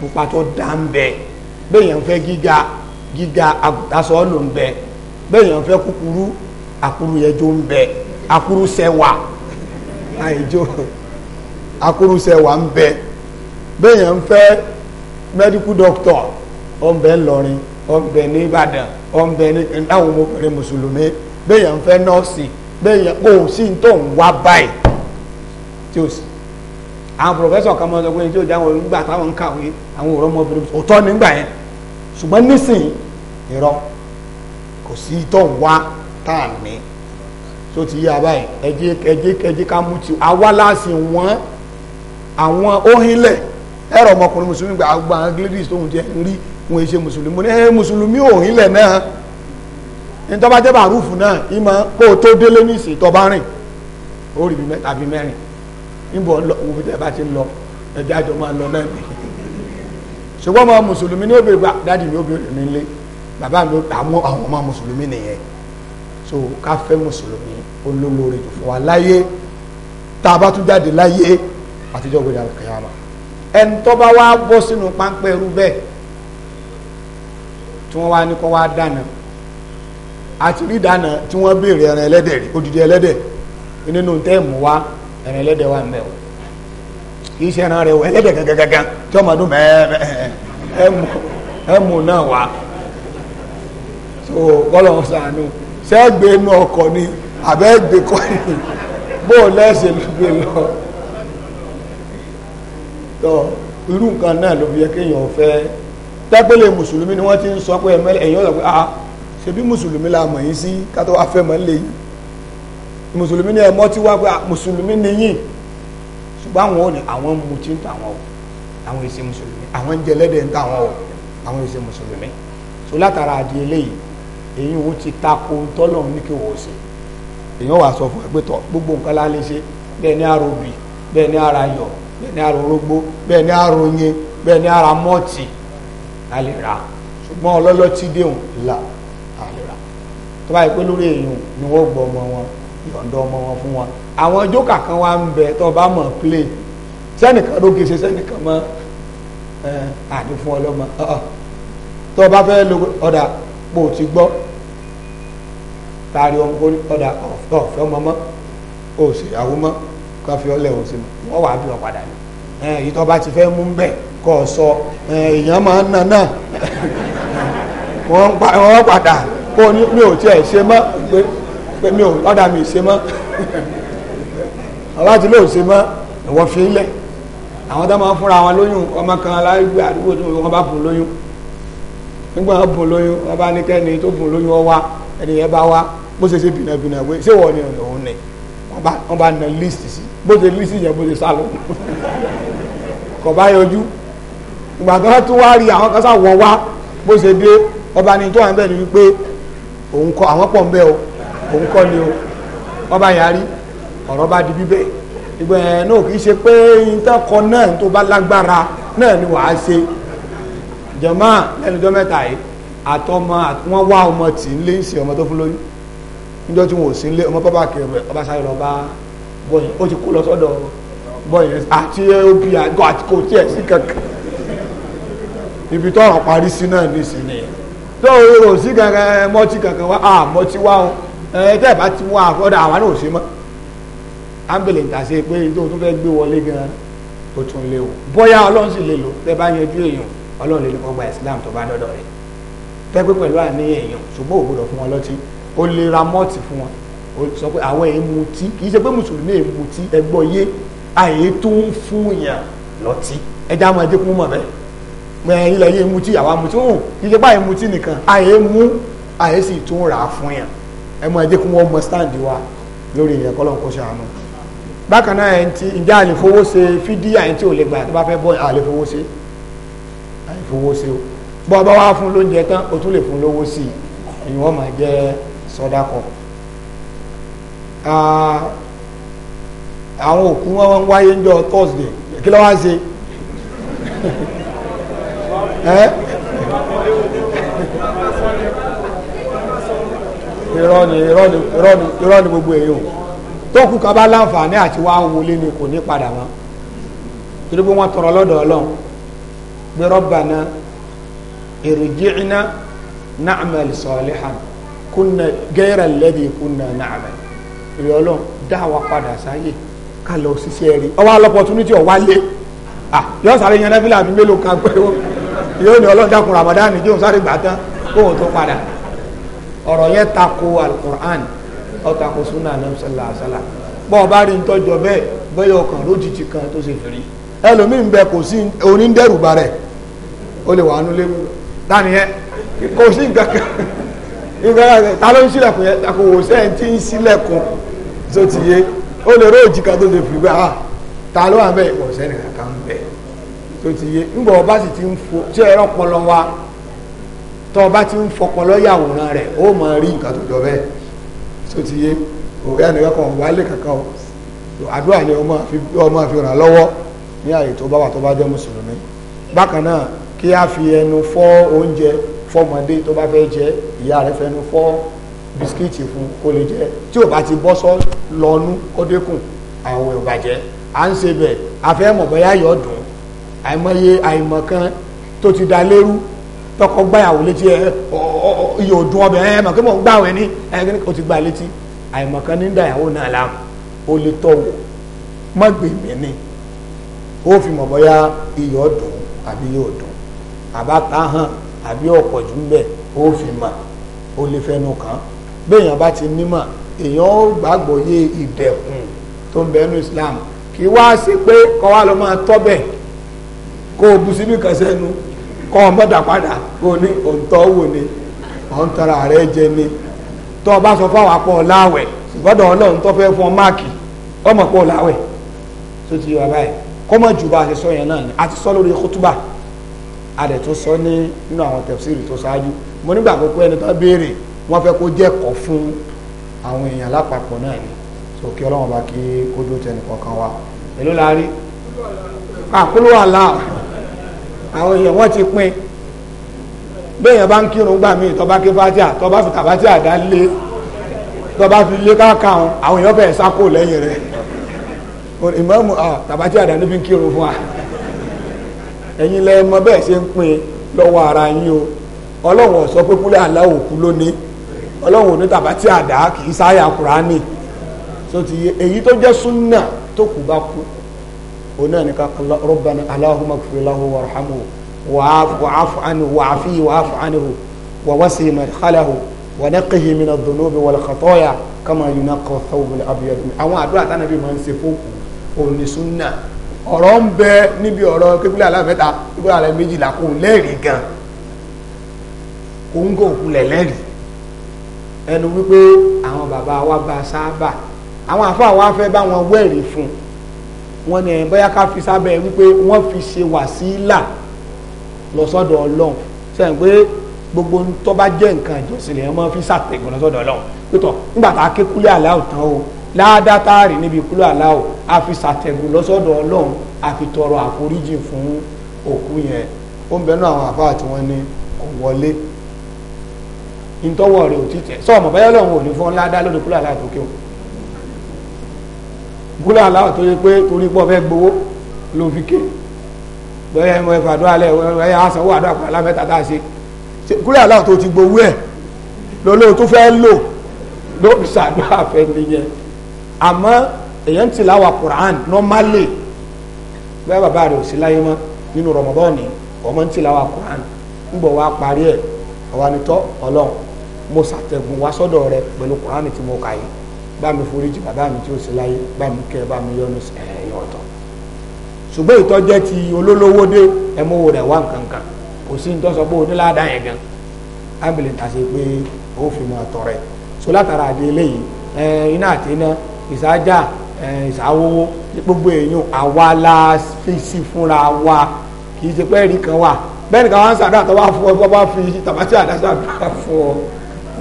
pupa tó dá ń bẹ bẹ́ẹ̀ yẹn fẹ́ gíga gíga àgùntàsọ ló ń bẹ bẹ́ẹ̀ yẹn fẹ́ kúkúrú àkúrú yẹn ń bẹ àkúrú sẹ́wà àìjó akúrúsẹ̀ wà ń bẹ bẹ́yàn ń fẹ́ medical doctor ó ń bẹ ńlọrin ó ń bẹ ní ìbàdàn ó ń bẹ ní láwọn ọmọbìnrin mùsùlùmí bẹ́yàn ń fẹ́ nọ́ọ̀sì bẹ́yàn kò sí tó ń wá báyìí tí ó sì àwọn pòfẹ́sọ̀ kan mọ́ ọ̀sọ́gbọ́n tí ó jáwọn nígbà táwọn ń kàwé àwọn òrọ́ ọmọbìnrin òótọ́ nígbà yẹn ṣùgbọ́n nísìnyí irọ́ kò sí tó ń wá tá à ní tó ti yí abáyé ẹjẹ ẹjẹ ẹjẹ ká mú ti awá láàsìn wọn àwọn ohinlẹ̀ ẹ̀rọ ọmọkùnrin mùsùlùmí gba àgbà angilis tó ń jẹ ń rí wọn ṣe mùsùlùmí mo ní ẹ eh, mùsùlùmí òhinlẹ̀ náà nítorí jẹ́ bàrúfù náà ìmọ̀ kó o tó délé ní ìsìn tó bá rìn ó rí bí mẹ́ta bí mẹ́rin níbo ń lọ òwò tẹ́ bá ti ń lọ ẹ̀jẹ̀ àjọ máa lọ náà nìyí ṣùgbọ́n ọmọ mùsùlùmí ní obìnrin gba dáàdì mi obìnrin mi lé bàbá mi àwọn àwọn ọmọ mùsùlùmí nìyẹn so ká fẹ́ mùsùlùmí olólórí fún wa láyé tá a bá tún jáde láyé àtijọ́ gbẹdẹ àkàyàmà ẹni tó bá wá bọ́ sínú páńpẹ́ irú bẹ́ẹ̀ tí wọ́n wá ní kó wá dáná àti rí dáná tí wọ́n béèrè ẹran ẹlẹ́dẹ̀ rí odidi ẹlẹ́dẹ̀ nínú tẹ́ẹ̀mù wá ẹran ẹlẹ́dẹ̀ wà mẹ́wọ̀ kì í ṣe ẹran rẹ̀ wọ ẹlẹ́dẹ̀ gangan tí ọmọ ọdún mẹ́ẹ̀ẹ́ ẹ̀mù náà wá so kọ́lọ̀ ń sànú sẹ́gbẹ̀ẹ́ inú ọkọ̀ ni àbẹ́gbẹ̀ẹ́ kọ́ ni bó o lẹ́sẹ̀ ló gbé lọ tó irú nǹkan náà ló fi yẹ kéèyàn fẹ́ dágbélé mùsùlùmí ni wọ́n ti ń sọ pé ẹ̀yìn ọ̀sán pé ah ṣe bí mùsùlùmí la mọ̀ yín sí kátó wá fẹ́ mọ́ yìí mùsùlùmí ni ẹ̀mọ́ ti wá pé ah, mùsùlùmí ni yín ṣùgbọ́n àwọn ò ní àwọn mutí ń tàwọn o àwọn èsì mùsùlùmí àwọn ń jẹlẹ́dẹ̀ ń tàwọn o àwọn èsì mùsùlùmí so látara àdí eléyìí èyí ò ti tako tọ́lọ́run ní kí wò ó èyí ò wá sọ fún ẹgbẹ́tọ̀ gbogbo nǹkan la ṣe bẹ́ẹ̀ ni àròbì bẹ́ẹ̀ ni àrayọ̀ bẹ́ẹ̀ ni ara orógbó bẹ́ẹ̀ ni ara oyin bẹ́ẹ̀ ni ara mọ́ọ̀tì a lè ra ṣùgbọ́n ọlọ́lọ́ ti déhùn là a lè ra tó bá yẹ pé lórí èèyàn ni wọ́n gbọ́ ọmọ wọn yọ̀ǹdọ̀ ọmọ wọn fún wọn àwọn jókà kan wá ń bẹ tó bá mọ̀ play sẹ́nìkan ló kì í ṣe sẹ́nìkan mọ́ àní fún ọlọ́mọ tó bá fẹ́ lo ọ̀dà pò ti gbọ́ tari ọmọ ọ̀dà ọ̀fẹ́ ọmọ mọ́ òsì àwọn mọ́ ká fi ọlẹ̀ wọ̀ sínú wọ́n wà á bí wọn padà ní èyí tó bá ti fẹ́ mú bẹ́ẹ̀ kọ́ ọ sọ èèyàn máa ń nànà wọ́n padà kó mi ò tiẹ̀ ṣe mọ́ pé pé mi ò ọ̀dà mi ṣe mọ́ ọba tí lóò ṣe mọ́ ìwọ fi ń lẹ̀ àwọn tó máa ń fúnra wọn lóyún ọmọ kan aláìgbé àdúgbò tó wọn bá bùn lóyún nígbà wọn bùn lóyún wọn bá ní kẹ́ni tó bùn lóyún ọ wá ẹni yẹn bá wá bó ṣe ṣe bìnàbìnà pé ṣé wọ́n ni òun ni wọ́n bá na list sí bó ṣe rí sí yẹn bó ṣe sá lọ kò bá yọjú ìgbà tó wá tún wá rí àwọn kan sáwọn wá bó ṣe dé ọba ni tó wà ń ni wípé òun kọ àwọn pọ̀ ń o òun kọ́ ni o ọba yarí ọ̀rọ̀ bá di bíbẹ́ ìgbà ẹ̀ náà kì í ṣe pé ìtẹ́kọ náà tó bá lágbára náà ni wàá ṣe jọ̀mọ́ lẹ́nudọ́ mẹ́ta yìí àtọmọ wọn wá ọmọ tì ń lé ń ṣe ọmọ tó fún lóyún níjọ́ tí wọn ò sí ń lé ọmọ pápá ọba sáré lọ bọ́yìn ó ti kó lọ sọ́dọ̀ bọ́yìn àti obi àgọ́ àti kò tí ẹ̀ sí kankan ibi tọ́rọ̀ parí sí náà nísìnyí tó o rò sí kankan mọ́tì kankan wá à mọ́tì wá o ẹ tẹ́ ẹ bá ti wá àfọ́dà àwa náà ò ṣe mọ́ ambulance àṣe pé tó tún fẹ́ gbé wọlé gan ó tún lé o bóyá ọlọ́run sì lè lò tẹ́ bá yanjú èèyàn ọlọ́run lè lè kọ́ gba Islam tó bá dọ́dọ̀ rẹ̀ tẹ́ pé pẹ̀lú àníyàn èèyàn ṣùgbọ́n ògbọ́dọ̀ fún wọn lọ́tí ó lè ra mọ́ọ̀tì fún wọn ó sọ pé àwọn èèyàn mutí kì í ṣe pé mùsùlùmí èèyàn mutí ẹgbọ́ yé àyè tó ń fún yàn lọ́tí ẹja máa dé kún mọ̀ bẹ́ẹ̀ mọ ẹ̀yin lẹ́yìn mutí àwa mutí ó kì í ṣe báyìí mutí nìkan àyè mú àyè sì tún rà á fún yàn ẹ máa dé kún wọn mọ stand wa lórí ìyẹn kọ́ lọ́n kó ṣàánú bákan náà ẹ̀ ń ti ǹjẹ́ àlefowó ṣe fídíà ẹ̀ ń tí ò lè gbà tó bá fẹ́ bọ́ àlefowó ṣe àlefowó ṣe o bọ́ ọba wa àwọn òkú wọn wáyé ń jọ thursday kí ló wá ń ṣe irọ́ ni irọ́ ni irọ́ ni irọ́ ni gbogbo èyí o tó kú kan bá láǹfààní àti wá wọlé ni kò ní padà wọn torí pé wọ́n tọrọ lọ́dọ̀ ọlọ́run pé Rabbana irji'na na'mal salihan kunna ghayra alladhi kunna na'mal ìrẹ̀ ọlọ́run dá wa padà sáyè ká lọ ṣiṣẹ́ rí ọwọ́ alọ́pọ̀tunítì ọ̀wálé à ah, yọ sáré yan nẹ́fílà àbí mélòó kan pé ó yóò ní ọlọ́run dákun Ramadan ní jóun sáré gbà tán kóun tó padà ọ̀rọ̀ yẹn tako alukur'an ó tako sunna anam sallá sallá bọ́ọ̀ bá rí ntọ́jọ bẹ́ẹ̀ bẹ́ẹ̀ ọkàn lójijì kan tó ṣe fèrè ẹlòmíín bẹ kò sí onídẹ́rùbà rẹ̀ ó lè wà á nulẹ̀ dání yẹn kò sí nǹkan kan nǹkan kan ta ló ń sílẹ̀kùn yẹn kò wò sẹ́yìn tí ń sílẹ̀kùn tó ti yé ó lè ró tó lè ah, ta ló wà bẹ́ẹ̀ pọ̀ sẹ́ni ń bẹ́ẹ̀ tó ti yé ti ń fo tí wa tọ́ ọba ti ń fọpọlọ yàwòrán rẹ̀ ó ma rí nǹkan jọ bẹ́ẹ̀ tó ti yé kan o àdúrà ni ọmọ àfi ràn lọ́wọ́ ní àyè tó bá wà tó bá jẹ́ mùsùlùmí bákan náà kí a fi ẹnu fọ́ oúnjẹ tó bá fẹ́ bisikíìtì fún kó lè jẹ tí ò bá ti bọ́ sọ lọ́nú kó dínkùn àwọn ò bàjẹ́ à ń ṣe bẹ̀ afẹ́ mọ̀ bóyá yọ̀ dùn àìmọye àìmọ̀ kan tó ti da lérú tọkọ gbáyàwó létí ẹ iye òdùn ọbẹ̀ ẹ mọ̀ kí mọ̀ gbà wẹ̀ ní ẹ kò ti gbà létí àìmọ̀ kan ní dàyàwó náà láàmú o lè tọ̀wọ̀ mọ́gbèmí ni ó fi mọ̀ bóyá iyọ̀ dùn àbí yóò dùn àbá ta hàn àbí ọ̀pọ̀ ń bẹ̀ ó fi mọ̀ ó lè fẹnu kàn án béèyàn bá ti nímọ̀ èèyàn ó gbàgbọ́ yé ìdẹ̀kùn tó ń bẹnu Islam kì í wá sí pé kọ́ wa ló máa tọ́ bẹ̀ kó o bu síbi kan sẹ́nu kọ́ ọ mọ́dà padà kó o ní òǹtọ́ wò ni òǹtara rẹ jẹ ni tó o bá sọ fáwọn apọ̀ láwẹ̀ ṣùgbọ́dọ̀ ọlọ́run tó fẹ́ fún ọ máàkì ọmọ pọ̀ láwẹ̀ tó ti yọ abáyé kọ́mọ̀ jù bá a ṣe sọ yẹn náà ni a ti sọ lórí kútúbà a dẹ̀ tó sọ ní nínú àwọn tẹ̀síìrì tó ṣáájú mo nígbà gbogbo ẹni tó béèrè wọ́n fẹ́ kó jẹ́ ẹ̀kọ́ fún àwọn èèyàn lápapọ̀ náà ni so kí ọlọ́run bá kí kó dó tẹnì kọ̀ọ̀kan wa èló la rí àkúlù àlá àwọn èèyàn wọ́n ti pín béèyàn bá ń kírun gbà míì tó bá ké fátíà tó bá fi kàfátíà dá lé tó bá fi lé káàkà àwọn àwọn èèyàn fẹ́ẹ́ sákò lẹ́yìn rẹ̀ ìmọ̀ọ́mù kàfátíà dá ló ń kírun fún wa ẹ̀yin lẹ́ẹ̀mọ bẹ́ẹ̀ ṣe ń pín lọ́wọ́ ara yín o ọlọ́run ó pé kúlẹ̀ àlá òkú lónìí ọlọ́run òní tàbá tí àdá kì í sáyà kúránì so ti yé èyí tó jẹ́ súnà tó kù bá kú òun náà nìkan rabbana allahumma ighfir lahu warhamhu wa'fu anhu wa'fi wa'fu anhu wa wasi' madkhalahu wa naqqihi min adh-dhunubi wal khataaya kama yunaqqa ath-thawbul abyad àwọn àdúrà tánàbí máa ń ṣe fóòkù òun ni súnà ọ̀rọ̀ ń bẹ níbi ọ̀rọ̀ kébílà aláàmẹ́ta kébílà ẹnu wípé àwọn bàbá wa bá sábà àwọn àfáà wa fẹ́ bá wọn wẹ̀rí fún wọn ni bóyá ká fi sábẹ́ wípé wọ́n fi ṣe wàsílà lọ́sọ̀dọ̀ ọlọ́run sẹ́yìn pé gbogbo tó bá jẹ́ nǹkan ìjọsìn lèèyàn máa fi ṣàtẹ̀gùn lọ́sọ̀dọ̀ ọlọ́run pétọ́ nígbà tá a ké kúlẹ̀ aláwọ̀ tán o láàdá tá a rì níbi kúlẹ̀ aláwọ̀ a fi ṣàtẹ̀gùn lọ́sọ̀dọ̀ ọlọ́run a fi tọrọ àforíjì fún òkú yẹn ó ń bẹnu àwọn àfáà tí wọ́n ní kò wọlé ntọ́wọ́ rẹ̀ ò ti tẹ̀ sọ ọmọ báyọ̀ lọ́wọ́ ò ní fún ńlá dá lórí kúlà aláàtò kí o kúlà aláwọ̀ tó yẹ pé torí pọ̀ fẹ́ gbowó ló fi ké bẹ́ẹ̀ ẹ̀ mọ ẹ̀fà àdó alẹ́ ẹ̀ ẹ̀ àsanwó àdó àpò alámẹ́ta tá a ṣe kúlà aláwọ̀ tó ti gbowó ẹ̀ lọ́lọ́ tó fẹ́ lò ló fi ṣàdó àfẹ́ nìyẹn àmọ́ èyàn ń tìláwà Quran normally bẹ́ẹ̀ bàbá rẹ̀ ò sí láyé mọ́ nínú Ramadan ọmọ ń tìláwà Quran ń bọ̀ wá parí ẹ̀ ọ̀wánitọ́ ọlọ́run mo ṣàtẹ̀gùn wá sọ́dọ̀ rẹ pẹ̀lú kùránì tí mo kà yìí bá mi foríjì bàbá mi tí ó sì láyé bá mi kẹ́ bá mi yọ́nú ẹ̀yìn ọ̀tọ̀ ṣùgbọ́n ìtọ́jẹ́ ti olólówó dé ẹmọ́wò rẹ̀ wá nǹkan kan kò sí ní tọ́sọ pé onílàádá yẹn gan ambulance tàṣe pé ó fi mọ̀ ọ̀tọ̀ rẹ̀ so látara àdé eléyìí iná àti iná ìsájà ìsáwówó gbogbo èèyàn àwa la fèsì fúnra wa kì í ṣe pẹ́ẹ́rì kan wà bẹ́ẹ̀ nìkan wá ń ṣàdúrà tó fún ọ bá fi tàbátì àdá ṣàdúrà fún ọ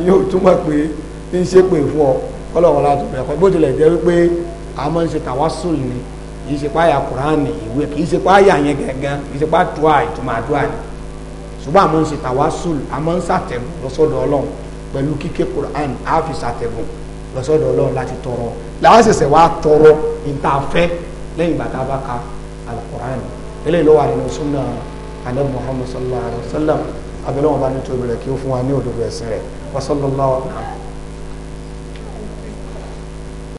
yóò túmọ̀ pé ń ṣe pé fún ọ kọ́lọ́wọ́ láti bẹ̀rẹ̀ kọ́ bó tilẹ̀ jẹ́ wípé a máa ń ṣe tàwásùl ni kì í ṣe páyà kùránì ìwé kì í ṣe páyà yẹn gẹ̀gán kì í ṣe pá dùà ìtumọ̀ àdúà ni ṣùgbọ́n a máa ń ṣe tàwásùl a máa ń ṣàtẹ̀gùn lọ́sọ̀dọ̀ ọlọ́run pẹ̀lú kíké kùránì a fi ṣàtẹ̀gùn lọ́sọ̀dọ̀ ọlọ́run láti tọrọ làwọn ṣẹ̀ṣẹ̀ wá tọrọ níta fẹ́ lẹ́yìn ìgbà a bá ka alukùránì eléyìí ló wà nínú súnà muhammad sallallahu alayhi wa sallam abẹ́lẹ́wọ̀n bá ní tóbi rẹ̀ kí وصلى الله عليه وسلم